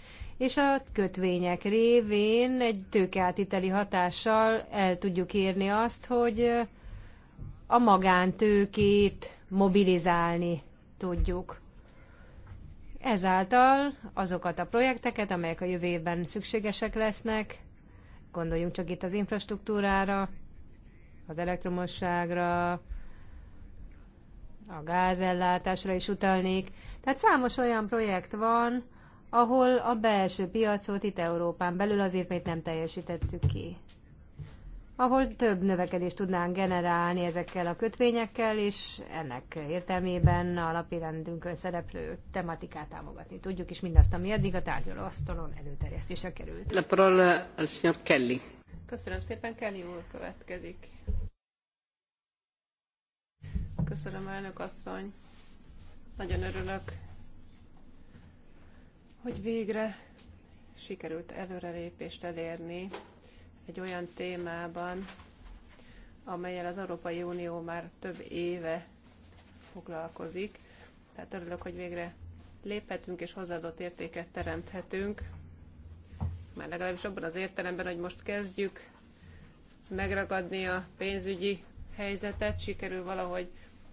és a kötvények révén egy tőkeátiteli hatással el tudjuk érni azt, hogy a magántőkét mobilizálni tudjuk. Ezáltal azokat a projekteket, amelyek a jövő évben szükségesek lesznek, gondoljunk csak itt az infrastruktúrára, az elektromosságra, a gázellátásra is utalnék. Tehát számos olyan projekt van, ahol a belső piacot itt Európán belül azért még nem teljesítettük ki. Ahol több növekedést tudnánk generálni ezekkel a kötvényekkel, és ennek értelmében a napirendünkön szereplő tematikát támogatni tudjuk, és mindazt, ami eddig a tárgyalóasztalon előterjesztésre került. La parola al signor Kelly. Köszönöm szépen, Kelly úr következik. Köszönöm, elnök asszony. Nagyon örülök hogy végre sikerült előrelépést elérni egy olyan témában, amelyel az Európai Unió már több éve foglalkozik. Tehát örülök, hogy végre léphetünk és hozzáadott értéket teremthetünk. Már legalábbis abban az értelemben, hogy most kezdjük megragadni a pénzügyi helyzetet, sikerül valahogy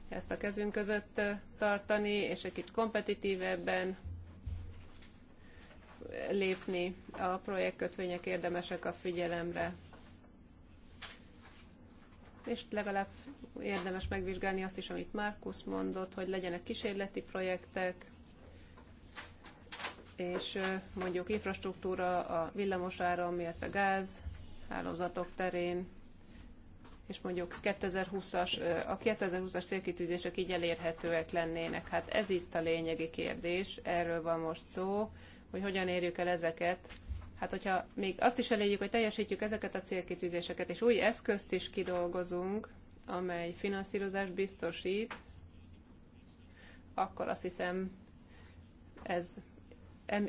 ezt a kezünk között tartani, és egy kicsit kompetitívebben, lépni, a projektkötvények érdemesek a figyelemre. És legalább érdemes megvizsgálni azt is, amit Márkusz mondott, hogy legyenek kísérleti projektek, és mondjuk infrastruktúra a villamosáram, illetve gáz, hálózatok terén, és mondjuk 2020-as, a 2020-as célkitűzések így elérhetőek lennének. Hát ez itt a lényegi kérdés, erről van most szó, hogy hogyan érjük el ezeket. Hát, hogyha még azt is elérjük, hogy teljesítjük ezeket a célkitűzéseket, és új eszközt is kidolgozunk, amely finanszírozást biztosít, akkor azt hiszem ez,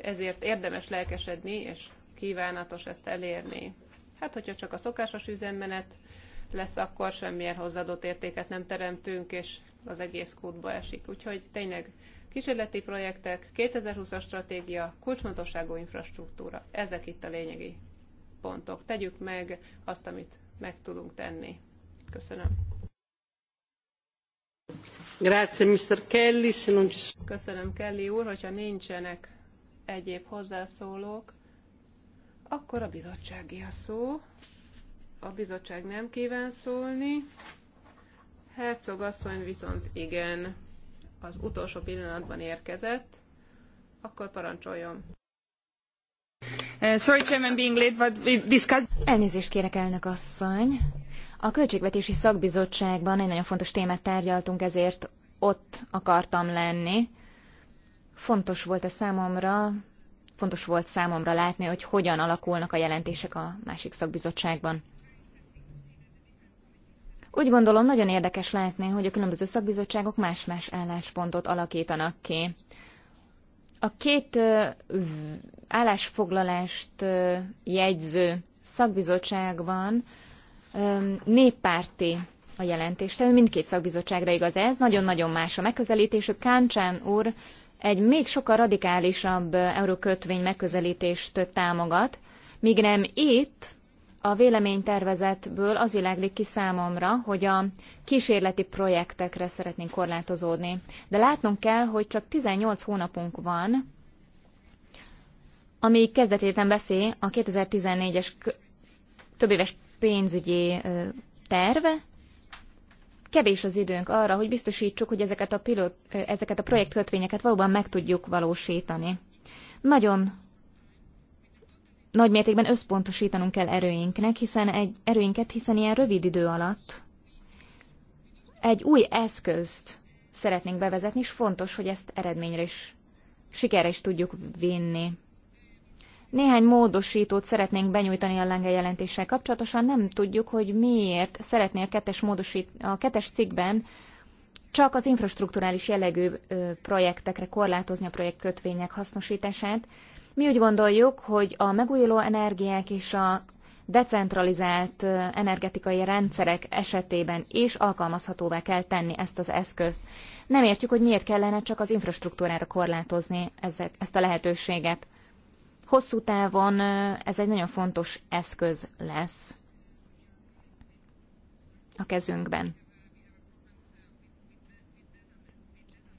ezért érdemes lelkesedni, és kívánatos ezt elérni. Hát, hogyha csak a szokásos üzemmenet lesz, akkor semmilyen hozzáadott értéket nem teremtünk, és az egész kútba esik. Úgyhogy tényleg Kísérleti projektek, 2020-as stratégia, kulcsfontosságú infrastruktúra. Ezek itt a lényegi pontok. Tegyük meg azt, amit meg tudunk tenni. Köszönöm. Grazie, Mr. Kelly. Köszönöm, Kelly úr, hogyha nincsenek egyéb hozzászólók, akkor a bizottsági a szó. A bizottság nem kíván szólni. Herzog asszony viszont igen az utolsó pillanatban érkezett, akkor parancsoljon. Eh, sorry, Chairman, being late, but we discussed... Elnézést kérek, elnök asszony. A Költségvetési Szakbizottságban egy nagyon fontos témát tárgyaltunk, ezért ott akartam lenni. Fontos volt a számomra, fontos volt számomra látni, hogy hogyan alakulnak a jelentések a másik szakbizottságban. Úgy gondolom, nagyon érdekes látni, hogy a különböző szakbizottságok más-más álláspontot alakítanak ki. A két állásfoglalást jegyző szakbizottságban néppárti a Tehát mindkét szakbizottságra igaz ez, nagyon-nagyon más a megközelítésük. Káncsán úr egy még sokkal radikálisabb eurókötvény megközelítést támogat, míg nem itt, a véleménytervezetből az világlik ki számomra, hogy a kísérleti projektekre szeretnénk korlátozódni. De látnunk kell, hogy csak 18 hónapunk van, ami kezdetéten beszél a 2014-es éves pénzügyi terv. kevés az időnk arra, hogy biztosítsuk, hogy ezeket a, pilot, ezeket a projektkötvényeket valóban meg tudjuk valósítani. Nagyon nagy mértékben összpontosítanunk kell erőinknek, hiszen egy erőinket, hiszen ilyen rövid idő alatt egy új eszközt szeretnénk bevezetni, és fontos, hogy ezt eredményre is, sikerre is tudjuk vinni. Néhány módosítót szeretnénk benyújtani a lenge jelentéssel kapcsolatosan, nem tudjuk, hogy miért szeretné a kettes, módosít, a kettes cikkben csak az infrastruktúrális jellegű projektekre korlátozni a projektkötvények hasznosítását, mi úgy gondoljuk, hogy a megújuló energiák és a decentralizált energetikai rendszerek esetében is alkalmazhatóvá kell tenni ezt az eszközt. Nem értjük, hogy miért kellene csak az infrastruktúrára korlátozni ezek, ezt a lehetőséget. Hosszú távon ez egy nagyon fontos eszköz lesz a kezünkben.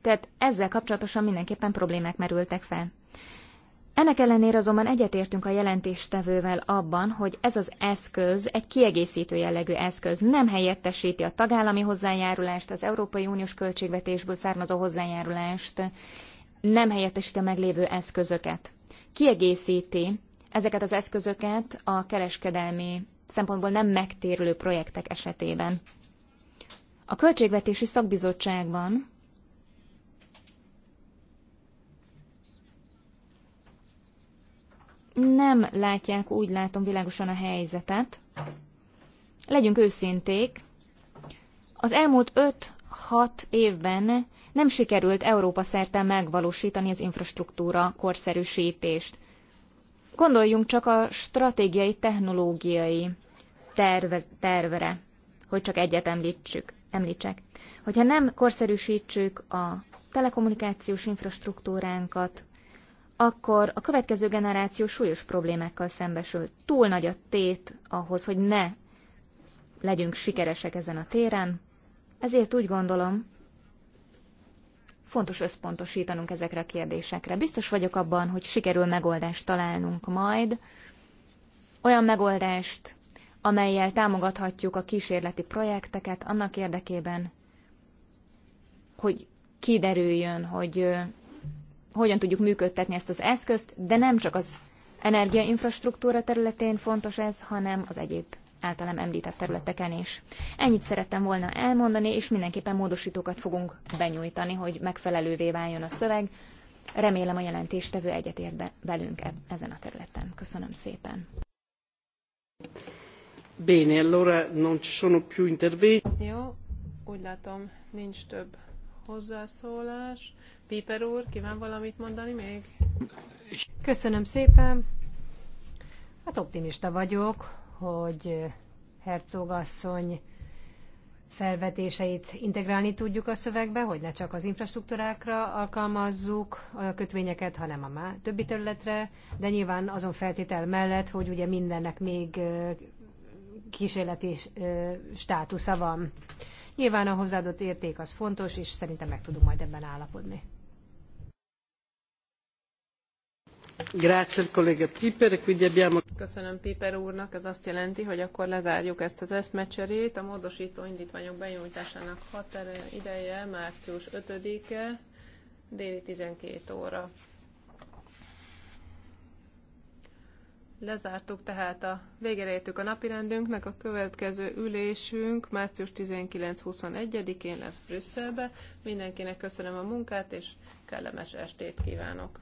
Tehát ezzel kapcsolatosan mindenképpen problémák merültek fel. Ennek ellenére azonban egyetértünk a jelentéstevővel abban, hogy ez az eszköz egy kiegészítő jellegű eszköz, nem helyettesíti a tagállami hozzájárulást, az Európai Uniós költségvetésből származó hozzájárulást, nem helyettesíti a meglévő eszközöket. Kiegészíti ezeket az eszközöket a kereskedelmi szempontból nem megtérülő projektek esetében. A Költségvetési Szakbizottságban nem látják, úgy látom világosan a helyzetet. Legyünk őszinték, az elmúlt 5-6 évben nem sikerült Európa szerte megvalósítani az infrastruktúra korszerűsítést. Gondoljunk csak a stratégiai, technológiai terve, tervere, hogy csak egyet említsük, említsek. Hogyha nem korszerűsítsük a telekommunikációs infrastruktúránkat, akkor a következő generáció súlyos problémákkal szembesül. Túl nagy a tét ahhoz, hogy ne legyünk sikeresek ezen a téren, ezért úgy gondolom, fontos összpontosítanunk ezekre a kérdésekre. Biztos vagyok abban, hogy sikerül megoldást találnunk majd, olyan megoldást, amelyel támogathatjuk a kísérleti projekteket annak érdekében, hogy kiderüljön, hogy hogyan tudjuk működtetni ezt az eszközt, de nem csak az energiainfrastruktúra területén fontos ez, hanem az egyéb általam említett területeken is. Ennyit szerettem volna elmondani, és mindenképpen módosítókat fogunk benyújtani, hogy megfelelővé váljon a szöveg. Remélem a jelentéstevő egyetért be, velünk e ezen a területen. Köszönöm szépen. Bene, allora non ci sono più interventi. Jó, úgy látom, nincs több hozzászólás. Piper úr, kíván valamit mondani még? Köszönöm szépen. Hát optimista vagyok, hogy hercogasszony felvetéseit integrálni tudjuk a szövegbe, hogy ne csak az infrastruktúrákra alkalmazzuk a kötvényeket, hanem a má többi területre, de nyilván azon feltétel mellett, hogy ugye mindennek még kísérleti státusza van. Nyilván a hozzáadott érték az fontos, és szerintem meg tudunk majd ebben állapodni. Grazie, collega Piper. Quindi abbiamo... Köszönöm Piper úrnak, ez azt jelenti, hogy akkor lezárjuk ezt az eszmecserét. A módosító indítványok benyújtásának határa ideje március 5-e, déli 12 óra. Lezártuk tehát a végére a a napirendünknek. A következő ülésünk március 19-21-én lesz Brüsszelbe. Mindenkinek köszönöm a munkát, és kellemes estét kívánok!